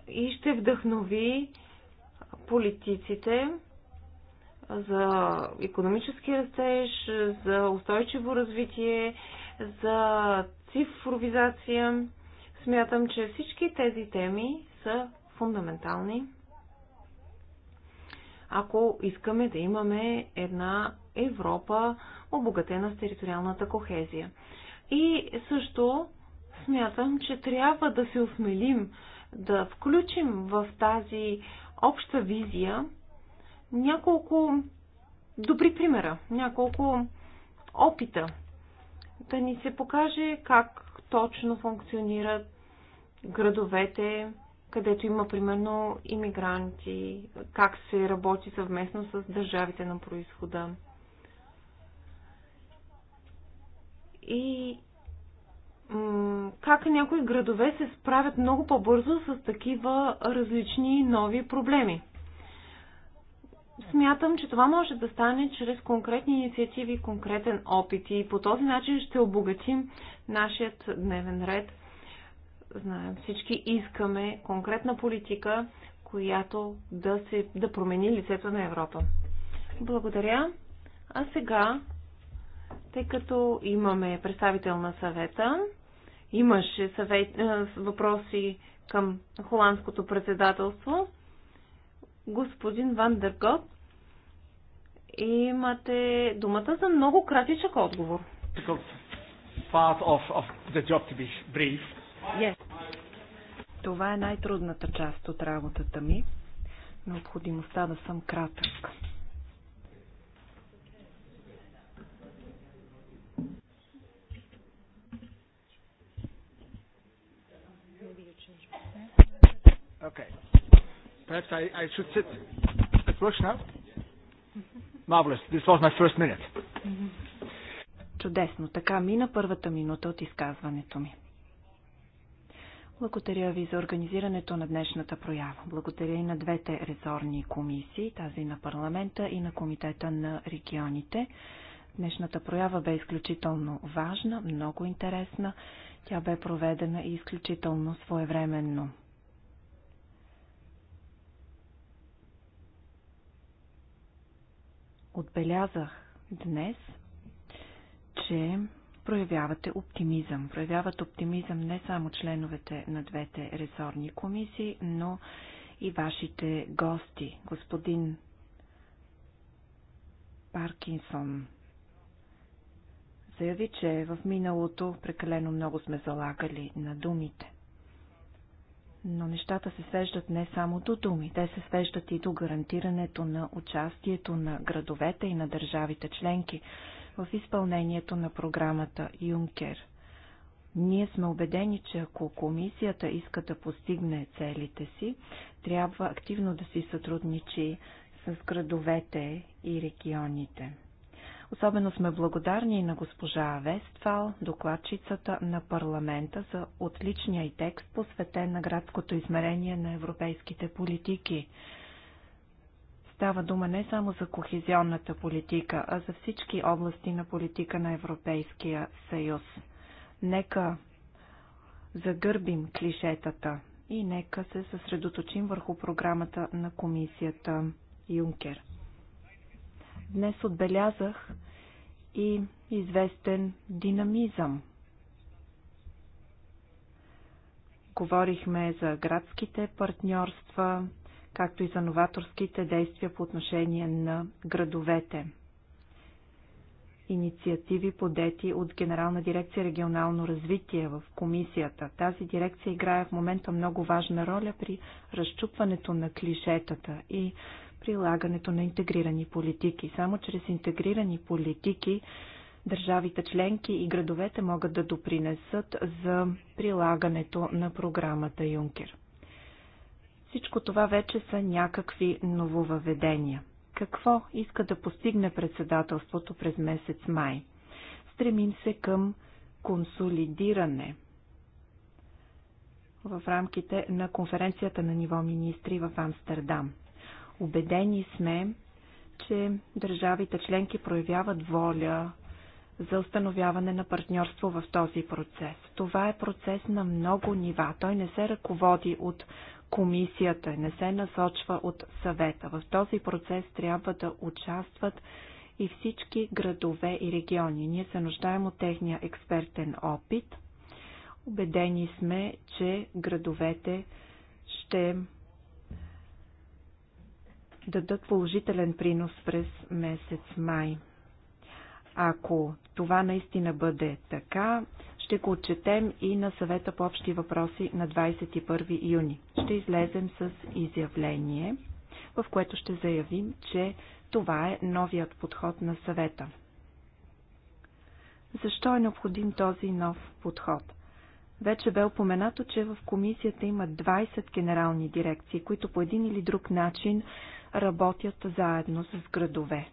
и ще вдъхнови политиците за економически растеж, за устойчиво развитие, за цифровизация. Смятам, че всички тези теми са фундаментални, ако искаме да имаме една Европа, обогатена с териториалната кохезия. И също смятам, че трябва да се осмелим да включим в тази обща визия няколко добри примера, няколко опита да ни се покаже как точно функционират градовете, където има примерно иммигранти, как се работи съвместно с държавите на происхода. И как някои градове се справят много по-бързо с такива различни нови проблеми. Смятам, че това може да стане чрез конкретни инициативи конкретен опит и по този начин ще обогатим нашият дневен ред. Знаем, всички искаме конкретна политика, която да, се, да промени лицето на Европа. Благодаря. А сега, тъй като имаме представител на съвета, имаше съвет, въпроси към холандското председателство, господин Ван Дъргот Имате думата за много кратичък отговор. Part of, of the job to be brief. Yes. Това е най-трудната част от работата ми. Необходимостта да съм кратък. Okay. Perhaps I, I should sit at work now. Marvelous. This was my first minute. Чудесно. Така мина първата минута от изказването ми. Благодаря ви за организирането на днешната проява. Благодаря и на двете резорни комисии, тази на парламента и на комитета на регионите. Днешната проява бе изключително важна, много интересна. Тя бе проведена и изключително своевременно. Отбелязах днес, че проявявате оптимизъм. Проявяват оптимизъм не само членовете на двете ресорни комисии, но и вашите гости, господин Паркинсон. Заяви, че в миналото прекалено много сме залагали на думите. Но нещата се свеждат не само до думи, те се свеждат и до гарантирането на участието на градовете и на държавите членки в изпълнението на програмата Юнкер. Ние сме убедени, че ако комисията иска да постигне целите си, трябва активно да си сътрудничи с градовете и регионите. Особено сме благодарни и на госпожа Вестфал, докладчицата на парламента за отличния и текст, посветен на градското измерение на европейските политики. Става дума не само за кохезионната политика, а за всички области на политика на Европейския съюз. Нека загърбим клишетата и нека се съсредоточим върху програмата на комисията Юнкер. Днес отбелязах и известен динамизъм. Говорихме за градските партньорства, както и за новаторските действия по отношение на градовете. Инициативи подети от Генерална дирекция регионално развитие в комисията. Тази дирекция играе в момента много важна роля при разчупването на клишетата и прилагането на интегрирани политики. Само чрез интегрирани политики държавите членки и градовете могат да допринесат за прилагането на програмата Юнкер. Всичко това вече са някакви нововъведения. Какво иска да постигне председателството през месец май? Стремим се към консолидиране в рамките на конференцията на ниво министри в Амстердам. Убедени сме, че държавите членки проявяват воля за установяване на партньорство в този процес. Това е процес на много нива. Той не се ръководи от комисията, не се насочва от съвета. В този процес трябва да участват и всички градове и региони. Ние се нуждаем от техния експертен опит. Убедени сме, че градовете ще дадат положителен принос през месец май. Ако това наистина бъде така, ще го отчетем и на съвета по общи въпроси на 21 юни. Ще излезем с изявление, в което ще заявим, че това е новият подход на съвета. Защо е необходим този нов подход? Вече бе упоменато, че в комисията има 20 генерални дирекции, които по един или друг начин работят заедно с градове.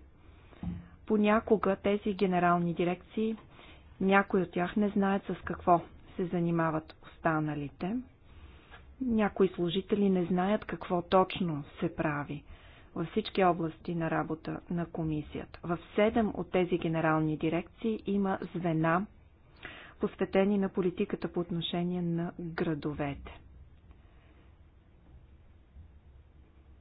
Понякога тези генерални дирекции, някои от тях не знаят с какво се занимават останалите. Някои служители не знаят какво точно се прави във всички области на работа на комисията. В седем от тези генерални дирекции има звена, посветени на политиката по отношение на градовете.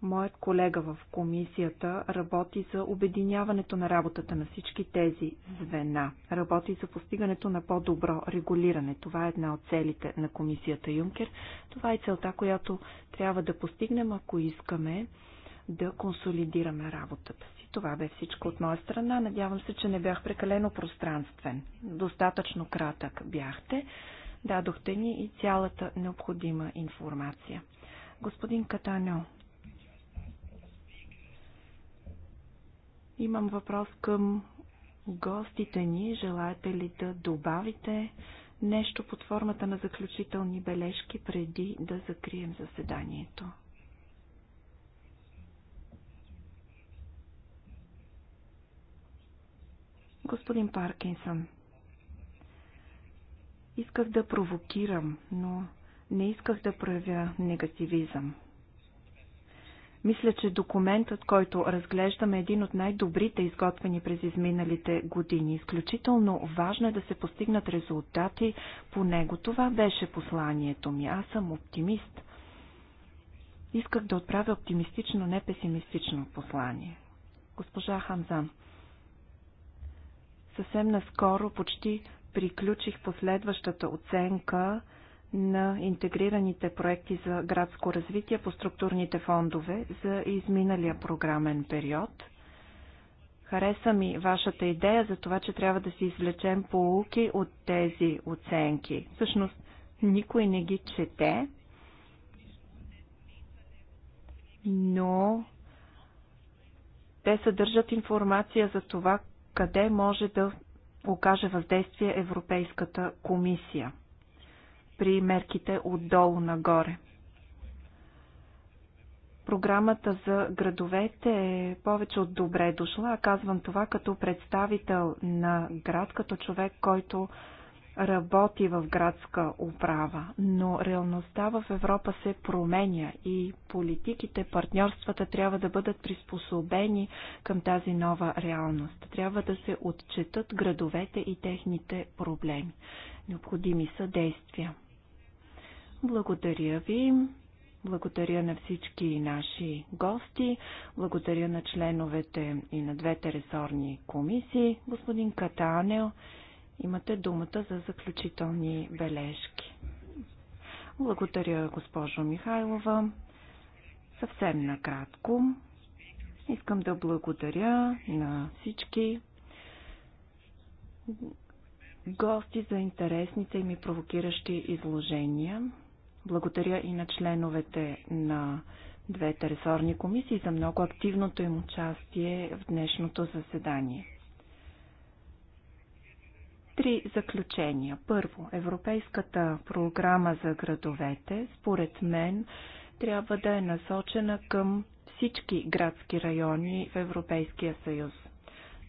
Моят колега в комисията работи за обединяването на работата на всички тези звена. Работи за постигането на по-добро регулиране. Това е една от целите на комисията Юнкер. Това е целта, която трябва да постигнем, ако искаме да консолидираме работата си. Това бе всичко от моя страна. Надявам се, че не бях прекалено пространствен. Достатъчно кратък бяхте. Дадохте ни и цялата необходима информация. Господин Катаньо, Имам въпрос към гостите ни. Желаете ли да добавите нещо под формата на заключителни бележки преди да закрием заседанието? Господин Паркинсън, исках да провокирам, но не исках да проявя негативизъм. Мисля, че документът, който разглеждаме, е един от най-добрите, изготвени през изминалите години. Изключително важно е да се постигнат резултати по него. Това беше посланието ми. Аз съм оптимист. Исках да отправя оптимистично, не песимистично послание. Госпожа Хамзан, съвсем наскоро почти приключих последващата оценка на интегрираните проекти за градско развитие по структурните фондове за изминалия програмен период. Хареса ми вашата идея за това, че трябва да си извлечем полуки от тези оценки. Всъщност, никой не ги чете, но те съдържат информация за това, къде може да окаже въздействие Европейската комисия при мерките отдолу нагоре. Програмата за градовете е повече от добре дошла. Казвам това като представител на град, като човек, който работи в градска управа, но реалността в Европа се променя и политиките, партньорствата трябва да бъдат приспособени към тази нова реалност. Трябва да се отчетат градовете и техните проблеми. Необходими са действия. Благодаря ви. Благодаря на всички наши гости. Благодаря на членовете и на двете ресорни комисии. Господин Катанел, имате думата за заключителни бележки. Благодаря, госпожо Михайлова. Съвсем накратко. Искам да благодаря на всички гости за интересните и ми провокиращи изложения. Благодаря и на членовете на двете ресорни комисии за много активното им участие в днешното заседание. Три заключения. Първо, Европейската програма за градовете, според мен, трябва да е насочена към всички градски райони в Европейския съюз.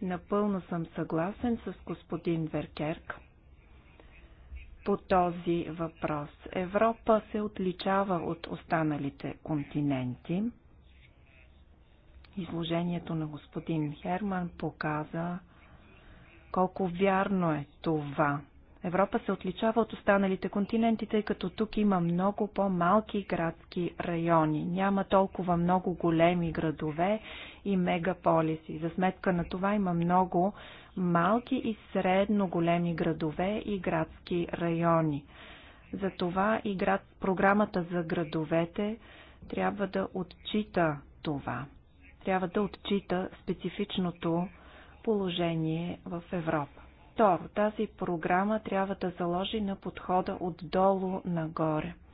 Напълно съм съгласен с господин Веркерк по този въпрос. Европа се отличава от останалите континенти. Изложението на господин Херман показа колко вярно е това. Европа се отличава от останалите континенти, тъй като тук има много по-малки градски райони. Няма толкова много големи градове и мегаполиси. За сметка на това има много малки и средно големи градове и градски райони. Затова и град, програмата за градовете трябва да отчита това. Трябва да отчита специфичното положение в Европа. Второ, тази програма трябва да заложи на подхода отдолу нагоре –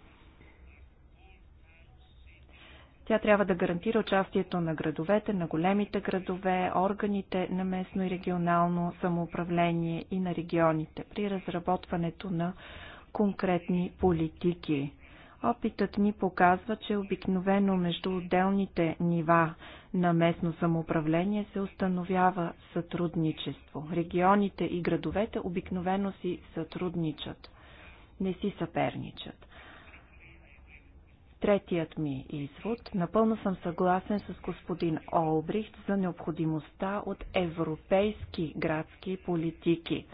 Тя трябва да гарантира участието на градовете, на големите градове, органите на местно и регионално самоуправление и на регионите при разработването на конкретни политики. Опитът ни показва, че обикновено между отделните нива на местно самоуправление се установява сътрудничество. Регионите и градовете обикновено си сътрудничат, не си съперничат. Третият ми извод. Напълно съм съгласен с господин Олбрихт за необходимостта от европейски градски политики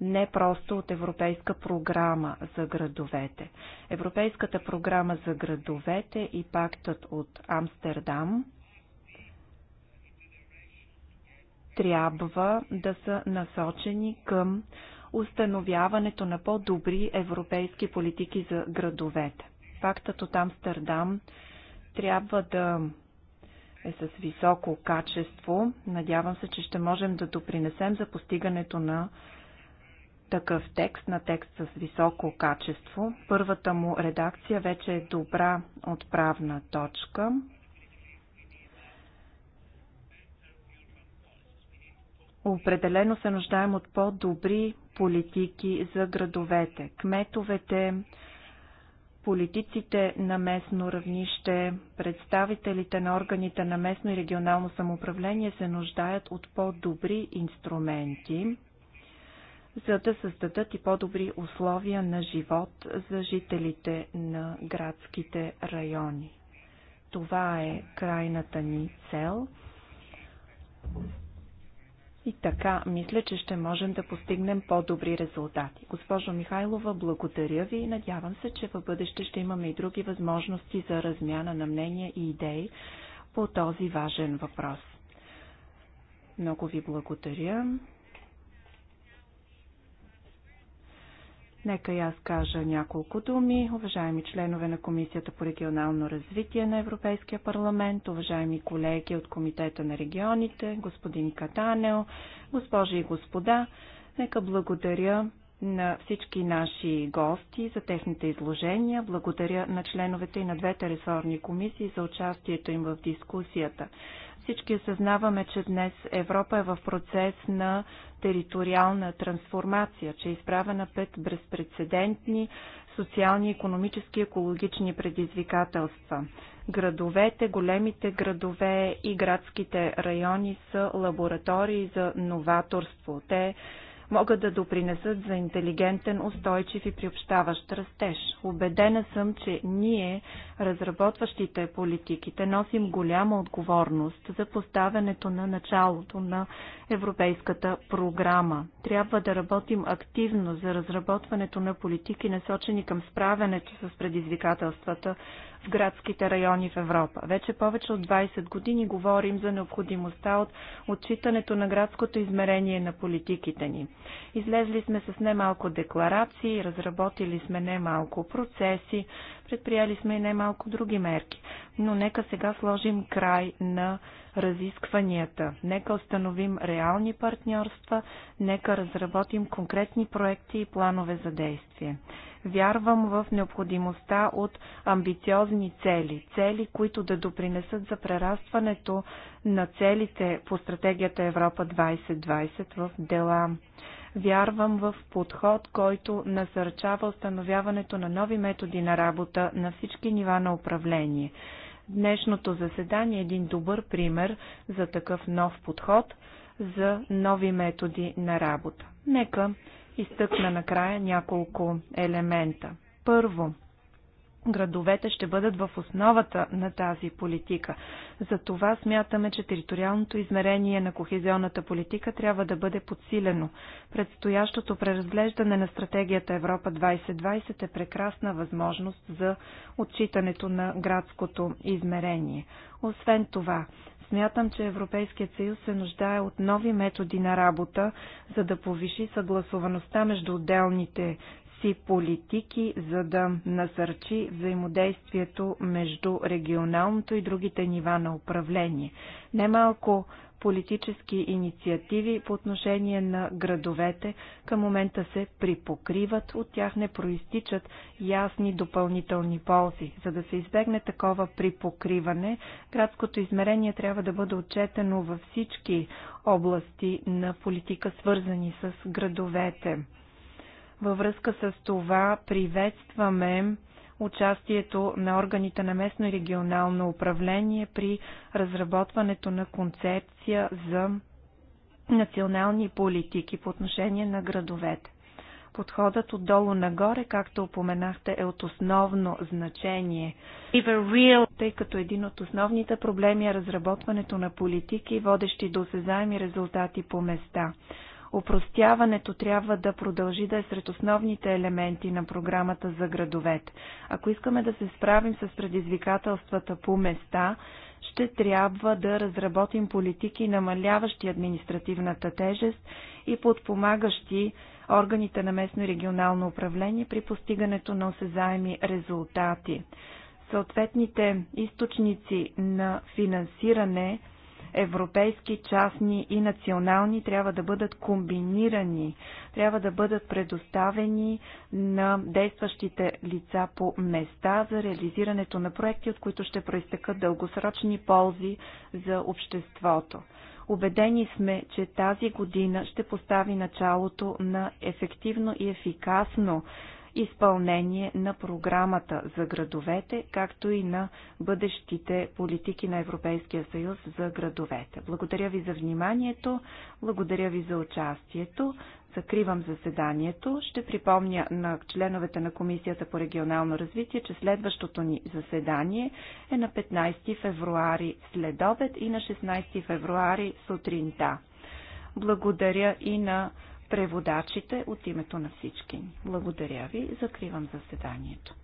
не просто от Европейска програма за градовете. Европейската програма за градовете и пактът от Амстердам трябва да са насочени към установяването на по-добри европейски политики за градовете. Пактът от Амстердам трябва да е с високо качество. Надявам се, че ще можем да допринесем за постигането на такъв текст, на текст с високо качество. Първата му редакция вече е добра отправна точка. Определено се нуждаем от по-добри политики за градовете. Кметовете, политиците на местно равнище, представителите на органите на местно и регионално самоуправление се нуждаят от по-добри инструменти, за да създадат и по-добри условия на живот за жителите на градските райони. Това е крайната ни цел. И така, мисля, че ще можем да постигнем по-добри резултати. Госпожо Михайлова, благодаря ви и надявам се, че в бъдеще ще имаме и други възможности за размяна на мнения и идеи по този важен въпрос. Много ви благодаря. Нека и аз кажа няколко думи. Уважаеми членове на Комисията по регионално развитие на Европейския парламент, уважаеми колеги от Комитета на регионите, господин Катанел, госпожи и господа, нека благодаря на всички наши гости за техните изложения. Благодаря на членовете и на двете ресорни комисии за участието им в дискусията. Всички осъзнаваме, че днес Европа е в процес на териториална трансформация, че е изправена пред безпредседентни социални, економически екологични предизвикателства. Градовете, големите градове и градските райони са лаборатории за новаторство. Те могат да допринесат за интелигентен, устойчив и приобщаващ растеж. Обедена съм, че ние разработващите политиките носим голяма отговорност за поставянето на началото на Европейската програма. Трябва да работим активно за разработването на политики, насочени към справянето с предизвикателствата в градските райони в Европа. Вече повече от 20 години говорим за необходимостта от отчитането на градското измерение на политиките ни. Излезли сме с немалко декларации, разработили сме немалко процеси, предприели сме и немалко малко други мерки. Но нека сега сложим край на разискванията. Нека установим реални партньорства, нека разработим конкретни проекти и планове за действие. Вярвам в необходимостта от амбициозни цели, цели, които да допринесат за прерастването на целите по стратегията Европа 2020 в дела. Вярвам в подход, който насърчава установяването на нови методи на работа на всички нива на управление. Днешното заседание е един добър пример за такъв нов подход, за нови методи на работа. Нека изтъкна накрая няколко елемента. Първо, Градовете ще бъдат в основата на тази политика. Затова смятаме, че териториалното измерение на кохезионната политика трябва да бъде подсилено. Предстоящото преразглеждане на стратегията Европа 2020 е прекрасна възможност за отчитането на градското измерение. Освен това, смятам, че Европейският съюз се нуждае от нови методи на работа, за да повиши съгласуваността между отделните си политики, за да насърчи взаимодействието между регионалното и другите нива на управление. Немалко политически инициативи по отношение на градовете към момента се припокриват, от тях не проистичат ясни допълнителни ползи. За да се избегне такова припокриване, градското измерение трябва да бъде отчетено във всички области на политика, свързани с градовете. Във връзка с това приветстваме участието на органите на местно и регионално управление при разработването на концепция за национални политики по отношение на градовете. Подходът отдолу нагоре, както упоменахте, е от основно значение, тъй като един от основните проблеми е разработването на политики, водещи до осезаеми резултати по места. Опростяването трябва да продължи да е сред основните елементи на програмата за градовете. Ако искаме да се справим с предизвикателствата по места, ще трябва да разработим политики, намаляващи административната тежест и подпомагащи органите на местно и регионално управление при постигането на осезаеми резултати. Съответните източници на финансиране европейски, частни и национални, трябва да бъдат комбинирани, трябва да бъдат предоставени на действащите лица по места за реализирането на проекти, от които ще проистекат дългосрочни ползи за обществото. Убедени сме, че тази година ще постави началото на ефективно и ефикасно изпълнение на програмата за градовете, както и на бъдещите политики на Европейския съюз за градовете. Благодаря ви за вниманието, благодаря ви за участието. Закривам заседанието. Ще припомня на членовете на Комисията по регионално развитие, че следващото ни заседание е на 15 февруари след обед и на 16 февруари сутринта. Благодаря и на преводачите от името на всички ни. Благодаря ви. Закривам заседанието.